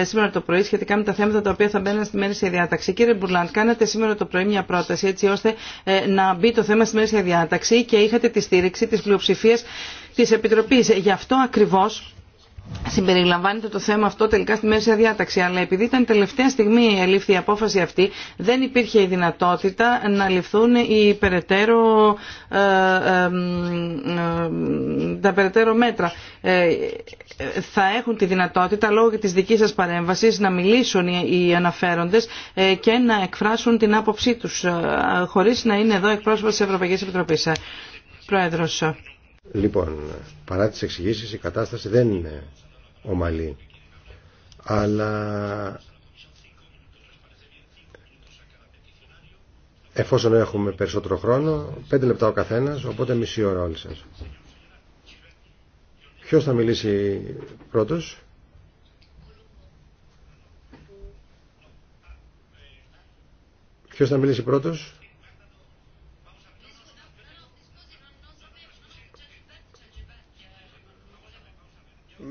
σήμερα το πρωί σχετικά με τα θέματα τα οποία θα μπαίνουν στη μέση διάταξη. Κύριε Μπουρλάντ, κάνατε σήμερα το πρωί μια πρόταση έτσι ώστε να μπει το θέμα στη μέση διάταξη και είχατε και τη στήριξη της πλειοψηφίας της Επιτροπής. Γι' αυτό ακριβώς συμπεριλαμβάνεται το θέμα αυτό τελικά στη μέση διάταξη. Αλλά επειδή ήταν τελευταία στιγμή ελήφθη η απόφαση αυτή, δεν υπήρχε η δυνατότητα να ληφθούν οι περαιτέρω, ε, ε, ε τα περαιτέρω μέτρα. Ε, θα έχουν τη δυνατότητα λόγω τη της δικής σας παρέμβασης να μιλήσουν οι, αναφέροντε αναφέροντες ε, και να εκφράσουν την άποψή τους χωρίς να είναι εδώ εκπρόσωπος της Ευρωπαϊκής Επιτροπής. Πρόεδρος. Λοιπόν, παρά τις εξηγήσεις η κατάσταση δεν είναι ομαλή. Αλλά εφόσον έχουμε περισσότερο χρόνο, πέντε λεπτά ο καθένας, οπότε μισή ώρα όλοι σας. Ποιος θα μιλήσει πρώτος? Ποιος θα μιλήσει πρώτος?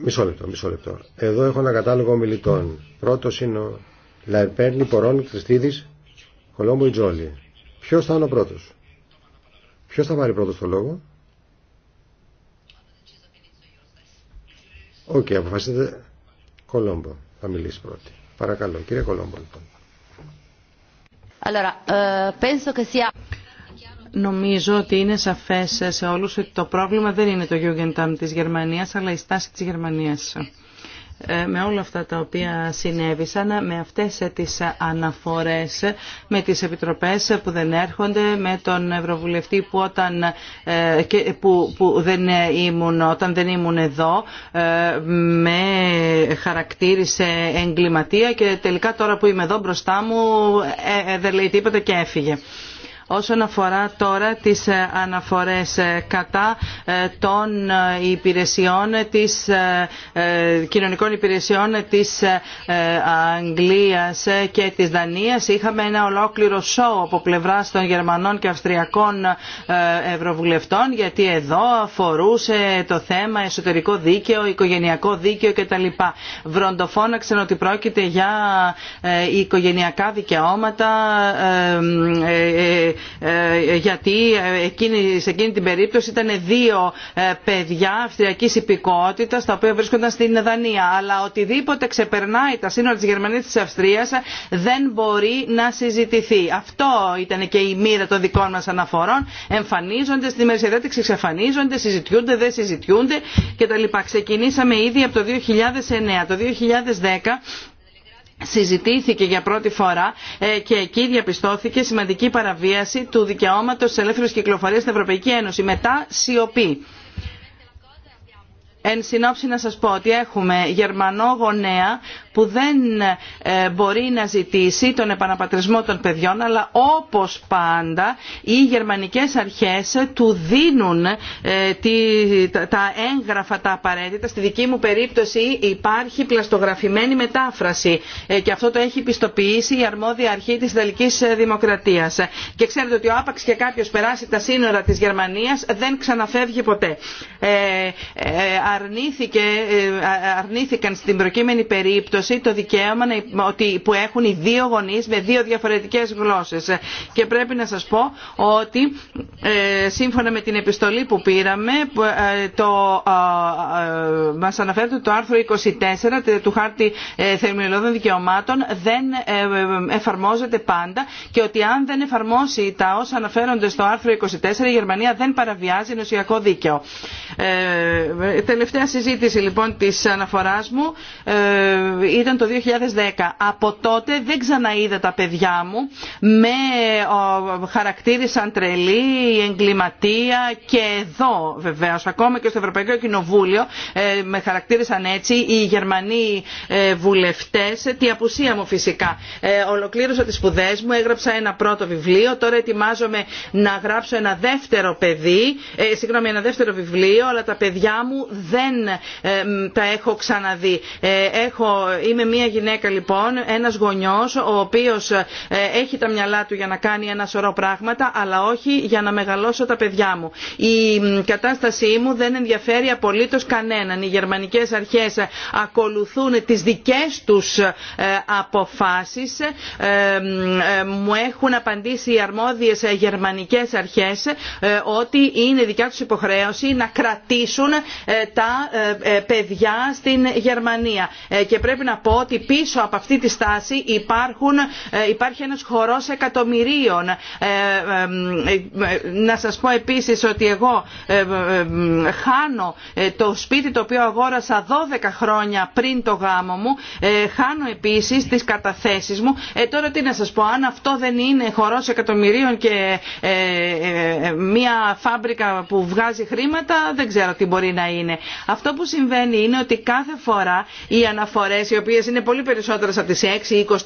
Μισό λεπτό, μισό λεπτό. Εδώ έχω ένα κατάλογο ομιλητών. Πρώτο είναι ο Λαϊπέρνη Πορών Χριστίδη Κολόμπο Ιτζόλη. Ποιο θα είναι ο πρώτο. Ποιο θα πάρει πρώτο το λόγο. Οκ, okay, Κολόμπο θα μιλήσει πρώτη. Παρακαλώ, κύριε Κολόμπο λοιπόν. Eh, Νομίζω ότι είναι σαφές σε όλους ότι το πρόβλημα δεν είναι το Jugendamt της Γερμανίας, αλλά η στάση της Γερμανίας. Ε, με όλα αυτά τα οποία συνέβησαν, με αυτές τις αναφορές, με τις επιτροπές που δεν έρχονται, με τον Ευρωβουλευτή που, όταν, ε, που, που δεν ήμουν, όταν δεν ήμουν εδώ, ε, με χαρακτήρισε εγκληματία και τελικά τώρα που είμαι εδώ μπροστά μου δεν λέει τίποτα και έφυγε. Όσον αφορά τώρα τις ε, αναφορές ε, κατά ε, των υπηρεσιών της κοινωνικών υπηρεσιών της Αγγλίας και της Δανίας είχαμε ένα ολόκληρο σοου από πλευρά των Γερμανών και Αυστριακών Ευρωβουλευτών γιατί εδώ αφορούσε το θέμα εσωτερικό δίκαιο, οικογενειακό δίκαιο κτλ. Βροντοφώναξαν ότι πρόκειται για οικογενειακά δικαιώματα ε, γιατί ε, σε εκείνη την περίπτωση ήταν δύο ε, παιδιά αυστριακής υπηκότητας τα οποία βρίσκονταν στην Δανία. Αλλά οτιδήποτε ξεπερνάει τα σύνορα της Γερμανίας και της Αυστρίας δεν μπορεί να συζητηθεί. Αυτό ήταν και η μοίρα των δικών μας αναφορών. Εμφανίζονται στην ημερησιαδέτηξη, εξαφανίζονται, συζητιούνται, δεν συζητιούνται κτλ. Ξεκινήσαμε ήδη από το 2009. Το 2010 συζητήθηκε για πρώτη φορά ε, και εκεί διαπιστώθηκε σημαντική παραβίαση του δικαιώματος της ελεύθερης κυκλοφορίας στην Ευρωπαϊκή Ένωση. Μετά σιωπή. Εν συνόψη να σας πω ότι έχουμε γερμανό γονέα που δεν ε, μπορεί να ζητήσει τον επαναπατρισμό των παιδιών αλλά όπως πάντα οι γερμανικές αρχές του δίνουν ε, τα έγγραφα τα απαραίτητα. Στη δική μου περίπτωση υπάρχει πλαστογραφημένη μετάφραση ε, και αυτό το έχει πιστοποιήσει η αρμόδια αρχή της Ιταλικής Δημοκρατίας. Και ξέρετε ότι ο άπαξ και κάποιος περάσει τα σύνορα της Γερμανίας δεν ξαναφεύγει ποτέ. αρνήθηκαν στην προκείμενη περίπτωση το δικαίωμα που έχουν οι δύο γονείς με δύο διαφορετικές γλώσσες. Και πρέπει να σας πω ότι ε, σύμφωνα με την επιστολή που πήραμε ε, το, ε, μας αναφέρεται το άρθρο 24 του χάρτη θερμιολόδων δικαιωμάτων δεν εφαρμόζεται πάντα και ότι αν δεν εφαρμόσει τα όσα αναφέρονται στο άρθρο 24 η Γερμανία δεν παραβιάζει νοσιακό δίκαιο. τελευταία συζήτηση λοιπόν της αναφοράς μου ήταν το 2010. Από τότε δεν ξαναείδα τα παιδιά μου. Με χαρακτήρισαν τρελή, εγκληματία και εδώ βεβαίως, ακόμα και στο Ευρωπαϊκό Κοινοβούλιο ε, με χαρακτήρισαν έτσι οι Γερμανοί ε, βουλευτές, τη απουσία μου φυσικά. Ε, ολοκλήρωσα τις σπουδές μου, έγραψα ένα πρώτο βιβλίο, τώρα ετοιμάζομαι να γράψω ένα δεύτερο παιδί, ε, συγγνώμη ένα δεύτερο βιβλίο, αλλά τα παιδιά μου δεν τα έχω ξαναδεί. έχω είμαι μια γυναίκα λοιπόν ένας γονιός ο οποίος ε, έχει τα μυαλά του για να κάνει ένα σωρό πράγματα αλλά όχι για να μεγαλώσω τα παιδιά μου. η κατάστασή μου δεν ενδιαφέρει απολύτως κανέναν. οι γερμανικές αρχές ακολουθούν τις δικές τους ε, αποφάσεις. Ε, μου έχουν απαντήσει οι αρμόδιες γερμανικές αρχές ότι είναι δικιά τους υποχρέωση να κρατήσουν τα παιδιά στην γερμανία και πρέπει να να πω ότι πίσω από αυτή τη στάση υπάρχουν, ε, υπάρχει ένας χορός εκατομμυρίων. Ε, ε, να σας πω επίσης ότι εγώ χάνω το σπίτι το οποίο αγόρασα 12 χρόνια πριν το γάμο μου, χάνω επίσης τις καταθέσεις μου. τώρα τι να σας πω, αν αυτό δεν είναι χορός εκατομμυρίων και μια φάμπρικα που βγάζει χρήματα, δεν ξέρω τι μπορεί να είναι. Αυτό που συμβαίνει είναι ότι κάθε φορά οι αναφορές οι οποίε είναι πολύ περισσότερε από τι 6 ή 24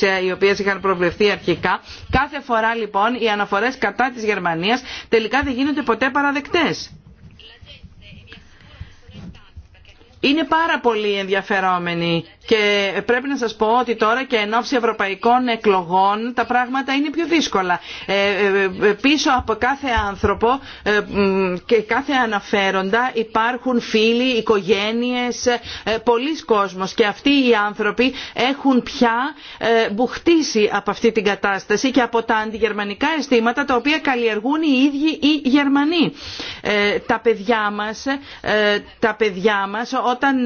ε, οι οποίε είχαν προβλεφθεί αρχικά. Κάθε φορά λοιπόν οι αναφορές κατά της Γερμανίας τελικά δεν γίνονται ποτέ παραδεκτές. Είναι πάρα πολύ ενδιαφερόμενοι και πρέπει να σας πω ότι τώρα και εν ώψη ευρωπαϊκών εκλογών τα πράγματα είναι πιο δύσκολα. Ε, ε, πίσω από κάθε άνθρωπο ε, και κάθε αναφέροντα υπάρχουν φίλοι, οικογένειες, πολλοί κόσμος και αυτοί οι άνθρωποι έχουν πια μπουχτίσει από αυτή την κατάσταση και από τα αντιγερμανικά αισθήματα τα οποία καλλιεργούν οι ίδιοι οι Γερμανοί. Τα παιδιά μας, τα παιδιά μας όταν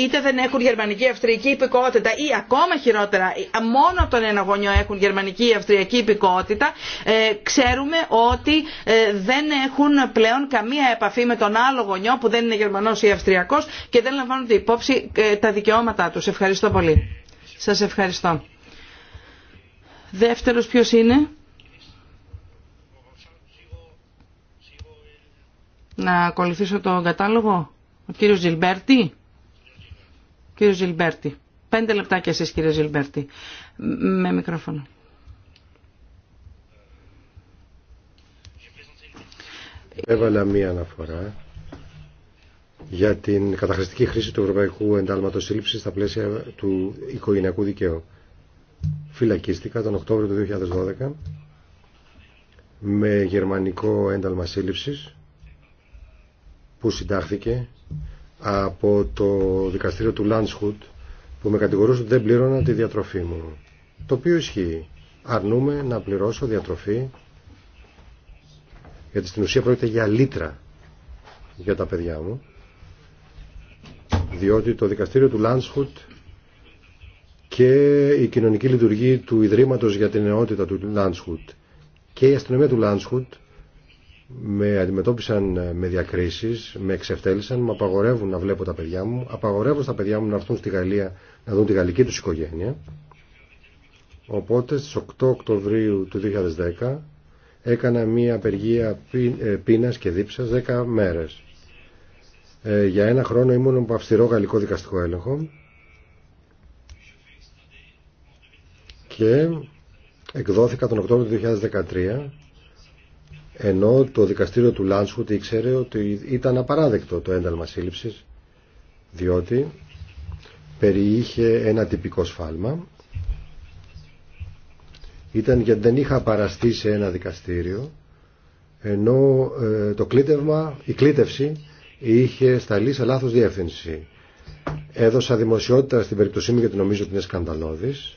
είτε δεν έχουν γερμανική γερμανική υπηκότητα ή ακόμα χειρότερα μόνο από τον ένα γονιό έχουν γερμανική ή αυστριακή υπηκότητα ε, ξέρουμε ότι ε, δεν έχουν πλέον καμία επαφή με τον άλλο γονιό που δεν είναι Γερμανός ή Αυστριακός και δεν λαμβάνονται υπόψη ε, τα δικαιώματά τους. Ευχαριστώ πολύ. Σας ευχαριστώ. Δεύτερος ποιος είναι. Να ακολουθήσω τον κατάλογο. Ο κύριος Ζιλμπέρτη. Κύριο Ζιλμπέρτη. Πέντε λεπτά κι εσείς κύριε Ζιλμπέρτη. Με μικρόφωνο. Έβαλα μία αναφορά για την καταχρηστική χρήση του Ευρωπαϊκού Εντάλματος Σύλληψης στα πλαίσια του οικογενειακού δικαίου. Φυλακίστηκα τον Οκτώβριο του 2012 με γερμανικό ένταλμα σύλληψης που συντάχθηκε από το δικαστήριο του Λάνσχουτ που με κατηγορούσε ότι δεν πλήρωνα τη διατροφή μου. Το οποίο ισχύει. Αρνούμε να πληρώσω διατροφή γιατί στην ουσία πρόκειται για λίτρα για τα παιδιά μου διότι το δικαστήριο του Λάνσχουτ και η κοινωνική λειτουργή του Ιδρύματος για την Νεότητα του Λάνσχουτ και η αστυνομία του Λάνσχουτ με αντιμετώπισαν ε, με διακρίσεις, με εξευτέλισαν, με απαγορεύουν να βλέπω τα παιδιά μου, απαγορεύω στα παιδιά μου να έρθουν στη Γαλλία να δουν τη γαλλική τους οικογένεια. Οπότε στις 8 Οκτωβρίου του 2010 έκανα μία απεργία ε, πείνας και δίψας 10 μέρες. Ε, για ένα χρόνο ήμουν από αυστηρό γαλλικό δικαστικό έλεγχο και εκδόθηκα τον Οκτώβριο του 2013 ενώ το δικαστήριο του Λάνσχουτ ήξερε ότι ήταν απαράδεκτο το ένταλμα σύλληψης διότι περιείχε ένα τυπικό σφάλμα ήταν γιατί δεν είχα παραστεί σε ένα δικαστήριο ενώ ε, το κλήτευμα, η κλήτευση είχε σταλεί σε λάθος διεύθυνση. Έδωσα δημοσιότητα στην περίπτωσή μου γιατί νομίζω ότι είναι σκανδαλώδης.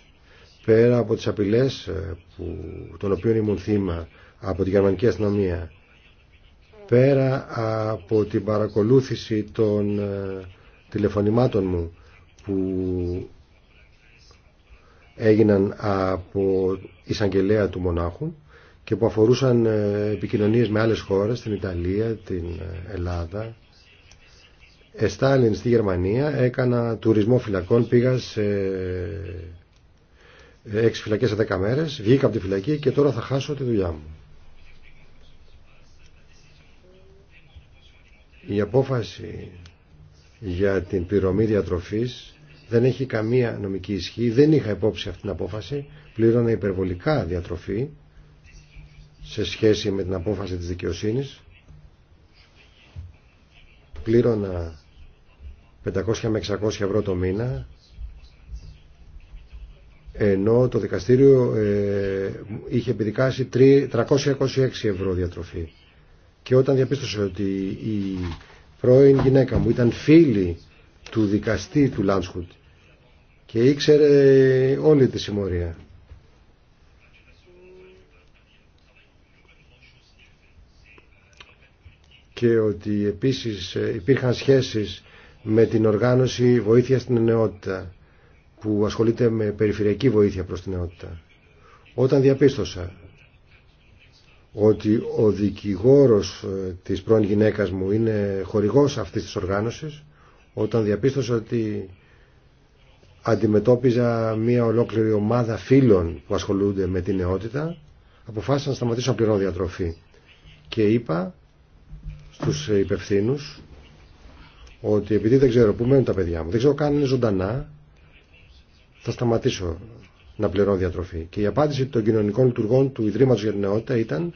Πέρα από τις απειλές ε, που, των οποίων ήμουν θύμα από τη γερμανική αστυνομία πέρα από την παρακολούθηση των ε, τηλεφωνημάτων μου που έγιναν από εισαγγελέα του μονάχου και που αφορούσαν ε, επικοινωνίες με άλλες χώρες, την Ιταλία, την ε, Ελλάδα. Εστάλιν στη Γερμανία, έκανα τουρισμό φυλακών, πήγα σε έξι φυλακές σε δέκα μέρες, βγήκα από τη φυλακή και τώρα θα χάσω τη δουλειά μου. Η απόφαση για την πληρωμή διατροφής δεν έχει καμία νομική ισχύ, δεν είχα υπόψη αυτή την απόφαση, πλήρωνα υπερβολικά διατροφή σε σχέση με την απόφαση της δικαιοσύνης, πλήρωνα 500 με 600 ευρώ το μήνα, ενώ το δικαστήριο ε, είχε επιδικάσει 326 ευρώ διατροφή και όταν διαπίστωσε ότι η πρώην γυναίκα μου ήταν φίλη του δικαστή του Λάνσκουτ και ήξερε όλη τη συμμορία. Και ότι επίσης ε, υπήρχαν σχέσεις με την οργάνωση βοήθεια στην νεότητα που ασχολείται με περιφερειακή βοήθεια προς την νεότητα. Όταν διαπίστωσα ότι ο δικηγόρος ε, της πρώην γυναίκας μου είναι χορηγός αυτής της οργάνωσης όταν διαπίστωσα ότι αντιμετώπιζα μια ολόκληρη ομάδα φίλων που ασχολούνται με την νεότητα αποφάσισα να σταματήσω να πληρώνω διατροφή και είπα στους υπευθύνου ότι επειδή δεν ξέρω πού μένουν τα παιδιά μου δεν ξέρω καν είναι ζωντανά θα σταματήσω να πληρώνω διατροφή. Και η απάντηση των κοινωνικών λειτουργών του Ιδρύματος για την Νεότητα ήταν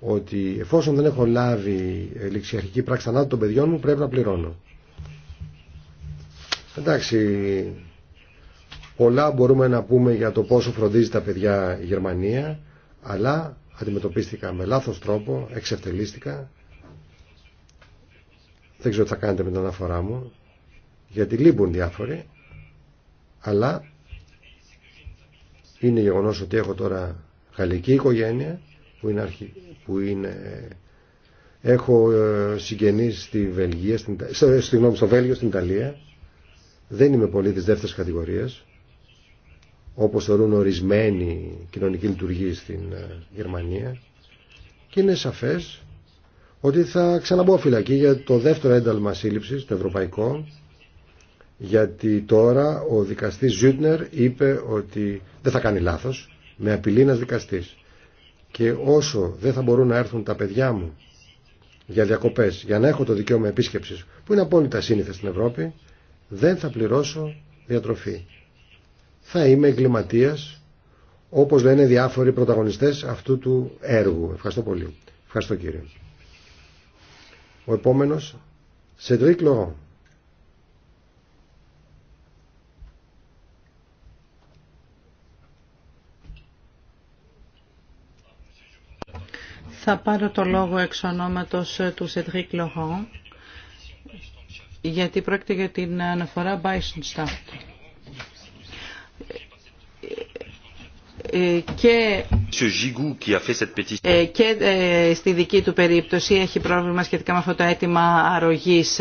ότι εφόσον δεν έχω λάβει ληξιαρχική πράξη θανάτου των παιδιών μου πρέπει να πληρώνω. Εντάξει, πολλά μπορούμε να πούμε για το πόσο φροντίζει τα παιδιά η Γερμανία, αλλά αντιμετωπίστηκα με λάθος τρόπο, εξευτελίστηκα. Δεν ξέρω τι θα κάνετε με την αναφορά μου, γιατί λείπουν διάφοροι, αλλά είναι γεγονός ότι έχω τώρα γαλλική οικογένεια που είναι, αρχι... που είναι... έχω ε, συγγενείς στη Βελγία, στην... Ε, στο Βέλγιο, στην Ιταλία. Δεν είμαι πολύ της δεύτερης κατηγορίας, όπως θεωρούν ορισμένοι κοινωνικοί λειτουργοί στην ε, Γερμανία. Και είναι σαφές ότι θα ξαναμπώ φυλακή για το δεύτερο ένταλμα σύλληψης, το ευρωπαϊκό, γιατί τώρα ο δικαστής Ζούτνερ είπε ότι δεν θα κάνει λάθος, με απειλή ένας δικαστής και όσο δεν θα μπορούν να έρθουν τα παιδιά μου για διακοπές, για να έχω το δικαίωμα επίσκεψη, που είναι απόλυτα σύνηθε στην Ευρώπη, δεν θα πληρώσω διατροφή. Θα είμαι εγκληματίας, όπως λένε διάφοροι πρωταγωνιστές αυτού του έργου. Ευχαριστώ πολύ. Ευχαριστώ κύριε. Ο επόμενος, Σεντρίκ Λογό. Θα πάρω το λόγο εξ ονόματος ε, του Σεντρίκ Λοχόν, γιατί πρόκειται για την αναφορά Weissenstadt. Ε, ε, και, και στη δική του περίπτωση έχει πρόβλημα σχετικά με αυτό το αίτημα αρρωγής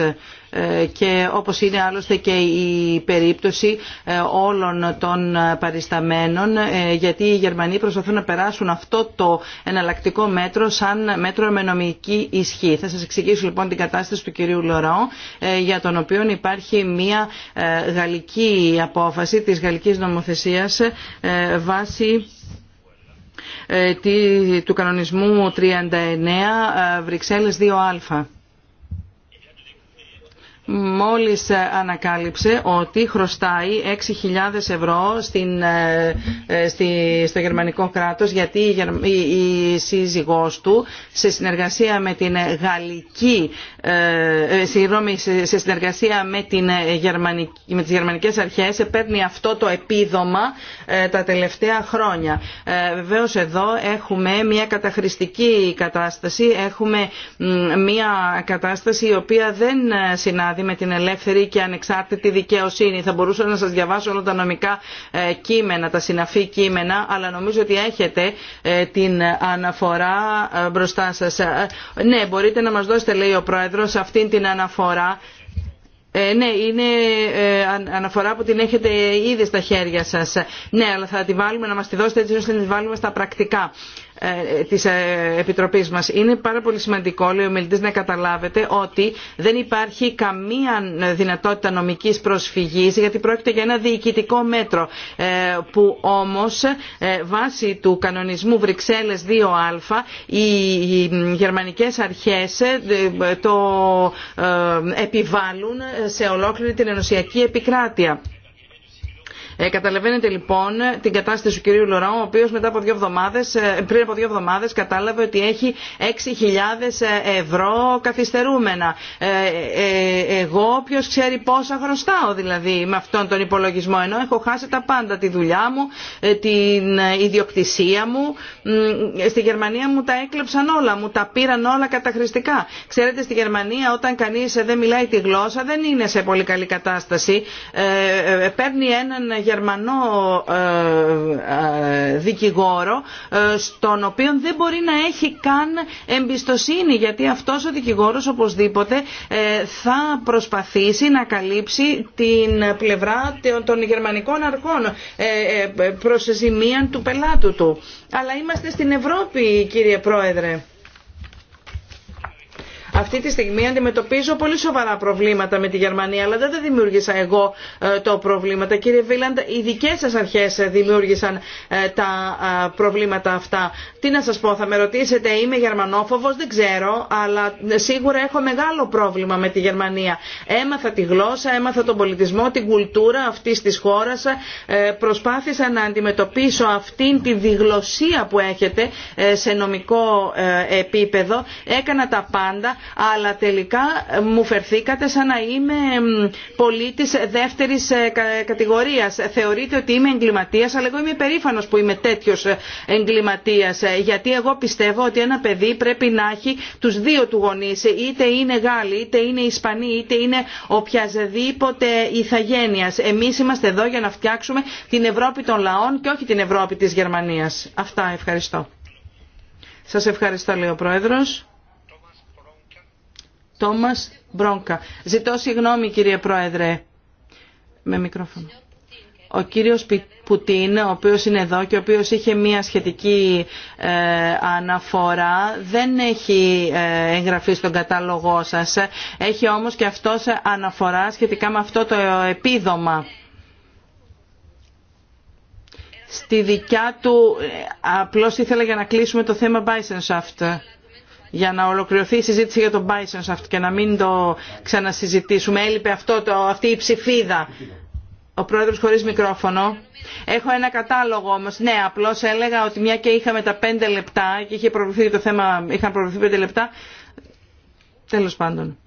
ε, και όπως είναι άλλωστε και η περίπτωση ε, όλων των παρισταμένων ε, γιατί οι Γερμανοί προσπαθούν να περάσουν αυτό το εναλλακτικό μέτρο σαν μέτρο με νομική ισχύ. Θα σας εξηγήσω λοιπόν την κατάσταση του κυρίου Λοραό για τον οποίο υπάρχει μια γαλλική απόφαση της γαλλικής νομοθεσίας βάσει του κανονισμού 39 Βρυξέλλες 2α μόλις ανακάλυψε ότι χρωστάει 6.000 ευρώ ε, ε, στη, στο γερμανικό κράτος γιατί η, η, του σε συνεργασία με την γαλλική ε, σε, συνεργασία με, την γερμανική, με τις γερμανικές αρχές παίρνει αυτό το επίδομα τα τελευταία χρόνια. Βεβαίω εδώ έχουμε μια καταχρηστική κατάσταση, έχουμε μια κατάσταση η οποία δεν συνάδει δηλαδή με την ελεύθερη και ανεξάρτητη δικαιοσύνη. Θα μπορούσα να σας διαβάσω όλα τα νομικά ε, κείμενα, τα συναφή κείμενα, αλλά νομίζω ότι έχετε ε, την αναφορά ε, μπροστά σας. Ναι, μπορείτε να μας δώσετε, λέει ο Πρόεδρος, αυτήν την αναφορά. Ε, ναι, είναι αναφορά που την έχετε ήδη στα χέρια σας. Ναι, αλλά θα τη βάλουμε να μας τη δώσετε έτσι ώστε να τη βάλουμε στα πρακτικά. Ε, της ε, επιτροπή μας. Είναι πάρα πολύ σημαντικό, λέει ο Μιλτή, να καταλάβετε ότι δεν υπάρχει καμία δυνατότητα νομικής προσφυγής γιατί πρόκειται για ένα διοικητικό μέτρο ε, που όμως βάσει του κανονισμού Βρυξέλλες 2α οι γερμανικές αρχές το επιβάλλουν σε ολόκληρη την ενωσιακή επικράτεια. Ε, καταλαβαίνετε λοιπόν την κατάσταση του κυρίου Λωράου ο οποίος μετά από ε, πριν από δύο εβδομάδες κατάλαβε ότι έχει 6.000 ε, ευρώ καθυστερούμενα. εγώ ποιος ξέρει πόσα χρωστάω δηλαδή με αυτόν τον υπολογισμό, ενώ έχω χάσει τα πάντα, τη δουλειά μου, την ιδιοκτησία μου. Στη Γερμανία μου τα έκλεψαν όλα, μου τα πήραν όλα καταχρηστικά. Ξέρετε, στη Γερμανία όταν κανείς δεν μιλάει τη γλώσσα δεν είναι σε πολύ καλή κατάσταση. παίρνει έναν Γερμανό ε, ε, δικηγόρο ε, στον οποίο δεν μπορεί να έχει καν εμπιστοσύνη γιατί αυτός ο δικηγόρος οπωσδήποτε θα προσπαθήσει να καλύψει την πλευρά των γερμανικών αρχών προς ζημία του πελάτου του. Αλλά είμαστε στην Ευρώπη κύριε Πρόεδρε. Αυτή τη στιγμή αντιμετωπίζω πολύ σοβαρά προβλήματα με τη Γερμανία, αλλά δεν τα δημιούργησα εγώ ε, το προβλήματα. Κύριε Βίλαντ, οι δικές σας αρχές ε, δημιούργησαν ε, τα προβλήματα αυτά. Τι να σας πω, θα με ρωτήσετε, είμαι γερμανόφοβος, δεν ξέρω, αλλά σίγουρα έχω μεγάλο πρόβλημα με τη Γερμανία. Έμαθα τη γλώσσα, έμαθα τον πολιτισμό, την κουλτούρα αυτή τη χώρα. Προσπάθησα να αντιμετωπίσω αυτήν τη διγλωσία που έχετε σε νομικό επίπεδο. Έκανα τα πάντα αλλά τελικά μου φερθήκατε σαν να είμαι πολίτης δεύτερης ε, κατηγορίας. Θεωρείτε ότι είμαι εγκληματίας, αλλά εγώ είμαι περήφανος που είμαι τέτοιος ε, εγκληματίας, ε, γιατί εγώ πιστεύω ότι ένα παιδί πρέπει να έχει τους δύο του γονείς, είτε είναι Γάλλοι, είτε είναι Ισπανοί, είτε είναι οποιασδήποτε ηθαγένειας. Εμείς είμαστε εδώ για να φτιάξουμε την Ευρώπη των λαών και όχι την Ευρώπη της Γερμανίας. Αυτά, ευχαριστώ. Σας ευχαριστώ, λέει Τόμας Μπρόνκα. Ζητώ συγγνώμη κύριε Πρόεδρε. Με μικρόφωνο. Ο κύριος Πουτίν, ο οποίος είναι εδώ και ο οποίος είχε μία σχετική ε, αναφορά, δεν έχει ε, εγγραφεί στον κατάλογό σας. Έχει όμως και αυτός αναφορά σχετικά με αυτό το επίδομα. Στη δικιά του, ε, απλώς ήθελα για να κλείσουμε το θέμα Bisonshaft για να ολοκληρωθεί η συζήτηση για τον Bison και να μην το ξανασυζητήσουμε. Έλειπε αυτό το, αυτή η ψηφίδα. Ο πρόεδρος χωρίς μικρόφωνο. Έχω ένα κατάλογο όμως. Ναι, απλώς έλεγα ότι μια και είχαμε τα πέντε λεπτά και είχε προβληθεί το θέμα, είχαν προβληθεί πέντε λεπτά. Τέλος πάντων.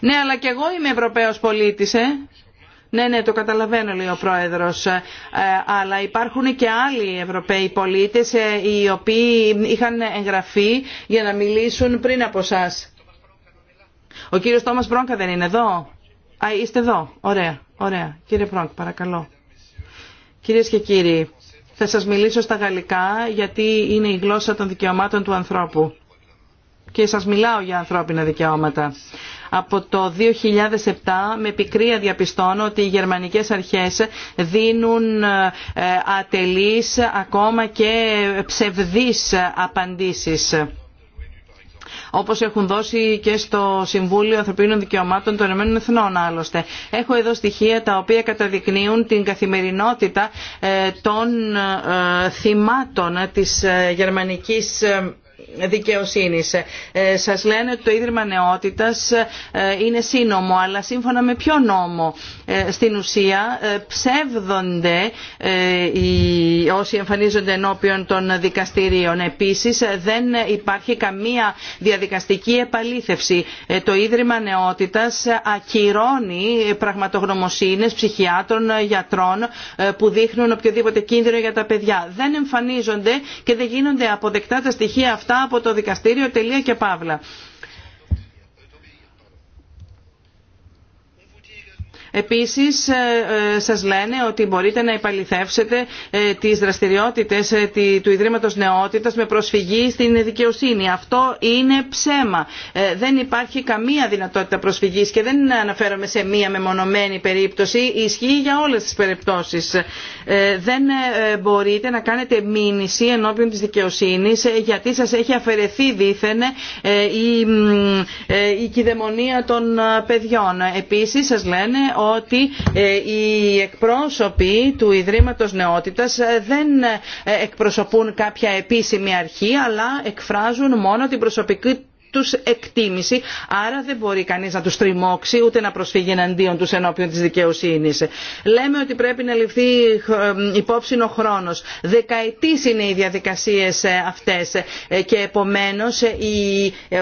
Ναι, αλλά και εγώ είμαι Ευρωπαίος πολίτης, ε. Ναι, ναι, το καταλαβαίνω, λέει ο Πρόεδρος, ε, αλλά υπάρχουν και άλλοι Ευρωπαίοι πολίτες ε, οι οποίοι είχαν εγγραφεί για να μιλήσουν πριν από εσά. Ο κύριος Τόμας Μπρόγκα δεν είναι εδώ. Α, είστε εδώ. Ωραία, ωραία. Κύριε Μπρόγκ, παρακαλώ. Κύριε και κύριοι, θα σας μιλήσω στα γαλλικά γιατί είναι η γλώσσα των δικαιωμάτων του ανθρώπου. Και σας μιλάω για ανθρώπινα δικαιώματα. Από το 2007 με πικρία διαπιστώνω ότι οι γερμανικές αρχές δίνουν ε, ατελείς ακόμα και ψευδείς απαντήσεις όπως έχουν δώσει και στο Συμβούλιο Ανθρωπίνων Δικαιωμάτων των Ηνωμένων Εθνών άλλωστε. Έχω εδώ στοιχεία τα οποία καταδεικνύουν την καθημερινότητα ε, των ε, θυμάτων της γερμανικής δικαιοσύνης. Ε, σας λένε ότι το Ίδρυμα Νεότητας ε, είναι σύνομο, αλλά σύμφωνα με ποιο νόμο. Ε, στην ουσία ψεύδονται όσοι εμφανίζονται ενώπιον των δικαστηρίων. Επίσης δεν υπάρχει καμία διαδικαστική επαλήθευση. Το Ίδρυμα Νεότητας ακυρώνει πραγματογνωμοσύνες ψυχιάτρων, γιατρών που δείχνουν οποιοδήποτε κίνδυνο για τα παιδιά. Δεν εμφανίζονται και δεν γίνονται αποδεκτά τα στοιχεία αυτά από το δικαστήριο τελεία και παύλα. Επίσης ε, ε, σας λένε ότι μπορείτε να επαληθεύσετε ε, τις δραστηριότητες του Ιδρύματος Νεότητας με προσφυγή στην δικαιοσύνη. Αυτό είναι ψέμα. Δεν υπάρχει καμία δυνατότητα προσφυγής και δεν αναφέρομαι σε μία μεμονωμένη περίπτωση. Ισχύει για όλες τις περιπτώσεις. Δεν μπορείτε να κάνετε μήνυση ενώπιον της δικαιοσύνης γιατί σας έχει αφαιρεθεί δήθεν η κυδαιμονία των παιδιών. Επίσης σας λένε ότι ε, οι εκπρόσωποι του Ιδρύματος Νεότητας ε, δεν ε, εκπροσωπούν κάποια επίσημη αρχή αλλά εκφράζουν μόνο την προσωπική τους εκτίμηση, άρα δεν μπορεί κανεί να του τριμώξει ούτε να προσφύγει εναντίον τους ενώπιον της δικαιοσύνης. Λέμε ότι πρέπει να ληφθεί ε, ε, υπόψη ο χρόνο. Δεκαετή είναι οι διαδικασίε ε, αυτές και επομένως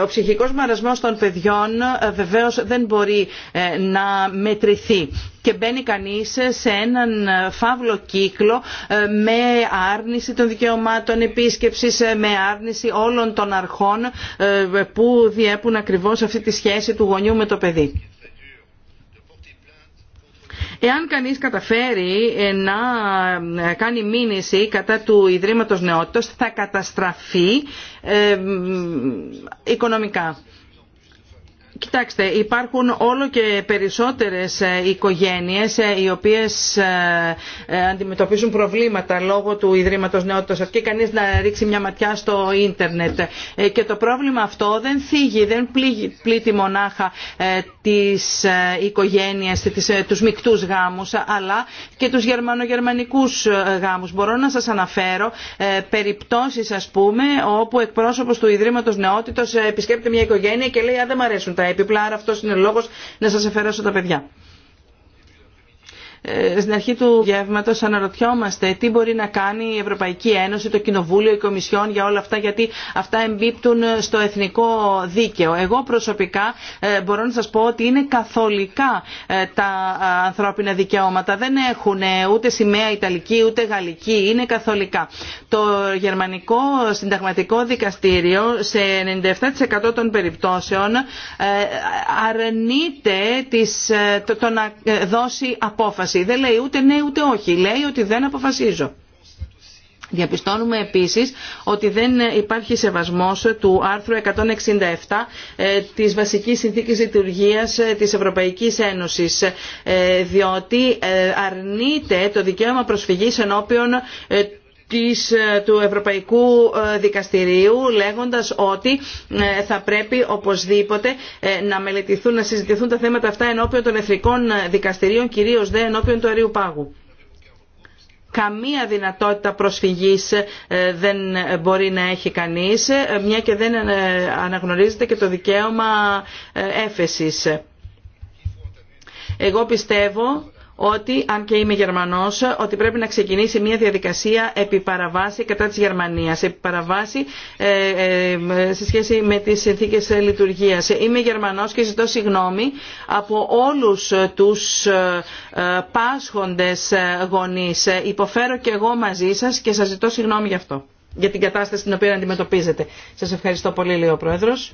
ο ψυχικό μαρασμό των παιδιών βεβαίω δεν μπορεί να μετρηθεί και μπαίνει κανείς σε έναν φαύλο κύκλο ε, με άρνηση των δικαιωμάτων επίσκεψης, ε, με άρνηση όλων των αρχών ε, που διέπουν ακριβώς αυτή τη σχέση του γονιού με το παιδί. Εάν κανείς καταφέρει να κάνει μήνυση κατά του Ιδρύματος Νεότητος θα καταστραφεί οικονομικά. Κοιτάξτε, υπάρχουν όλο και περισσότερες ε, οικογένειες ε, οι οποίες ε, αντιμετωπίζουν προβλήματα λόγω του Ιδρύματος Νεότητας. και κανείς να ρίξει μια ματιά στο ίντερνετ. Και το πρόβλημα αυτό δεν θίγει, δεν πλήττει μονάχα τις οικογένειες, τους μεικτούς γάμους, αλλά και τους γερμανογερμανικούς γάμους. Μπορώ να σας αναφέρω περιπτώσεις, ας πούμε, όπου εκπρόσωπος του Ιδρύματος Νεότητος επισκέπτεται μια οικογένεια και λέει δεν μου αρέσουν τα έπιπλα, άρα αυτός είναι ο λόγος να σας εφερέσω τα παιδιά. Ε, στην αρχή του γεύματο αναρωτιόμαστε τι μπορεί να κάνει η Ευρωπαϊκή Ένωση, το Κοινοβούλιο, η Κομισιόν για όλα αυτά γιατί αυτά εμπίπτουν στο εθνικό δίκαιο. Εγώ προσωπικά ε, μπορώ να σας πω ότι είναι καθολικά ε, τα ανθρώπινα δικαιώματα. Δεν έχουν ούτε σημαία Ιταλική ούτε Γαλλική, είναι καθολικά. Το Γερμανικό Συνταγματικό Δικαστήριο σε 97% των περιπτώσεων αρνείται το να δώσει απόφαση δεν λέει ούτε ναι ούτε όχι. Λέει ότι δεν αποφασίζω. Διαπιστώνουμε επίσης ότι δεν υπάρχει σεβασμός του άρθρου 167 ε, της Βασικής Συνθήκης Λειτουργίας ε, της Ευρωπαϊκής Ένωσης ε, διότι αρνείται το δικαίωμα προσφυγής ενώπιον της, ε, του Ευρωπαϊκού ε, Δικαστηρίου λέγοντας ότι ε, θα πρέπει οπωσδήποτε να μελετηθούν, να συζητηθούν τα θέματα αυτά ενώπιον των εθνικών δικαστηρίων, κυρίως δεν ενώπιον του αερίου Πάγου. Καμία δυνατότητα προσφυγής δεν μπορεί να έχει κανείς, μια και δεν αναγνωρίζεται και το δικαίωμα έφεσης. Εγώ πιστεύω ότι, αν και είμαι Γερμανός, ότι πρέπει να ξεκινήσει μια διαδικασία επί παραβάση κατά της Γερμανίας, παραβάση ε, ε, σε σχέση με τις συνθήκες λειτουργίας. Είμαι Γερμανός και ζητώ συγγνώμη από όλους τους ε, πάσχοντες γονείς. Υποφέρω και εγώ μαζί σας και σας ζητώ συγγνώμη γι' αυτό, για την κατάσταση την οποία αντιμετωπίζετε. Σας ευχαριστώ πολύ, λέει ο Πρόεδρος.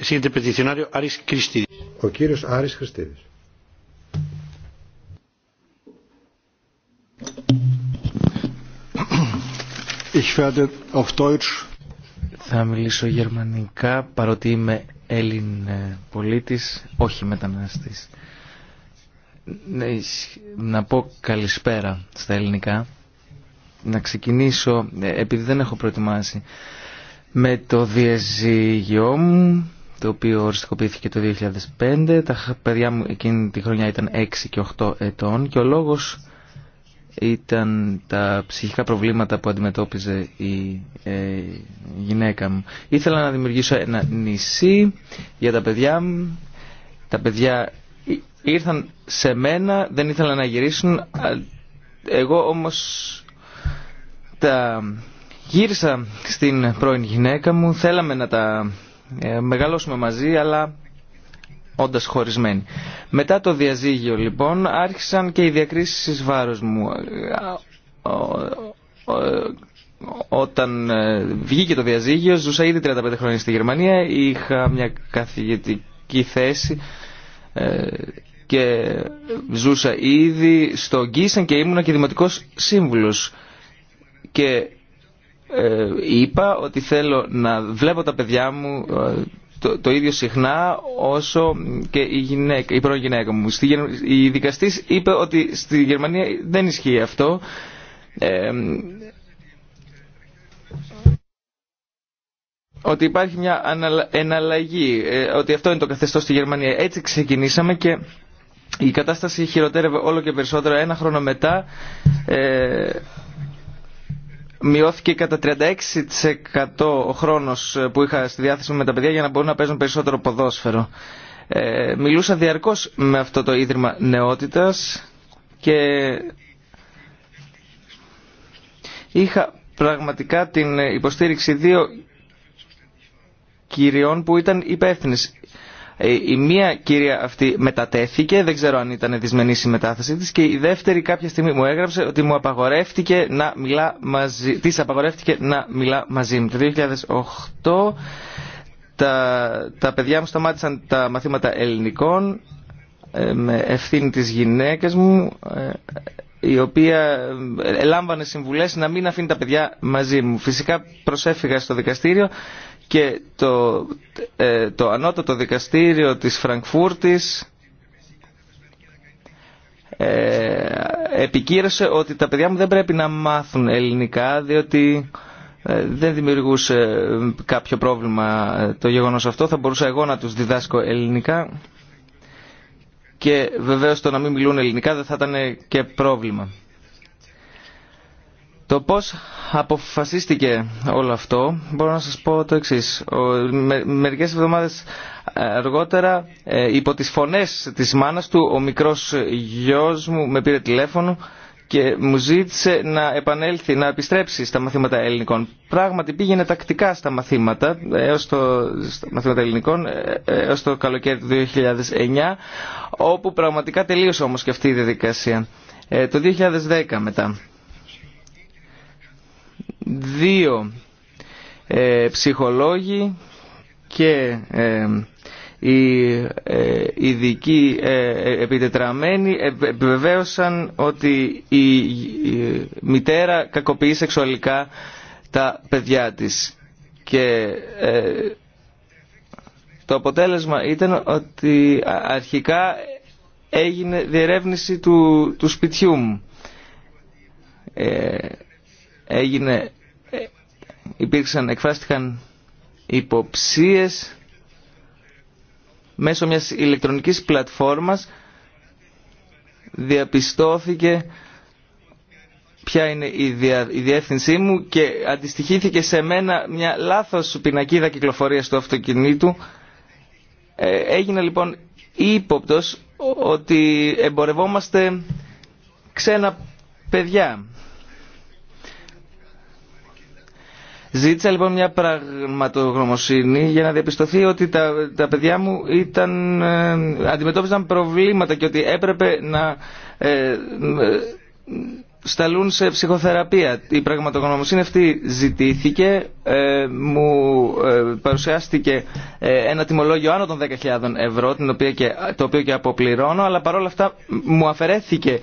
Ο κύριος Άρης Χριστίδης. Θα μιλήσω γερμανικά παρότι είμαι Έλλην ε, πολίτης, όχι μεταναστής. Ναι, να πω καλησπέρα στα ελληνικά. Να ξεκινήσω, ε, επειδή δεν έχω προετοιμάσει, με το διαζύγιό μου το οποίο οριστικοποιήθηκε το 2005. Τα παιδιά μου εκείνη τη χρονιά ήταν 6 και 8 ετών και ο λόγος ήταν τα ψυχικά προβλήματα που αντιμετώπιζε ε, η γυναίκα μου. Ήθελα να δημιουργήσω ένα νησί για τα παιδιά μου. Τα παιδιά ήρθαν σε μένα, δεν ήθελα να γυρίσουν. Εγώ όμως τα γύρισα στην πρώην γυναίκα μου. Θέλαμε να τα ε, μεγαλώσουμε μαζί αλλά όντας χωρισμένοι. Μετά το διαζύγιο λοιπόν άρχισαν και οι διακρίσεις εις βάρος μου. Ε, όταν ε, βγήκε το διαζύγιο ζούσα ήδη 35 χρόνια στη Γερμανία, είχα μια καθηγητική θέση και ζούσα ήδη στο Γκίσεν και ήμουνα και δημοτικός σύμβουλος. Και ε, είπα ότι θέλω να βλέπω τα παιδιά μου ε, το, το ίδιο συχνά όσο και η, γυναίκα, η πρώην γυναίκα μου. η δικαστής είπε ότι στη Γερμανία δεν ισχύει αυτό. Ε, ότι υπάρχει μια εναλλαγή, ε, ότι αυτό είναι το καθεστώς στη Γερμανία. Έτσι ξεκινήσαμε και η κατάσταση χειροτέρευε όλο και περισσότερο. Ένα χρόνο μετά μειώθηκε κατά 36% ο χρόνος ε, που είχα στη διάθεση μου με τα παιδιά για να μπορούν να παίζουν περισσότερο ποδόσφαιρο. Ε, μιλούσα διαρκώς με αυτό το Ίδρυμα Νεότητας και είχα πραγματικά την υποστήριξη δύο κυριών που ήταν υπεύθυνες ε, η μία κυρία αυτή μετατέθηκε, δεν ξέρω αν ήταν δυσμενή η μετάθεση της και η δεύτερη κάποια στιγμή μου έγραψε ότι μου απαγορεύτηκε να μιλά μαζί, της απαγορεύτηκε να μιλά μαζί μου. Το 2008 τα, τα παιδιά μου σταμάτησαν τα μαθήματα ελληνικών ε, με ευθύνη της γυναίκας μου ε, η οποία ελάμβανε συμβουλές να μην αφήνει τα παιδιά μαζί μου. Φυσικά προσέφυγα στο δικαστήριο και το, ε, το ανώτατο δικαστήριο της Φραγκφούρτης ε, επικύρωσε ότι τα παιδιά μου δεν πρέπει να μάθουν ελληνικά διότι ε, δεν δημιουργούσε ε, κάποιο πρόβλημα το γεγονός αυτό. Θα μπορούσα εγώ να τους διδάσκω ελληνικά και βεβαίως το να μην μιλούν ελληνικά δεν θα ήταν και πρόβλημα. Το πώς αποφασίστηκε όλο αυτό μπορώ να σας πω το εξής. μερικές εβδομάδες αργότερα ε, υπό τις φωνές της μάνας του ο μικρός γιος μου με πήρε τηλέφωνο και μου ζήτησε να επανέλθει, να επιστρέψει στα μαθήματα ελληνικών. Πράγματι πήγαινε τακτικά στα μαθήματα, έως το, στα μαθήματα ελληνικών, ε, ε, έως το καλοκαίρι του 2009, όπου πραγματικά τελείωσε όμως και αυτή η διαδικασία. το 2010 μετά δύο ε, ψυχολόγοι και ε, οι ε, ειδικοί ε, επιτετραμένοι ε, επιβεβαίωσαν ότι η, μητέρα κακοποιεί σεξουαλικά τα παιδιά της και το αποτέλεσμα ήταν ότι αρχικά έγινε διερεύνηση του, του σπιτιού μου. Ε, έγινε, υπήρξαν, εκφράστηκαν υποψίες μέσω μιας ηλεκτρονικής πλατφόρμας διαπιστώθηκε ποια είναι η, διεύθυνσή μου και αντιστοιχήθηκε σε μένα μια λάθος πινακίδα κυκλοφορίας του αυτοκινήτου. Ε, έγινε λοιπόν ύποπτος ότι εμπορευόμαστε ξένα παιδιά. Ζήτησα λοιπόν μια πραγματογνωμοσύνη για να διαπιστωθεί ότι τα, παιδιά μου ήταν, ε, αντιμετώπιζαν προβλήματα και ότι έπρεπε να ε, σταλούν σε ψυχοθεραπεία. Η πραγματογνωμοσύνη αυτή ζητήθηκε, ε, μου παρουσιάστηκε ένα τιμολόγιο άνω των 10.000 ευρώ, το οποίο και αποπληρώνω, αλλά παρόλα αυτά μου αφαιρέθηκε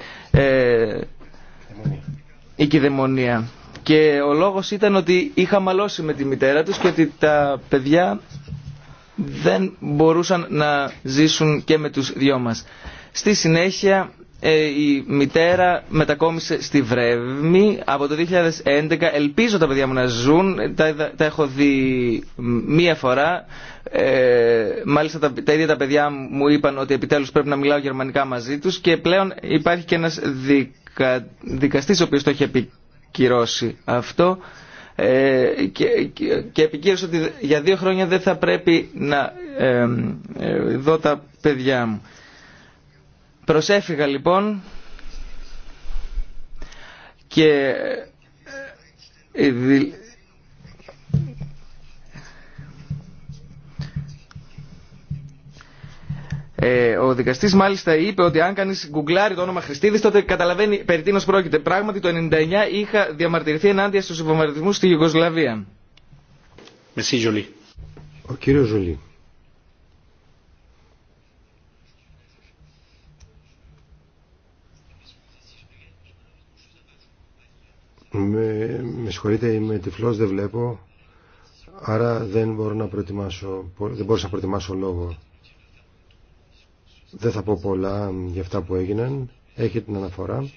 η κυδαιμονία. Και ο λόγος ήταν ότι είχα μαλώσει με τη μητέρα τους και ότι τα παιδιά δεν μπορούσαν να ζήσουν και με τους δυο μας. Στη συνέχεια ε, η μητέρα μετακόμισε στη Βρεύμη από το 2011. Ελπίζω τα παιδιά μου να ζουν. Τα, έχω δει μία φορά. Ε, μάλιστα τα, τα ίδια τα παιδιά μου είπαν ότι επιτέλους πρέπει να μιλάω γερμανικά μαζί τους και πλέον υπάρχει και ένας δικαστής ο οποίος το έχει πει αυτό ε, και επικύρωσε ότι για δύο χρόνια δεν θα πρέπει να ε, ε, δω τα παιδιά μου. Προσέφυγα λοιπόν και Ε, ο δικαστής μάλιστα είπε ότι αν κανείς γκουγκλάρει το όνομα Χριστίδης τότε καταλαβαίνει περί τίνος πρόκειται. Πράγματι, το 1999 είχα διαμαρτυρηθεί ενάντια στου βομβαρδισμού στη Γιουγκοσλαβία. Ο κύριος Ζολί. Με, με συγχωρείτε, είμαι τυφλός, δεν βλέπω, άρα δεν μπορώ να προετοιμάσω, δεν μπορούσα να προετοιμάσω λόγο. Δεν θα πω πολλά για αυτά που έγιναν. Έχει την αναφορά.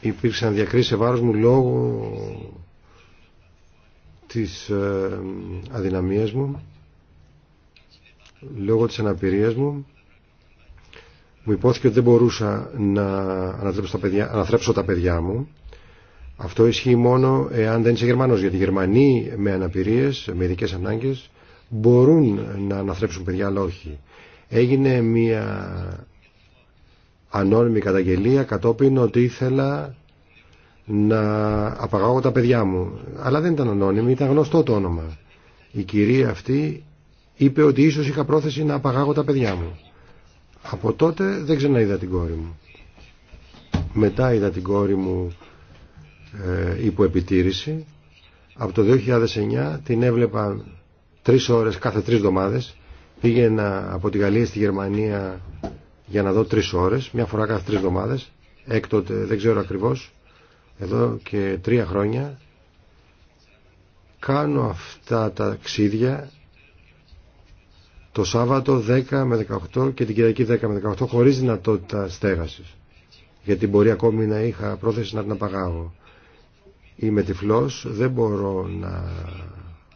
Υπήρξαν διακρίσεις σε βάρος μου λόγω της ε, αδυναμίας μου, λόγω της αναπηρίας μου. Μου υπόθηκε ότι δεν μπορούσα να αναθρέψω τα παιδιά, τα παιδιά μου. Αυτό ισχύει μόνο εάν δεν είσαι Γερμανός, γιατί οι Γερμανοί με αναπηρίες, με ειδικές ανάγκες, μπορούν να αναθρέψουν παιδιά αλλά όχι. Έγινε μια ανώνυμη καταγγελία κατόπιν ότι ήθελα να απαγάγω τα παιδιά μου. Αλλά δεν ήταν ανώνυμη, ήταν γνωστό το όνομα. Η κυρία αυτή είπε ότι ίσως είχα πρόθεση να απαγάγω τα παιδιά μου. Από τότε δεν ξαναείδα την κόρη μου. Μετά είδα την κόρη μου ε, υπό επιτήρηση. Από το 2009 την έβλεπα Τρει ώρε κάθε τρει εβδομάδε Πήγαινα από τη Γαλλία στη Γερμανία για να δω τρει ώρε, μια φορά κάθε τρει εβδομάδε, Έκτοτε δεν ξέρω ακριβώ. εδώ και τρία χρόνια κάνω αυτά τα ταξίδια το Σάββατο 10 με 18 και την Κυριακή 10 με 18 χωρίς δυνατότητα στέγασης. Γιατί μπορεί ακόμη να είχα πρόθεση να την απαγάγω. Είμαι τυφλός, δεν μπορώ να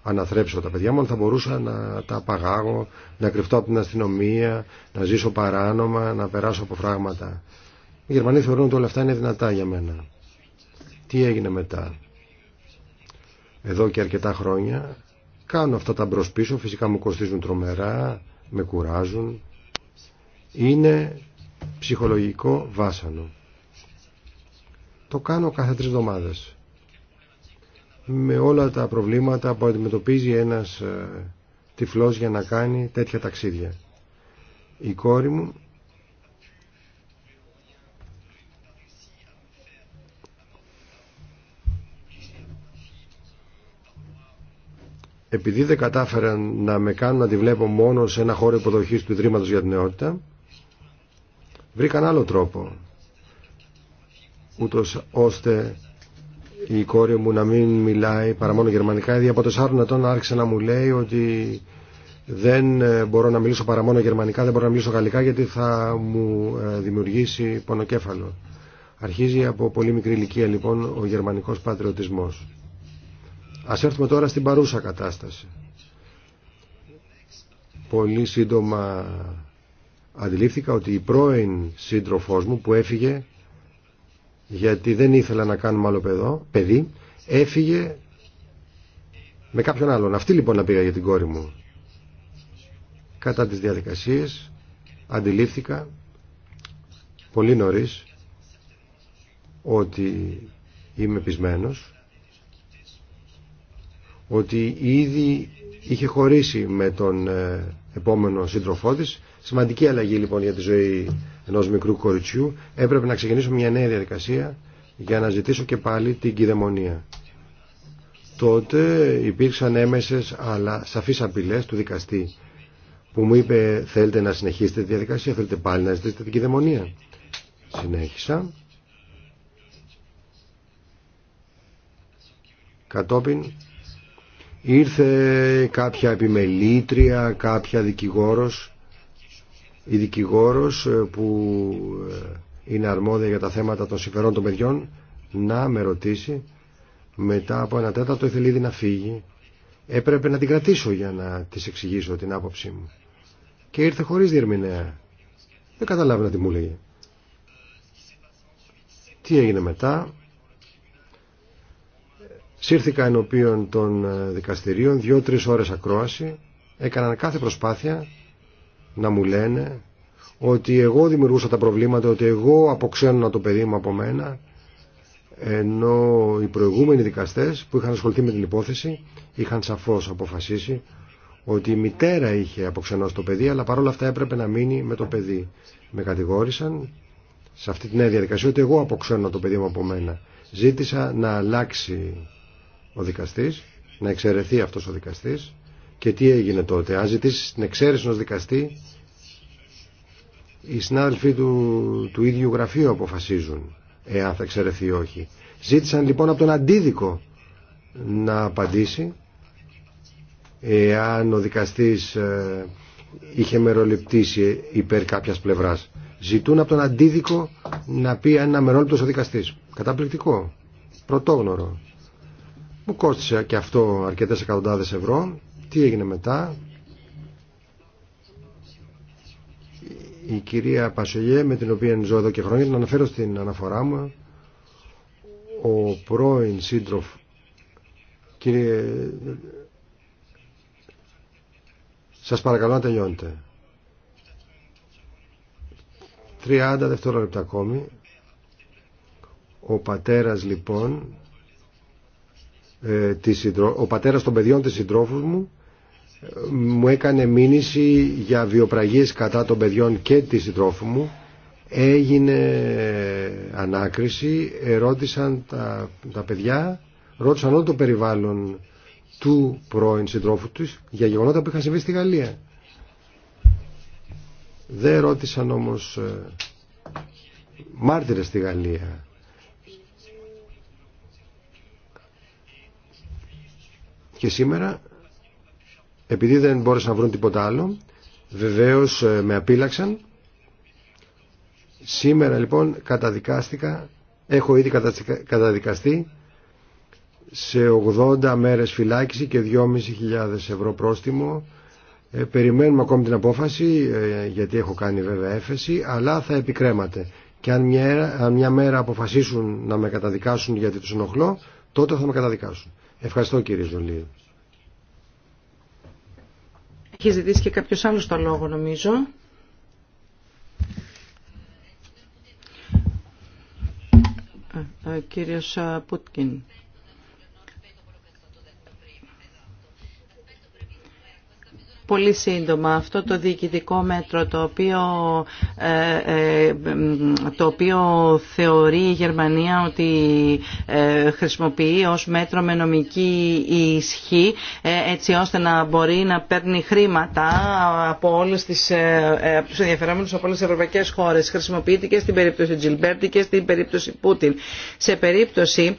αναθρέψω τα παιδιά μου, θα μπορούσα να τα απαγάγω, να κρυφτώ από την αστυνομία, να ζήσω παράνομα, να περάσω από φράγματα. Οι Γερμανοί θεωρούν ότι όλα αυτά είναι δυνατά για μένα. Τι έγινε μετά. Εδώ και αρκετά χρόνια κάνω αυτά τα μπρος πίσω, φυσικά μου κοστίζουν τρομερά, με κουράζουν. Είναι ψυχολογικό βάσανο. Το κάνω κάθε τρεις εβδομάδες με όλα τα προβλήματα που αντιμετωπίζει ένας ε, τυφλός για να κάνει τέτοια ταξίδια. Η κόρη μου επειδή δεν κατάφεραν να με κάνουν να τη βλέπω μόνο σε ένα χώρο υποδοχής του Ιδρύματος για την Νεότητα, βρήκαν άλλο τρόπο, ούτως ώστε η κόρη μου να μην μιλάει παρά μόνο γερμανικά. Ήδη από τεσσάρων ετών άρχισε να μου λέει ότι δεν ε, μπορώ να μιλήσω παρά μόνο γερμανικά, δεν μπορώ να μιλήσω γαλλικά γιατί θα μου ε, δημιουργήσει πονοκέφαλο. Αρχίζει από πολύ μικρή ηλικία λοιπόν ο γερμανικός πατριωτισμός. Ας έρθουμε τώρα στην παρούσα κατάσταση. Πολύ σύντομα αντιλήφθηκα ότι η πρώην σύντροφός μου που έφυγε γιατί δεν ήθελα να κάνουμε άλλο παιδό, παιδί, έφυγε με κάποιον άλλον. Αυτή λοιπόν να πήγα για την κόρη μου. Κατά τις διαδικασίες αντιλήφθηκα πολύ νωρίς ότι είμαι πισμένος ότι ήδη είχε χωρίσει με τον ε, επόμενο σύντροφό της. Σημαντική αλλαγή λοιπόν για τη ζωή Ενό μικρού κοριτσιού έπρεπε να ξεκινήσω μια νέα διαδικασία για να ζητήσω και πάλι την κυδαιμονία. Τότε υπήρξαν έμεσες αλλά σαφείς απειλέ του δικαστή που μου είπε θέλετε να συνεχίσετε τη διαδικασία, θέλετε πάλι να ζητήσετε την κυδαιμονία. Συνέχισα. Κατόπιν ήρθε κάποια επιμελήτρια, κάποια δικηγόρος η δικηγόρος ε, που ε, είναι αρμόδια για τα θέματα των συμφερών των παιδιών να με ρωτήσει μετά από ένα τέταρτο ήθελε ήδη να φύγει έπρεπε να την κρατήσω για να της εξηγήσω την άποψή μου και ήρθε χωρίς διερμηνέα δεν καταλάβαινα τι μου λέει τι έγινε μετά σύρθηκα ενώπιον των ε, δικαστηρίων δύο-τρεις ώρες ακρόαση έκαναν κάθε προσπάθεια να μου λένε ότι εγώ δημιουργούσα τα προβλήματα, ότι εγώ αποξένωνα το παιδί μου από μένα, ενώ οι προηγούμενοι δικαστές που είχαν ασχοληθεί με την υπόθεση είχαν σαφώς αποφασίσει ότι η μητέρα είχε αποξενώσει το παιδί, αλλά παρόλα αυτά έπρεπε να μείνει με το παιδί. Με κατηγόρησαν σε αυτή την νέα διαδικασία ότι εγώ αποξένω το παιδί μου από μένα. Ζήτησα να αλλάξει ο δικαστής, να εξαιρεθεί αυτός ο δικαστής και τι έγινε τότε. Αν ζητήσει την εξαίρεση ενό δικαστή, οι συνάδελφοί του, του ίδιου γραφείου αποφασίζουν εάν θα εξαιρεθεί ή όχι. Ζήτησαν λοιπόν από τον αντίδικο να απαντήσει εάν ο δικαστής ε, είχε μεροληπτήσει υπέρ κάποιας πλευράς. Ζητούν από τον αντίδικο να πει αν είναι αμερόληπτος ο δικαστής. Καταπληκτικό. Πρωτόγνωρο. Μου κόστησε και αυτό αρκετές εκατοντάδες ευρώ τι έγινε μετά. Η κυρία Πασολιέ με την οποία ζω εδώ και χρόνια να αναφέρω στην αναφορά μου ο πρώην σύντροφ κύριε σας παρακαλώ να τελειώνετε 30 δευτερόλεπτα ακόμη ο πατέρας λοιπόν ε, ο πατέρας των παιδιών της συντρόφου μου μου έκανε μήνυση για βιοπραγίες κατά των παιδιών και της συντρόφου μου. Έγινε ανάκριση, ερώτησαν τα, παιδιά, ρώτησαν όλο το περιβάλλον του πρώην συντρόφου τους για γεγονότα που είχαν συμβεί στη Γαλλία. Δεν ρώτησαν όμως ε, μάρτυρες στη Γαλλία. Και σήμερα επειδή δεν μπόρεσαν να βρουν τίποτα άλλο, βεβαίως ε, με απείλαξαν. Σήμερα λοιπόν καταδικάστηκα, έχω ήδη καταδικαστεί σε 80 μέρες φυλάκιση και 2.500 ευρώ πρόστιμο. Ε, περιμένουμε ακόμη την απόφαση, ε, γιατί έχω κάνει βέβαια έφεση, αλλά θα επικρέμαται. Και αν μια, μια μέρα αποφασίσουν να με καταδικάσουν γιατί τους ενοχλώ, τότε θα με καταδικάσουν. Ευχαριστώ κύριε Ζολίου. Έχει ζητήσει και κάποιος άλλος το λόγο νομίζω. Ε, κύριος ε, Πούτκιν. Πολύ σύντομα, αυτό το διοικητικό μέτρο το οποίο, ε, ε, το οποίο θεωρεί η Γερμανία ότι ε, χρησιμοποιεί ως μέτρο με νομική ισχύ έτσι ώστε να μπορεί να παίρνει χρήματα από, όλες τις, από τους ενδιαφερόμενους από όλες τις ευρωπαϊκές χώρες. Χρησιμοποιείται και στην περίπτωση Τζιλμπέρτη και στην περίπτωση Πούτιν. Σε περίπτωση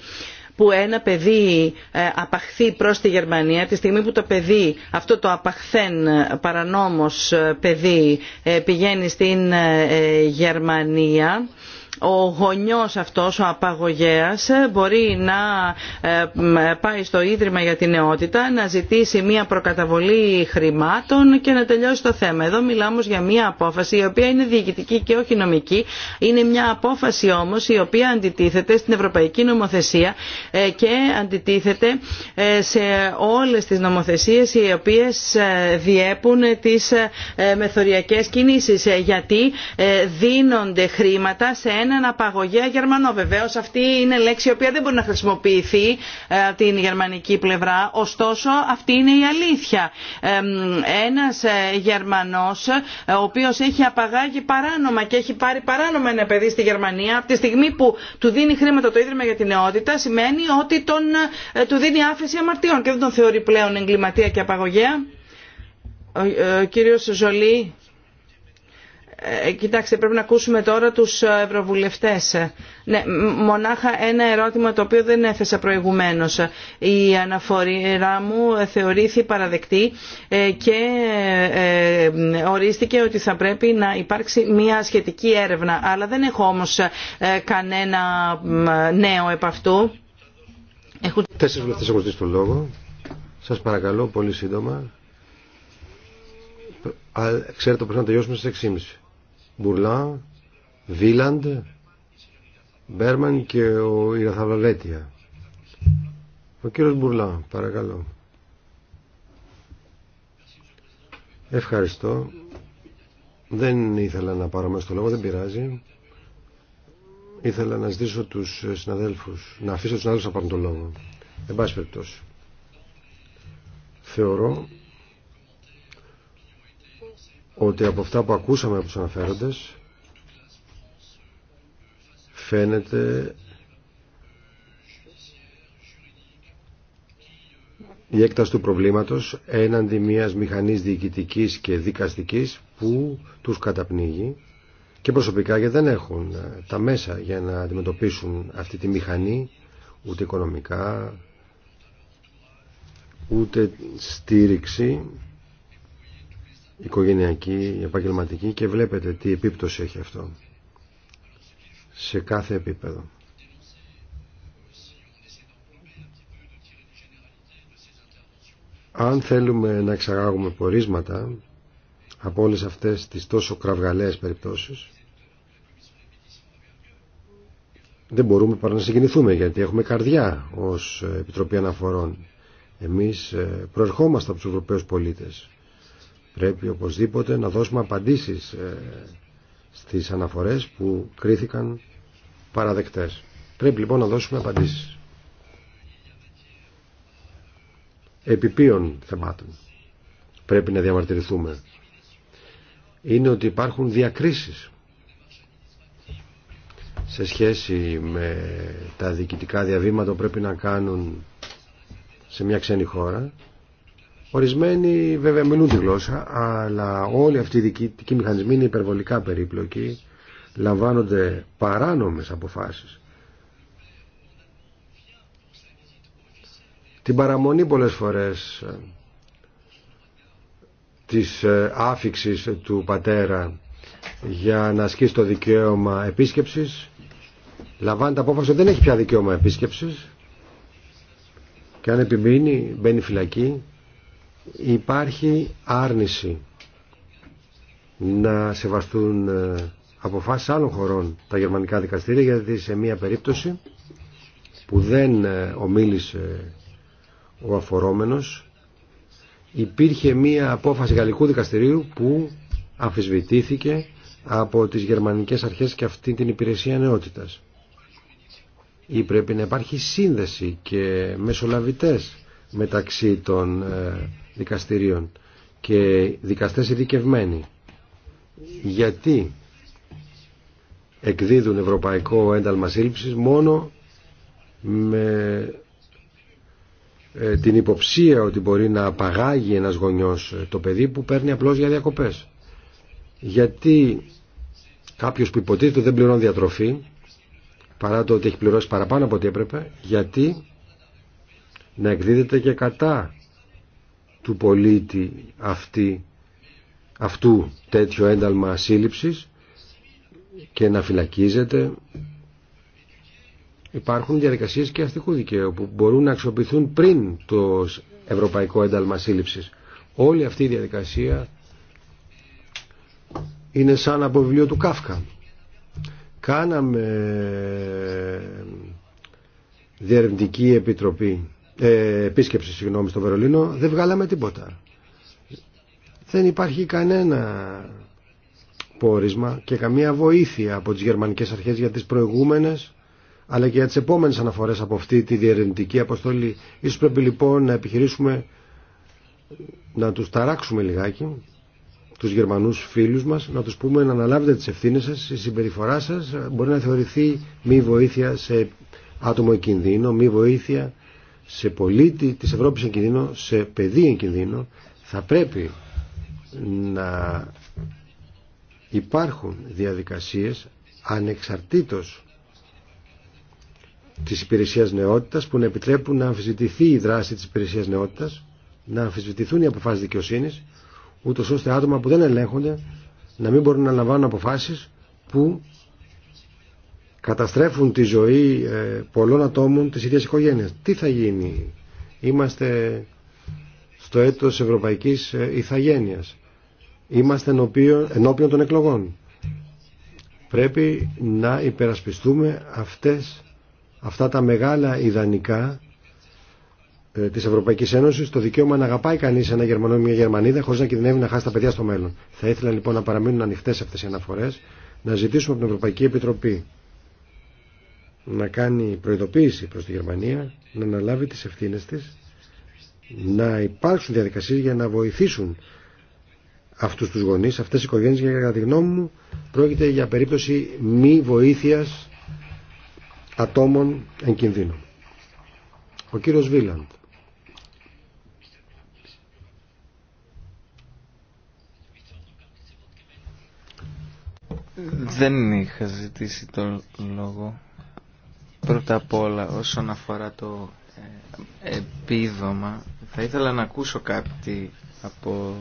που ένα παιδί ε, απαχθεί προς τη Γερμανία, τη στιγμή που το παιδί, αυτό το απαχθέν ε, παρανόμος ε, παιδί πηγαίνει στην Γερμανία, ο γονιός αυτός, ο απαγωγέας, μπορεί να ε, πάει στο Ίδρυμα για την Νεότητα, να ζητήσει μια προκαταβολή χρημάτων και να τελειώσει το θέμα. Εδώ μιλάμε για μια απόφαση η οποία είναι διοικητική και όχι νομική. Είναι μια απόφαση όμως η οποία αντιτίθεται στην Ευρωπαϊκή Νομοθεσία ε, και αντιτίθεται ε, σε όλες τις νομοθεσίες οι οποίες διέπουν τις μεθοριακές κινήσεις. Γιατί δίνονται χρήματα σε ένα είναι απαγωγέα Γερμανό. Βεβαίω αυτή είναι λέξη η οποία δεν μπορεί να χρησιμοποιηθεί ε, την γερμανική πλευρά, ωστόσο αυτή είναι η αλήθεια. ενα ε, Γερμανός ε, ο οποίος έχει απαγάγει παράνομα και έχει πάρει παράνομα ένα παιδί στη Γερμανία από τη στιγμή που του δίνει χρήματα το Ίδρυμα για την Νεότητα σημαίνει ότι τον, του δίνει άφηση αμαρτίων και δεν τον θεωρεί πλέον εγκληματία και απαγωγέα. Ο, κύριος Ζολή. Ε, κοιτάξτε, πρέπει να ακούσουμε τώρα τους ευρωβουλευτές. Ναι, μονάχα ένα ερώτημα το οποίο δεν έθεσα προηγουμένως. Η αναφορά μου θεωρήθη παραδεκτή ε, και ε, ορίστηκε ότι θα πρέπει να υπάρξει μια σχετική έρευνα. Αλλά δεν έχω όμως κανένα νέο επ' αυτού. Έχω... Τέσσερις βουλευτές έχουν τον λόγο. Σας παρακαλώ πολύ σύντομα. Ξέρετε πρέπει να τελειώσουμε στις 6.30. Μπουρλά, Βίλαντ, Μπέρμαν και ο Ιραθαβαλέτια. Ο κύριος Μπουρλά, παρακαλώ. Ευχαριστώ. Δεν ήθελα να πάρω μέσα στο λόγο, δεν πειράζει. Ήθελα να ζητήσω τους συναδέλφους, να αφήσω τους συναδέλφους να πάρουν το λόγο. Εν πάση Θεωρώ ότι από αυτά που ακούσαμε από τους αναφέροντες φαίνεται η έκταση του προβλήματος έναντι μιας μηχανής διοικητικής και δικαστικής που τους καταπνίγει και προσωπικά γιατί δεν έχουν ε, τα μέσα για να αντιμετωπίσουν αυτή τη μηχανή ούτε οικονομικά ούτε στήριξη οικογενειακή, επαγγελματική και βλέπετε τι επίπτωση έχει αυτό σε κάθε επίπεδο. Αν θέλουμε να εξαγάγουμε πορίσματα από όλες αυτές τις τόσο κραυγαλαίες περιπτώσεις, δεν μπορούμε παρά να συγκινηθούμε γιατί έχουμε καρδιά ως Επιτροπή Αναφορών. Εμείς ε, προερχόμαστε από τους Ευρωπαίους πολίτες Πρέπει οπωσδήποτε να δώσουμε απαντήσεις ε, στις αναφορές που κρίθηκαν παραδεκτές. Πρέπει λοιπόν να δώσουμε απαντήσεις. Επιπίων θεμάτων πρέπει να διαμαρτυρηθούμε. Είναι ότι υπάρχουν διακρίσεις σε σχέση με τα διοικητικά διαβήματα που πρέπει να κάνουν σε μια ξένη χώρα Ορισμένοι βέβαια μιλούν τη γλώσσα, αλλά όλοι αυτοί οι διοικητικοί μηχανισμοί είναι υπερβολικά περίπλοκοι, λαμβάνονται παράνομες αποφάσεις. Την παραμονή πολλές φορές ε, της ε, άφηξης του πατέρα για να ασκήσει το δικαίωμα επίσκεψης, λαμβάνεται απόφαση ότι δεν έχει πια δικαίωμα επίσκεψης και αν επιμείνει μπαίνει φυλακή υπάρχει άρνηση να σεβαστούν ε, αποφάσεις άλλων χωρών τα γερμανικά δικαστήρια γιατί σε μία περίπτωση που δεν ε, ομίλησε ο αφορόμενος υπήρχε μία απόφαση γαλλικού δικαστηρίου που αφισβητήθηκε από τις γερμανικές αρχές και αυτή την υπηρεσία νεότητας. Ή πρέπει να υπάρχει σύνδεση και μεσολαβητές μεταξύ των ε, δικαστηρίων και δικαστές ειδικευμένοι γιατί εκδίδουν ευρωπαϊκό ένταλμα σύλληψης μόνο με ε, την υποψία ότι μπορεί να απαγάγει ένας γονιός το παιδί που παίρνει απλώς για διακοπές. Γιατί κάποιος που υποτίθεται δεν πληρώνει διατροφή, παρά το ότι έχει πληρώσει παραπάνω από ό,τι έπρεπε, γιατί να εκδίδεται και κατά του πολίτη αυτή, αυτού τέτοιο ένταλμα ασύλληψης και να φυλακίζεται. Υπάρχουν διαδικασίες και αστικού δικαίου που μπορούν να αξιοποιηθούν πριν το ευρωπαϊκό ένταλμα σύλληψης. Όλη αυτή η διαδικασία είναι σαν από βιβλίο του Κάφκα. Κάναμε διερευνητική επιτροπή ε, επίσκεψη συγγνώμη, στο Βερολίνο, δεν βγάλαμε τίποτα. Δεν υπάρχει κανένα πόρισμα και καμία βοήθεια από τις γερμανικές αρχές για τις προηγούμενες αλλά και για τις επόμενες αναφορές από αυτή τη διερευνητική αποστολή. Ίσως πρέπει λοιπόν να επιχειρήσουμε να τους ταράξουμε λιγάκι τους Γερμανούς φίλους μας να τους πούμε να αναλάβετε τις ευθύνες σας η συμπεριφορά σας μπορεί να θεωρηθεί μη βοήθεια σε άτομο κινδύνο μη βοήθεια σε πολίτη της Ευρώπης εν κινδύνο, σε παιδί εν κινδύνο, θα πρέπει να υπάρχουν διαδικασίες ανεξαρτήτως της υπηρεσίας νεότητας που να επιτρέπουν να αμφισβητηθεί η δράση της υπηρεσίας νεότητας, να αμφισβητηθούν οι αποφάσεις δικαιοσύνης, ούτω ώστε άτομα που δεν ελέγχονται να μην μπορούν να λαμβάνουν αποφάσεις που καταστρέφουν τη ζωή ε, πολλών ατόμων της ίδιας οικογένειας. Τι θα γίνει. Είμαστε στο έτος ευρωπαϊκής ε, ηθαγένειας. Είμαστε ενώπιον των εκλογών. Πρέπει να υπερασπιστούμε αυτές, αυτά τα μεγάλα ιδανικά ε, της Ευρωπαϊκής Ένωσης, το δικαίωμα να αγαπάει κανείς ένα Γερμανό ή μια Γερμανίδα χωρίς να κινδυνεύει να χάσει τα παιδιά στο μέλλον. Θα ήθελα λοιπόν να παραμείνουν ανοιχτές αυτές οι αναφορές, να ζητήσουμε από την Ευρωπαϊκή Επιτροπή να κάνει προειδοποίηση προς τη Γερμανία να αναλάβει τις ευθύνες της να υπάρξουν διαδικασίες για να βοηθήσουν αυτούς τους γονείς, αυτές οι οικογένειες για κατά τη γνώμη μου πρόκειται για περίπτωση μη βοήθειας ατόμων εν κινδύνου. Ο κύριος Βίλαντ. Δεν είχα ζητήσει το λόγο. Πρώτα απ' όλα όσον αφορά το ε, επίδομα θα ήθελα να ακούσω κάτι από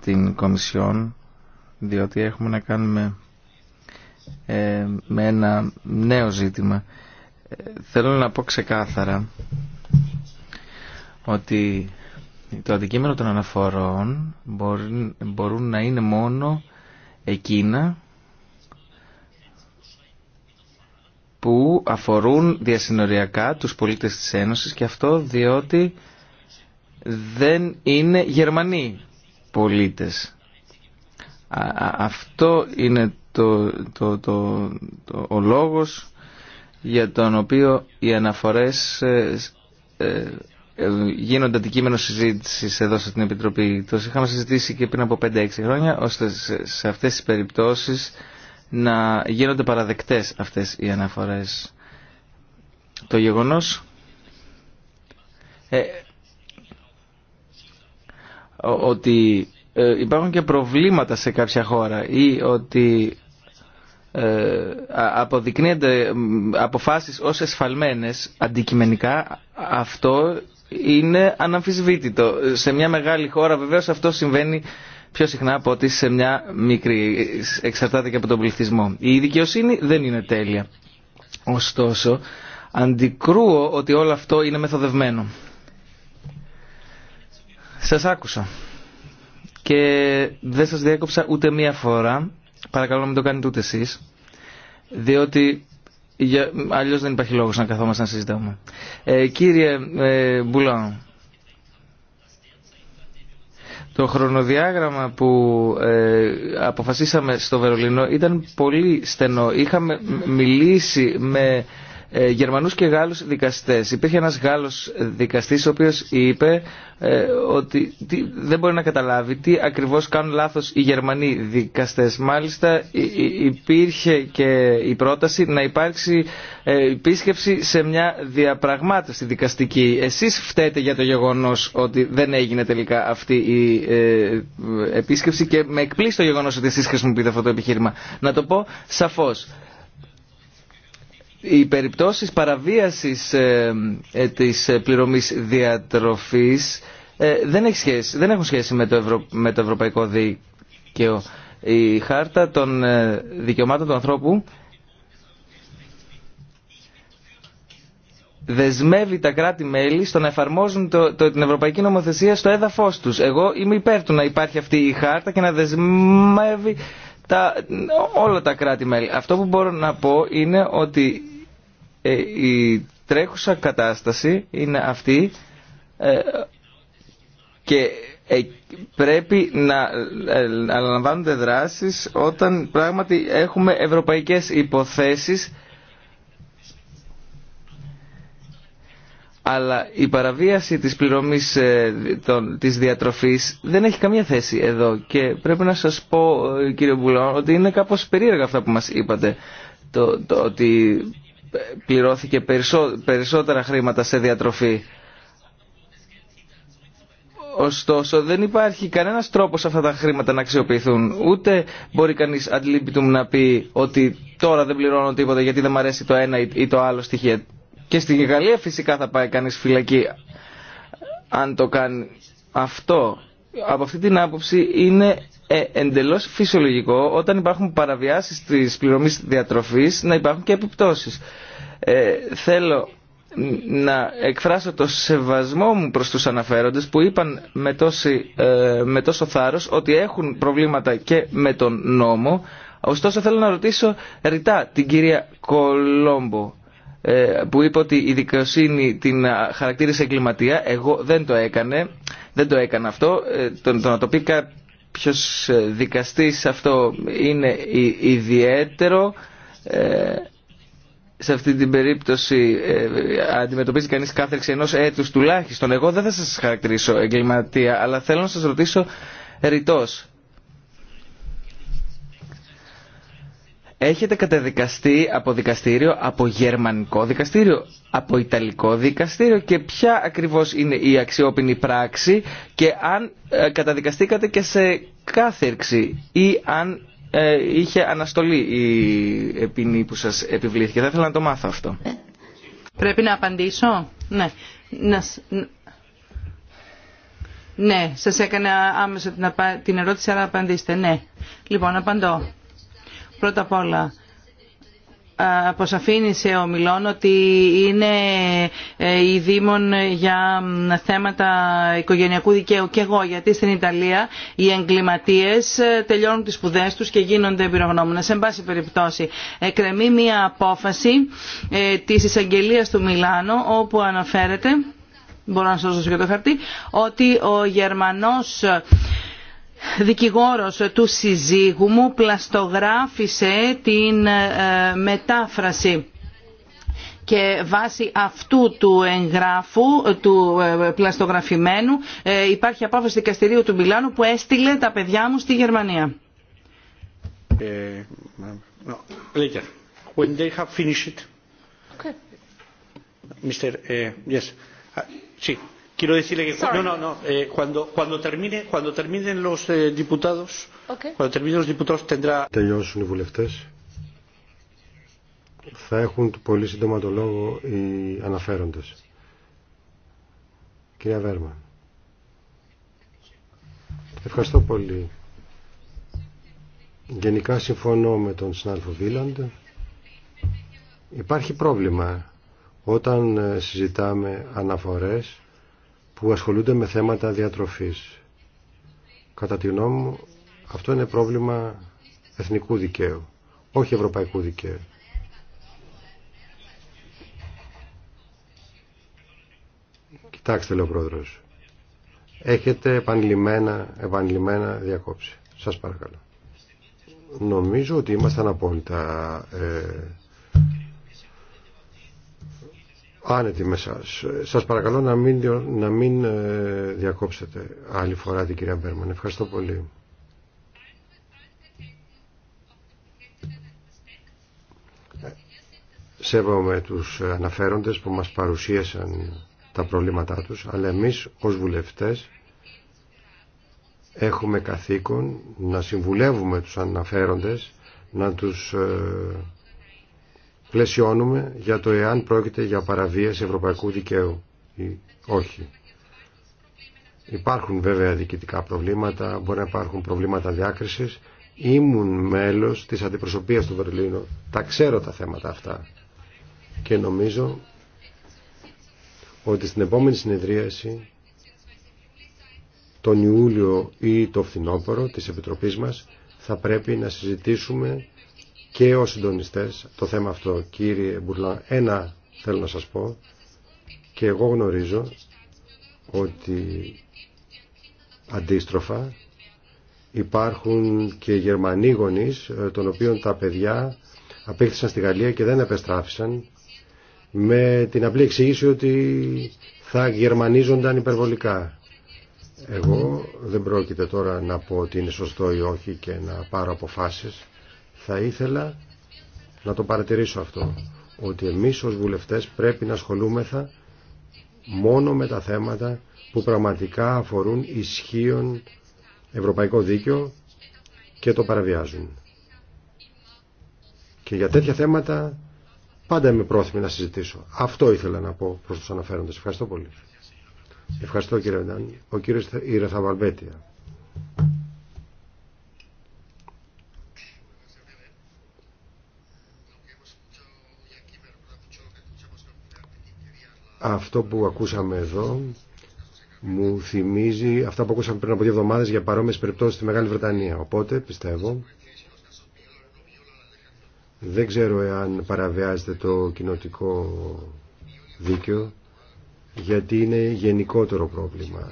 την Κομισιόν διότι έχουμε να κάνουμε ε, με ένα νέο ζήτημα. Ε, θέλω να πω ξεκάθαρα ότι το αντικείμενο των αναφορών μπορεί, μπορούν να είναι μόνο εκείνα που αφορούν διασυνοριακά τους πολίτες της Ένωσης και αυτό διότι δεν είναι Γερμανοί πολίτες. αυτό είναι το, το, το, ο λόγος για τον οποίο οι αναφορές ε, ε, ε γίνονται αντικείμενο συζήτηση εδώ στην Επιτροπή. Το είχαμε συζητήσει και πριν από 5-6 χρόνια, ώστε σε αυτές τις περιπτώσεις να γίνονται παραδεκτές αυτές οι αναφορές. Το γεγονός ε, ότι ε, υπάρχουν και προβλήματα σε κάποια χώρα ή ότι ε, αποδεικνύονται αποφάσεις ως εσφαλμένες αντικειμενικά αυτό είναι αναμφισβήτητο. Σε μια μεγάλη χώρα βεβαίως αυτό συμβαίνει πιο συχνά από ότι σε μια μικρή. Εξαρτάται και από τον πληθυσμό. Η δικαιοσύνη δεν είναι τέλεια. Ωστόσο, αντικρούω ότι όλο αυτό είναι μεθοδευμένο. Σας άκουσα. Και δεν σας διέκοψα ούτε μία φορά. Παρακαλώ να μην το κάνετε ούτε εσείς. Διότι αλλιώς δεν υπάρχει λόγος να καθόμαστε να συζητάμε. Ε, κύριε ε, Μπουλάν, το χρονοδιάγραμμα που ε, αποφασίσαμε στο Βερολίνο ήταν πολύ στενό. Είχαμε μιλήσει με ε, Γερμανούς και Γάλλους δικαστές. Υπήρχε ένας Γάλλος δικαστής ο οποίος είπε ε, ότι δεν μπορεί να καταλάβει τι ακριβώς κάνουν λάθος οι Γερμανοί δικαστές. Μάλιστα υπήρχε και η πρόταση να υπάρξει ε, επίσκεψη σε μια διαπραγμάτευση δικαστική. Εσείς φταίτε για το γεγονός ότι δεν έγινε τελικά αυτή η επίσκεψη και με εκπλήσει το γεγονός ότι εσείς χρησιμοποιείτε αυτό το επιχείρημα. Να το πω σαφώς οι περιπτώσεις παραβίασης ε, ε, της ε, πληρωμής διατροφής ε, δεν, έχει δεν έχουν σχέση με το, με το Ευρωπαϊκό Δίκαιο. Η Χάρτα των ε, Δικαιωμάτων του Ανθρώπου δεσμεύει τα κράτη-μέλη στο να εφαρμόζουν το, την Ευρωπαϊκή Νομοθεσία στο έδαφος τους. Εγώ είμαι υπέρ του να υπάρχει αυτή η Χάρτα και να δεσμεύει τα, όλα τα κράτη-μέλη. Αυτό που μπορώ να πω είναι ότι ε, η τρέχουσα κατάσταση είναι αυτή ε, και ε, πρέπει να αναλαμβάνονται δράσεις όταν πράγματι έχουμε ευρωπαϊκές υποθέσεις αλλά η παραβίαση της πληρωμής των, της διατροφής δεν έχει καμία θέση εδώ και πρέπει να σας πω κύριε Μπουλόν ότι είναι κάπως περίεργα αυτά που μας είπατε το ότι πληρώθηκε περισσότερα χρήματα σε διατροφή. Ωστόσο δεν υπάρχει κανένας τρόπος αυτά τα χρήματα να αξιοποιηθούν. Ούτε μπορεί κανείς αντλήπιτουμ να πει ότι τώρα δεν πληρώνω τίποτα γιατί δεν μου αρέσει το ένα ή το άλλο στοιχείο. Και στην Γαλλία φυσικά θα πάει κανείς φυλακή αν το κάνει αυτό. Από αυτή την άποψη είναι ε, εντελώς φυσιολογικό όταν υπάρχουν παραβιάσεις της πληρωμής διατροφής να υπάρχουν και επιπτώσεις. Ε, θέλω να εκφράσω το σεβασμό μου προς τους αναφέροντες που είπαν με, τόση, ε, με τόσο θάρρος ότι έχουν προβλήματα και με τον νόμο. Ωστόσο θέλω να ρωτήσω ρητά την κυρία Κολόμπο ε, που είπε ότι η δικαιοσύνη την χαρακτήρισε εγκληματία. Εγώ δεν το έκανε. Δεν το έκανα αυτό. Ε, το, να το πει Ποιο ε, δικαστής αυτό είναι ιδιαίτερο ε, σε αυτή την περίπτωση ε, αντιμετωπίζει κανείς κάθεξη ενός έτους τουλάχιστον εγώ δεν θα σας χαρακτηρίσω εγκληματία αλλά θέλω να σας ρωτήσω ρητός έχετε καταδικαστεί από δικαστήριο, από γερμανικό δικαστήριο, από ιταλικό δικαστήριο και ποια ακριβώς είναι η αξιόπινη πράξη και αν ε, καταδικαστήκατε και σε κάθερξη ή αν ε, είχε αναστολή η ποινή που σας επιβλήθηκε. Θα ήθελα να το μάθω αυτό. Πρέπει να απαντήσω. Ναι. Να, ναι, σας έκανα άμεσα την ερώτηση, αλλά απαντήστε. Ναι. Λοιπόν, απαντώ. Πρώτα απ' όλα, αποσαφήνισε ο Μιλών ότι είναι ε, η Δήμων για θέματα οικογενειακού δικαίου και εγώ γιατί στην Ιταλία οι εγκληματίες ε, τελειώνουν τις σπουδέ τους και γίνονται εμπειρογνώμονες. Σε πάση περιπτώσει εκρεμεί μια απόφαση ε, της εισαγγελία του Μιλάνο, όπου αναφέρεται μπορώ να σας δώσω και το χαρτί, ότι ο Γερμανός δικηγόρος του συζύγου μου πλαστογράφησε την ε, μετάφραση και βάσει αυτού του εγγράφου του ε, πλαστογραφημένου ε, υπάρχει απόφαση δικαστηρίου του Μιλάνου που έστειλε τα παιδιά μου στη Γερμανία. Ε, Quiero Τελειώσουν οι βουλευτές. Θα έχουν πολύ σύντομα το λόγο οι αναφέροντες. Κυρία Βέρμα. Ευχαριστώ πολύ. Γενικά συμφωνώ με τον συνάδελφο Βίλαντ. Υπάρχει πρόβλημα όταν ε, συζητάμε αναφορές που ασχολούνται με θέματα διατροφής. Κατά τη γνώμη μου, αυτό είναι πρόβλημα εθνικού δικαίου, όχι ευρωπαϊκού δικαίου. Κοιτάξτε, λέει ο πρόεδρος. Έχετε επανειλημμένα, επανειλημμένα διακόψει. Σας παρακαλώ. Νομίζω ότι ήμασταν απόλυτα ε, άνετοι μέσα. σας. παρακαλώ να μην, να μην ε, διακόψετε άλλη φορά την κυρία Μπέρμαν. Ευχαριστώ πολύ. Σέβομαι τους αναφέροντες που μας παρουσίασαν τα προβλήματά τους, αλλά εμείς ως βουλευτές έχουμε καθήκον να συμβουλεύουμε τους αναφέροντες, να τους ε, πλαισιώνουμε για το εάν πρόκειται για παραβίαση ευρωπαϊκού δικαίου ή όχι. Υπάρχουν βέβαια διοικητικά προβλήματα, μπορεί να υπάρχουν προβλήματα διάκρισης. Ήμουν μέλος της αντιπροσωπείας του Βερολίνου. Τα ξέρω τα θέματα αυτά. Και νομίζω ότι στην επόμενη συνεδρίαση τον Ιούλιο ή το φθινόπωρο της Επιτροπής μας θα πρέπει να συζητήσουμε και ως συντονιστές το θέμα αυτό. Κύριε Μπουρλά, ένα θέλω να σας πω και εγώ γνωρίζω ότι αντίστροφα υπάρχουν και Γερμανοί γονείς ε, των οποίων τα παιδιά απέκτησαν στη Γαλλία και δεν επεστράφησαν με την απλή εξήγηση ότι θα γερμανίζονταν υπερβολικά. Εγώ δεν πρόκειται τώρα να πω ότι είναι σωστό ή όχι και να πάρω αποφάσεις θα ήθελα να το παρατηρήσω αυτό, ότι εμείς ως βουλευτές πρέπει να ασχολούμεθα μόνο με τα θέματα που πραγματικά αφορούν ισχύον ευρωπαϊκό δίκαιο και το παραβιάζουν. Και για τέτοια θέματα πάντα είμαι πρόθυμη να συζητήσω. Αυτό ήθελα να πω προς τους αναφέροντες. Ευχαριστώ πολύ. Ευχαριστώ κύριε Βεντάνη. Ο κύριος Ιρεθαβαλβέτια. Αυτό που ακούσαμε εδώ μου θυμίζει αυτά που ακούσαμε πριν από δύο εβδομάδε για παρόμοιε περιπτώσει στη Μεγάλη Βρετανία. Οπότε πιστεύω. Δεν ξέρω εάν παραβιάζεται το κοινοτικό δίκαιο, γιατί είναι γενικότερο πρόβλημα.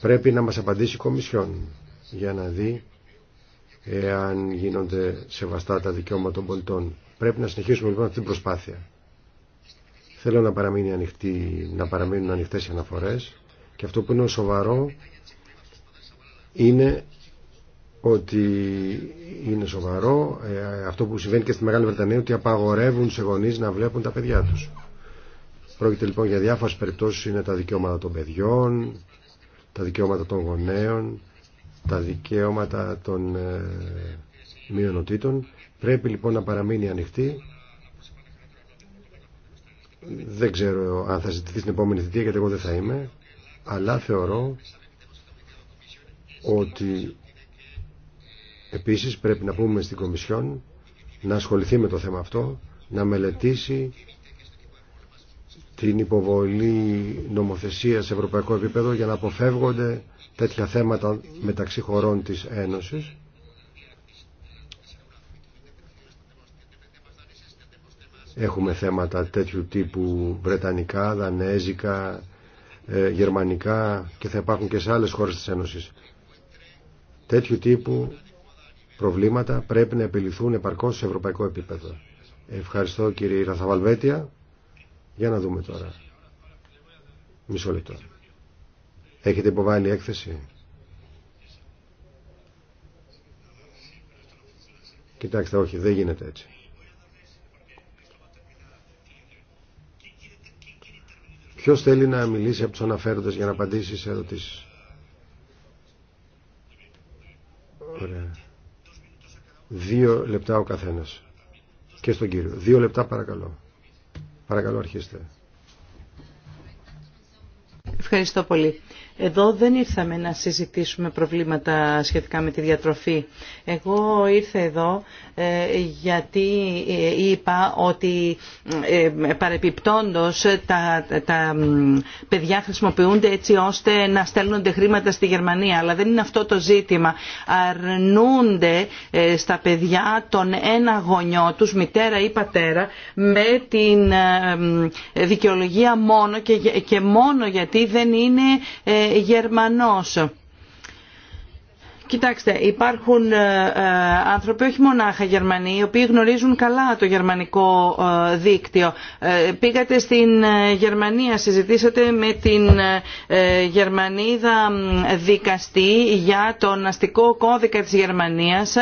Πρέπει να μας απαντήσει η Κομισιόν για να δει εάν γίνονται σεβαστά τα δικαιώματα των πολιτών. Πρέπει να συνεχίσουμε λοιπόν αυτή την προσπάθεια. Θέλω να, παραμείνει ανοιχτή, να παραμείνουν ανοιχτές οι αναφορές και αυτό που είναι σοβαρό είναι ότι είναι σοβαρό ε, αυτό που συμβαίνει και στη Μεγάλη Βρετανία ότι απαγορεύουν σε γονείς να βλέπουν τα παιδιά τους. Πρόκειται λοιπόν για διάφορες περιπτώσεις είναι τα δικαιώματα των παιδιών, τα δικαιώματα των γονέων, τα δικαιώματα των ε, μειονοτήτων. Πρέπει λοιπόν να παραμείνει ανοιχτή δεν ξέρω αν θα ζητηθεί στην επόμενη θητεία γιατί εγώ δεν θα είμαι αλλά θεωρώ ότι επίσης πρέπει να πούμε στην Κομισιόν να ασχοληθεί με το θέμα αυτό να μελετήσει την υποβολή νομοθεσίας σε ευρωπαϊκό επίπεδο για να αποφεύγονται τέτοια θέματα μεταξύ χωρών της Ένωσης Έχουμε θέματα τέτοιου τύπου βρετανικά, δανέζικα, ε, γερμανικά και θα υπάρχουν και σε άλλες χώρες της Ένωσης. Τέτοιου τύπου προβλήματα πρέπει να επιληθούν επαρκώς σε ευρωπαϊκό επίπεδο. Ευχαριστώ κύριε Ραθαβαλβέτια. Για να δούμε τώρα. Μισό λεπτό. Έχετε υποβάλει έκθεση. Κοιτάξτε, όχι, δεν γίνεται έτσι. Ποιο θέλει να μιλήσει από του αναφέροντε για να απαντήσει σε ερωτήσει. Ωραία. Δύο λεπτά ο καθένα Και στον κύριο. Δύο λεπτά παρακαλώ. Παρακαλώ αρχίστε. Ευχαριστώ πολύ. Εδώ δεν ήρθαμε να συζητήσουμε προβλήματα σχετικά με τη διατροφή. Εγώ ήρθα εδώ ε, γιατί ε, είπα ότι ε, παρεπιπτόντως τα, παιδιά χρησιμοποιούνται έτσι ώστε να στέλνονται χρήματα στη Γερμανία. Αλλά δεν είναι αυτό το ζήτημα. Αρνούνται στα παιδιά τον ένα γονιό τους, μητέρα ή πατέρα, με την δικαιολογία μόνο και μόνο γιατί δεν είναι Γερμανός. Κοιτάξτε, υπάρχουν ε, ε, άνθρωποι, όχι μονάχα Γερμανοί, οι οποίοι γνωρίζουν καλά το γερμανικό ε, δίκτυο. Πήγατε στην Γερμανία, συζητήσατε με την Γερμανίδα δικαστή για τον αστικό κώδικα της Γερμανίας,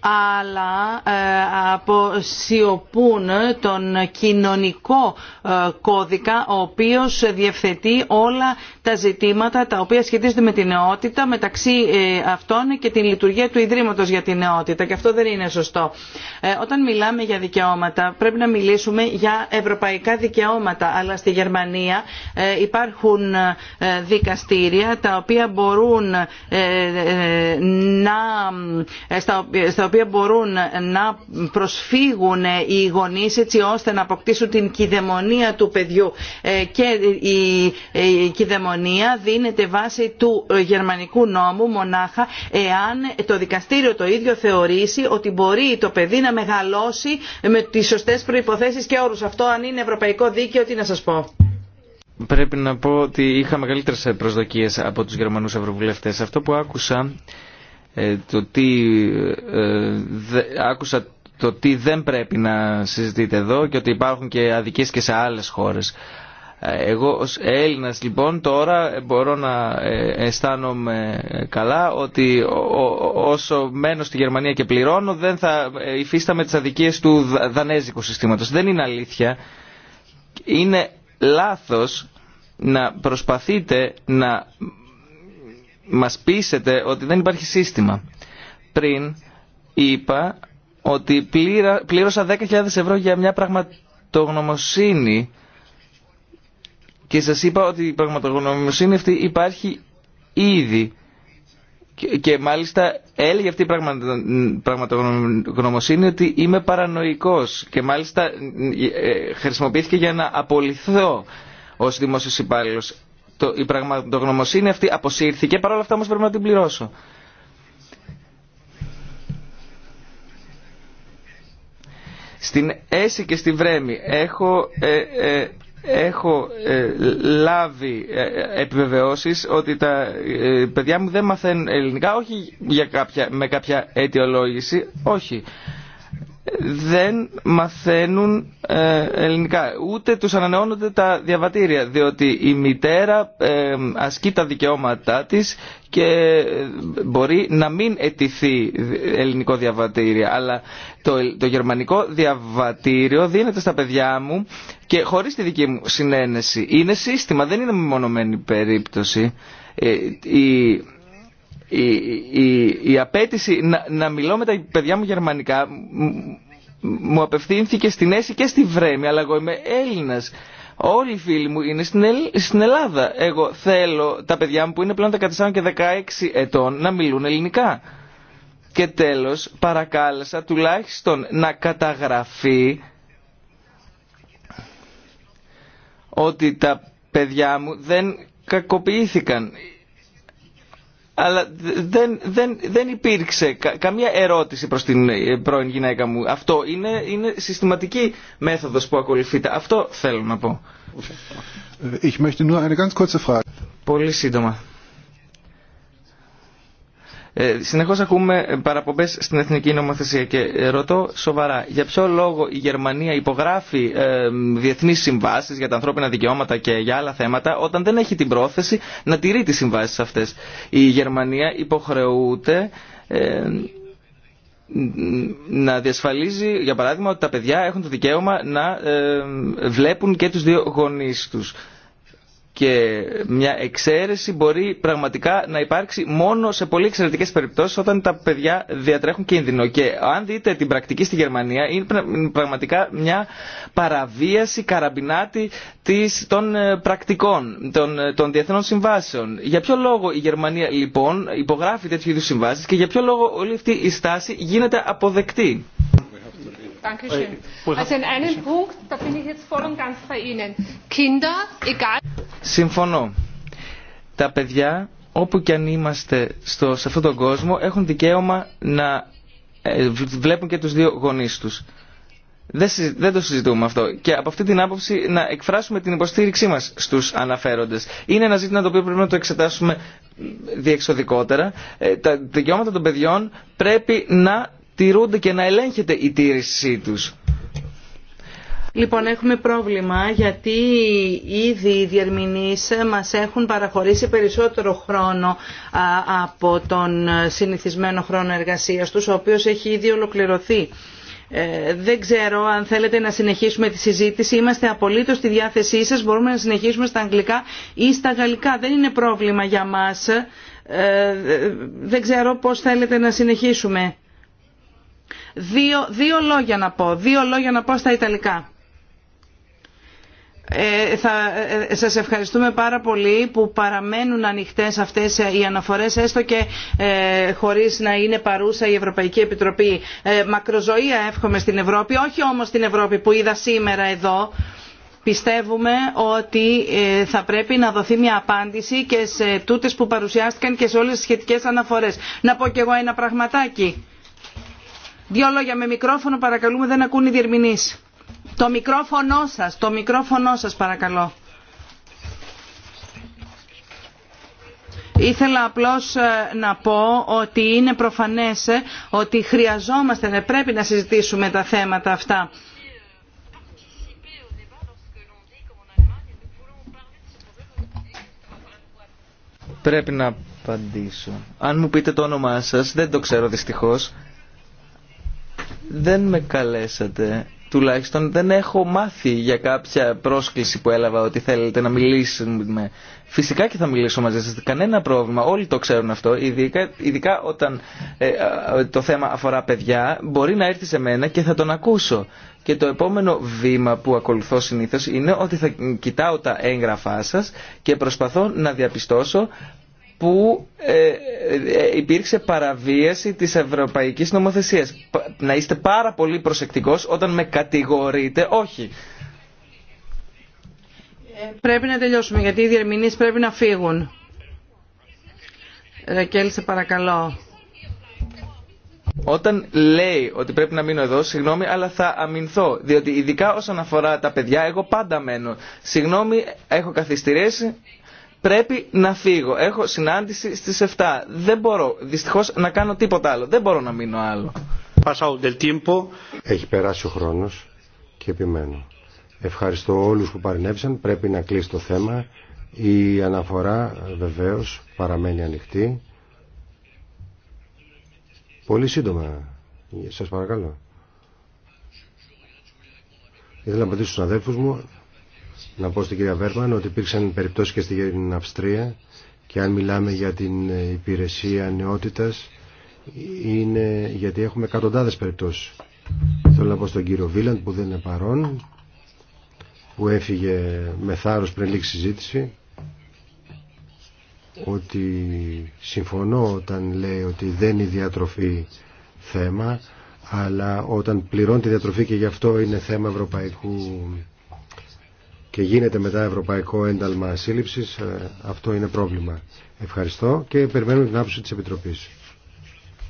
αλλά ε, αποσιωπούν τον κοινωνικό ε, κώδικα ο οποίος διευθετεί όλα τα ζητήματα τα οποία σχετίζονται με την νεότητα μεταξύ ε, αυτών και την λειτουργία του Ιδρύματος για την νεότητα και αυτό δεν είναι σωστό. Όταν μιλάμε για δικαιώματα πρέπει να μιλήσουμε για ευρωπαϊκά δικαιώματα αλλά στη Γερμανία υπάρχουν δικαστήρια τα οποία μπορούν να στα οποία μπορούν να προσφύγουν οι γονείς έτσι ώστε να αποκτήσουν την κυδαιμονία του παιδιού ε, και η κυδαιμονία δίνεται βάση του γερμανικού νόμου μονάχα εάν το δικαστήριο το ίδιο θεωρήσει ότι μπορεί το παιδί να μεγαλώσει με τις σωστές προϋποθέσεις και όρους. Αυτό αν είναι ευρωπαϊκό δίκαιο τι να σας πω. Πρέπει να πω ότι είχα μεγαλύτερες προσδοκίες από τους Γερμανούς Ευρωβουλευτές. Αυτό που άκουσα ε, το τι ε, άκουσα το τι δεν πρέπει να συζητείτε εδώ και ότι υπάρχουν και αδικίες και σε άλλες χώρες. Ε, εγώ ως Έλληνας λοιπόν τώρα μπορώ να αισθάνομαι καλά ότι όσο μένω στη Γερμανία και πληρώνω δεν θα υφίσταμαι τις αδικίες του δανέζικου συστήματος. Δεν είναι αλήθεια. Είναι λάθος να προσπαθείτε να μας πείσετε ότι δεν υπάρχει σύστημα. Πριν είπα ότι πλήρα, πλήρωσα 10.000 ευρώ για μια πραγματογνωμοσύνη και σας είπα ότι η πραγματογνωμοσύνη αυτή υπάρχει ήδη. Και μάλιστα έλεγε αυτή η πραγματογνωμοσύνη ότι είμαι παρανοϊκός και μάλιστα ε, ε, χρησιμοποιήθηκε για να απολυθώ ως δημόσιος υπάλληλος το, η πραγματογνωμοσύνη αυτή αποσύρθηκε, παρόλα αυτά όμως πρέπει να την πληρώσω. Στην Έση και στη Βρέμη έχω, ε, ε, έχω ε, λάβει επιβεβαιώσεις ότι τα παιδιά μου δεν μαθαίνουν ελληνικά, όχι για κάποια, με κάποια αιτιολόγηση, όχι δεν μαθαίνουν ε, ελληνικά. Ούτε τους ανανεώνονται τα διαβατήρια, διότι η μητέρα ε, ασκεί τα δικαιώματά της και ε, μπορεί να μην αιτηθεί ελληνικό διαβατήριο. Αλλά το, το γερμανικό διαβατήριο δίνεται στα παιδιά μου και χωρίς τη δική μου συνένεση. Είναι σύστημα, δεν είναι μονομενή περίπτωση. η η, η, απέτηση να, να μιλώ με τα παιδιά μου γερμανικά μου απευθύνθηκε στην Έση και στη Βρέμη, αλλά εγώ είμαι Έλληνας. Όλοι οι φίλοι μου είναι στην, στην Ελλάδα. Εγώ θέλω τα παιδιά μου που είναι πλέον 14 και 16 ετών να μιλούν ελληνικά. Και τέλος παρακάλεσα τουλάχιστον να καταγραφεί ότι τα παιδιά μου δεν κακοποιήθηκαν αλλά δεν, δεν, δεν υπήρξε καμία ερώτηση προς την ε, πρώην γυναίκα μου. Αυτό είναι, είναι συστηματική μέθοδος που ακολουθείται. Αυτό θέλω να πω. Ε, Πολύ σύντομα. Ε, συνεχώς ακούμε ε, παραπομπές στην εθνική νομοθεσία και ε, ρωτώ σοβαρά για ποιο λόγο η Γερμανία υπογράφει ε, διεθνείς συμβάσεις για τα ανθρώπινα δικαιώματα και για άλλα θέματα όταν δεν έχει την πρόθεση να τηρεί τις συμβάσεις αυτές. Η Γερμανία υποχρεούται ε, να διασφαλίζει για παράδειγμα ότι τα παιδιά έχουν το δικαίωμα να ε, βλέπουν και τους δύο γονείς τους και μια εξαίρεση μπορεί πραγματικά να υπάρξει μόνο σε πολύ εξαιρετικέ περιπτώσει όταν τα παιδιά διατρέχουν κίνδυνο. Και αν δείτε την πρακτική στη Γερμανία, είναι πραγματικά μια παραβίαση καραμπινάτη της, των ε, πρακτικών, των, ε, των διεθνών συμβάσεων. Για ποιο λόγο η Γερμανία λοιπόν υπογράφει τέτοιου είδου συμβάσει και για ποιο λόγο όλη αυτή η στάση γίνεται αποδεκτή. Also in Punkt, da bin ich jetzt voll und ganz bei Ihnen. Kinder, egal. Συμφωνώ. Τα παιδιά, όπου και αν είμαστε σε αυτόν τον κόσμο, έχουν δικαίωμα να ε, βλέπουν και τους δύο γονείς τους. Δεν, το συζητούμε αυτό. Και από αυτή την άποψη να εκφράσουμε την υποστήριξή μας στους αναφέροντες. Είναι ένα ζήτημα το οποίο πρέπει να το εξετάσουμε διεξοδικότερα. Ε, τα δικαιώματα των παιδιών πρέπει να τηρούνται και να ελέγχεται η τήρησή τους. Λοιπόν, έχουμε πρόβλημα γιατί ήδη οι διερμηνείς μας έχουν παραχωρήσει περισσότερο χρόνο από τον συνηθισμένο χρόνο εργασίας τους, ο οποίος έχει ήδη ολοκληρωθεί. Ε, δεν ξέρω αν θέλετε να συνεχίσουμε τη συζήτηση. Είμαστε απολύτως στη διάθεσή σας. Μπορούμε να συνεχίσουμε στα αγγλικά ή στα γαλλικά. Δεν είναι πρόβλημα για μας. Ε, δεν ξέρω πώς θέλετε να συνεχίσουμε. Δύο, δύο λόγια να πω, δύο λόγια να πω στα Ιταλικά. Ε, θα, ε, σας ευχαριστούμε πάρα πολύ που παραμένουν ανοιχτές αυτές ε, οι αναφορές έστω και ε, χωρίς να είναι παρούσα η Ευρωπαϊκή Επιτροπή. Μακροζωία εύχομαι στην Ευρώπη, όχι όμως στην Ευρώπη που είδα σήμερα εδώ πιστεύουμε ότι θα πρέπει να δοθεί μια απάντηση και σε τούτες που παρουσιάστηκαν και σε όλες τις σχετικές αναφορές. Να πω κι εγώ ένα πραγματάκι Δύο λόγια με μικρόφωνο παρακαλούμε, δεν ακούν οι διερμηνείς. Το μικρόφωνο σας, το μικρόφωνο σας παρακαλώ. Ήθελα απλώς ε, να πω ότι είναι προφανές ε, ότι χρειαζόμαστε, πρέπει να συζητήσουμε τα θέματα αυτά. Πρέπει να απαντήσω. Αν μου πείτε το όνομά σας, δεν το ξέρω δυστυχώς δεν με καλέσατε. Τουλάχιστον δεν έχω μάθει για κάποια πρόσκληση που έλαβα ότι θέλετε να μιλήσουμε. Φυσικά και θα μιλήσω μαζί σας. Κανένα πρόβλημα. Όλοι το ξέρουν αυτό. Ειδικά, ειδικά όταν ε, το θέμα αφορά παιδιά μπορεί να έρθει σε μένα και θα τον ακούσω. Και το επόμενο βήμα που ακολουθώ συνήθως είναι ότι θα κοιτάω τα έγγραφά σας και προσπαθώ να διαπιστώσω που ε, ε, υπήρξε παραβίαση της ευρωπαϊκής νομοθεσίας. Να είστε πάρα πολύ προσεκτικός όταν με κατηγορείτε. Όχι. Πρέπει να τελειώσουμε γιατί οι διερμηνείς πρέπει να φύγουν. Ε, Ρακέλ, σε παρακαλώ. Όταν λέει ότι πρέπει να μείνω εδώ, συγγνώμη, αλλά θα αμυνθώ. Διότι ειδικά όσον αφορά τα παιδιά, εγώ πάντα μένω. Συγγνώμη, έχω καθυστερήσει, πρέπει να φύγω. Έχω συνάντηση στις 7. Δεν μπορώ δυστυχώς να κάνω τίποτα άλλο. Δεν μπορώ να μείνω άλλο. Έχει περάσει ο χρόνος και επιμένω. Ευχαριστώ όλους που παρενέβησαν. Πρέπει να κλείσει το θέμα. Η αναφορά βεβαίως παραμένει ανοιχτή. Πολύ σύντομα. Σας παρακαλώ. Ήθελα να απαντήσω στους αδέρφους μου να πω στην κυρία Βέρμαν ότι υπήρξαν περιπτώσεις και στην Αυστρία και αν μιλάμε για την υπηρεσία νεότητας είναι γιατί έχουμε εκατοντάδες περιπτώσεις. Θέλω να πω στον κύριο Βίλαντ που δεν είναι παρόν που έφυγε με θάρρος πριν λήξει συζήτηση ότι συμφωνώ όταν λέει ότι δεν είναι η διατροφή θέμα αλλά όταν πληρώνει τη διατροφή και γι' αυτό είναι θέμα ευρωπαϊκού και γίνεται μετά ευρωπαϊκό ένταλμα σύλληψης, ε, αυτό είναι πρόβλημα. Ευχαριστώ και περιμένουμε την άποψη της Επιτροπής.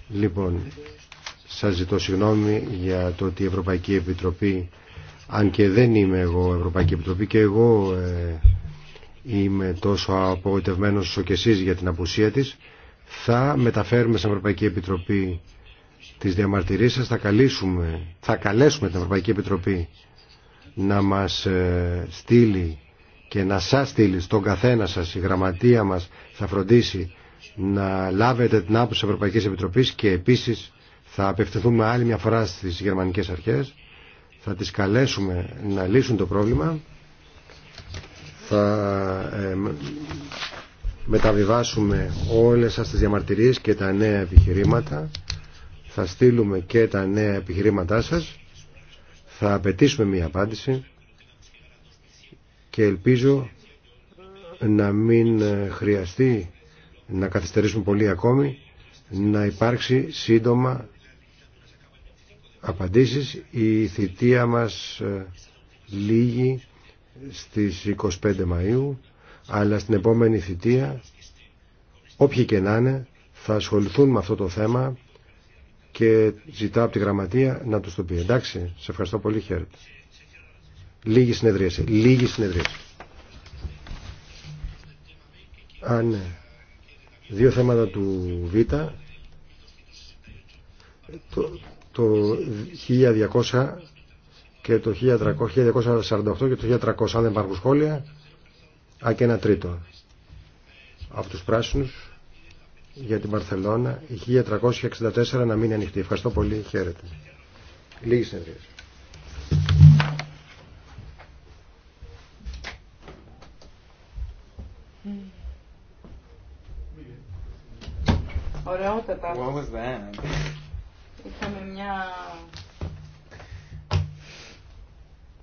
Λοιπόν, σας ζητώ συγγνώμη για το ότι η Ευρωπαϊκή Επιτροπή, αν και δεν είμαι εγώ Ευρωπαϊκή Επιτροπή και εγώ ε, είμαι τόσο απογοητευμένος όσο και εσείς για την απουσία της, θα μεταφέρουμε στην Ευρωπαϊκή Επιτροπή τι διαμαρτυρίε σας, θα καλέσουμε την Ευρωπαϊκή Επιτροπή να μας ε, στείλει και να σας στείλει στον καθένα σας η γραμματεία μας θα φροντίσει να λάβετε την άποψη της Ευρωπαϊκής Επιτροπής και επίσης θα απευθυνθούμε άλλη μια φορά στις γερμανικές αρχές θα τις καλέσουμε να λύσουν το πρόβλημα θα ε, μεταβιβάσουμε όλες σας τις διαμαρτυρίες και τα νέα επιχειρήματα θα στείλουμε και τα νέα επιχειρήματά σας θα απαιτήσουμε μία απάντηση και ελπίζω να μην ε, χρειαστεί να καθυστερήσουμε πολύ ακόμη να υπάρξει σύντομα απαντήσεις η θητεία μας ε, λίγη στις 25 Μαΐου αλλά στην επόμενη θητεία όποιοι και να είναι θα ασχοληθούν με αυτό το θέμα και ζητά από τη γραμματεία να του το πει. Εντάξει, σε ευχαριστώ πολύ, χαίρετε. Λίγη συνεδρίαση. Λίγη συνεδρίαση. Α, ναι. Δύο θέματα του Β. Το, το 1200 και το 1300, 1248 και το 1300, αν δεν υπάρχουν σχόλια. Α, και ένα τρίτο. Από τους πράσινους για την Παρθελώνα, η 1364 να μείνει ανοιχτή. Ευχαριστώ πολύ. Χαίρετε. Λίγη τα... Ωραιότατα. What was that? Είχαμε μια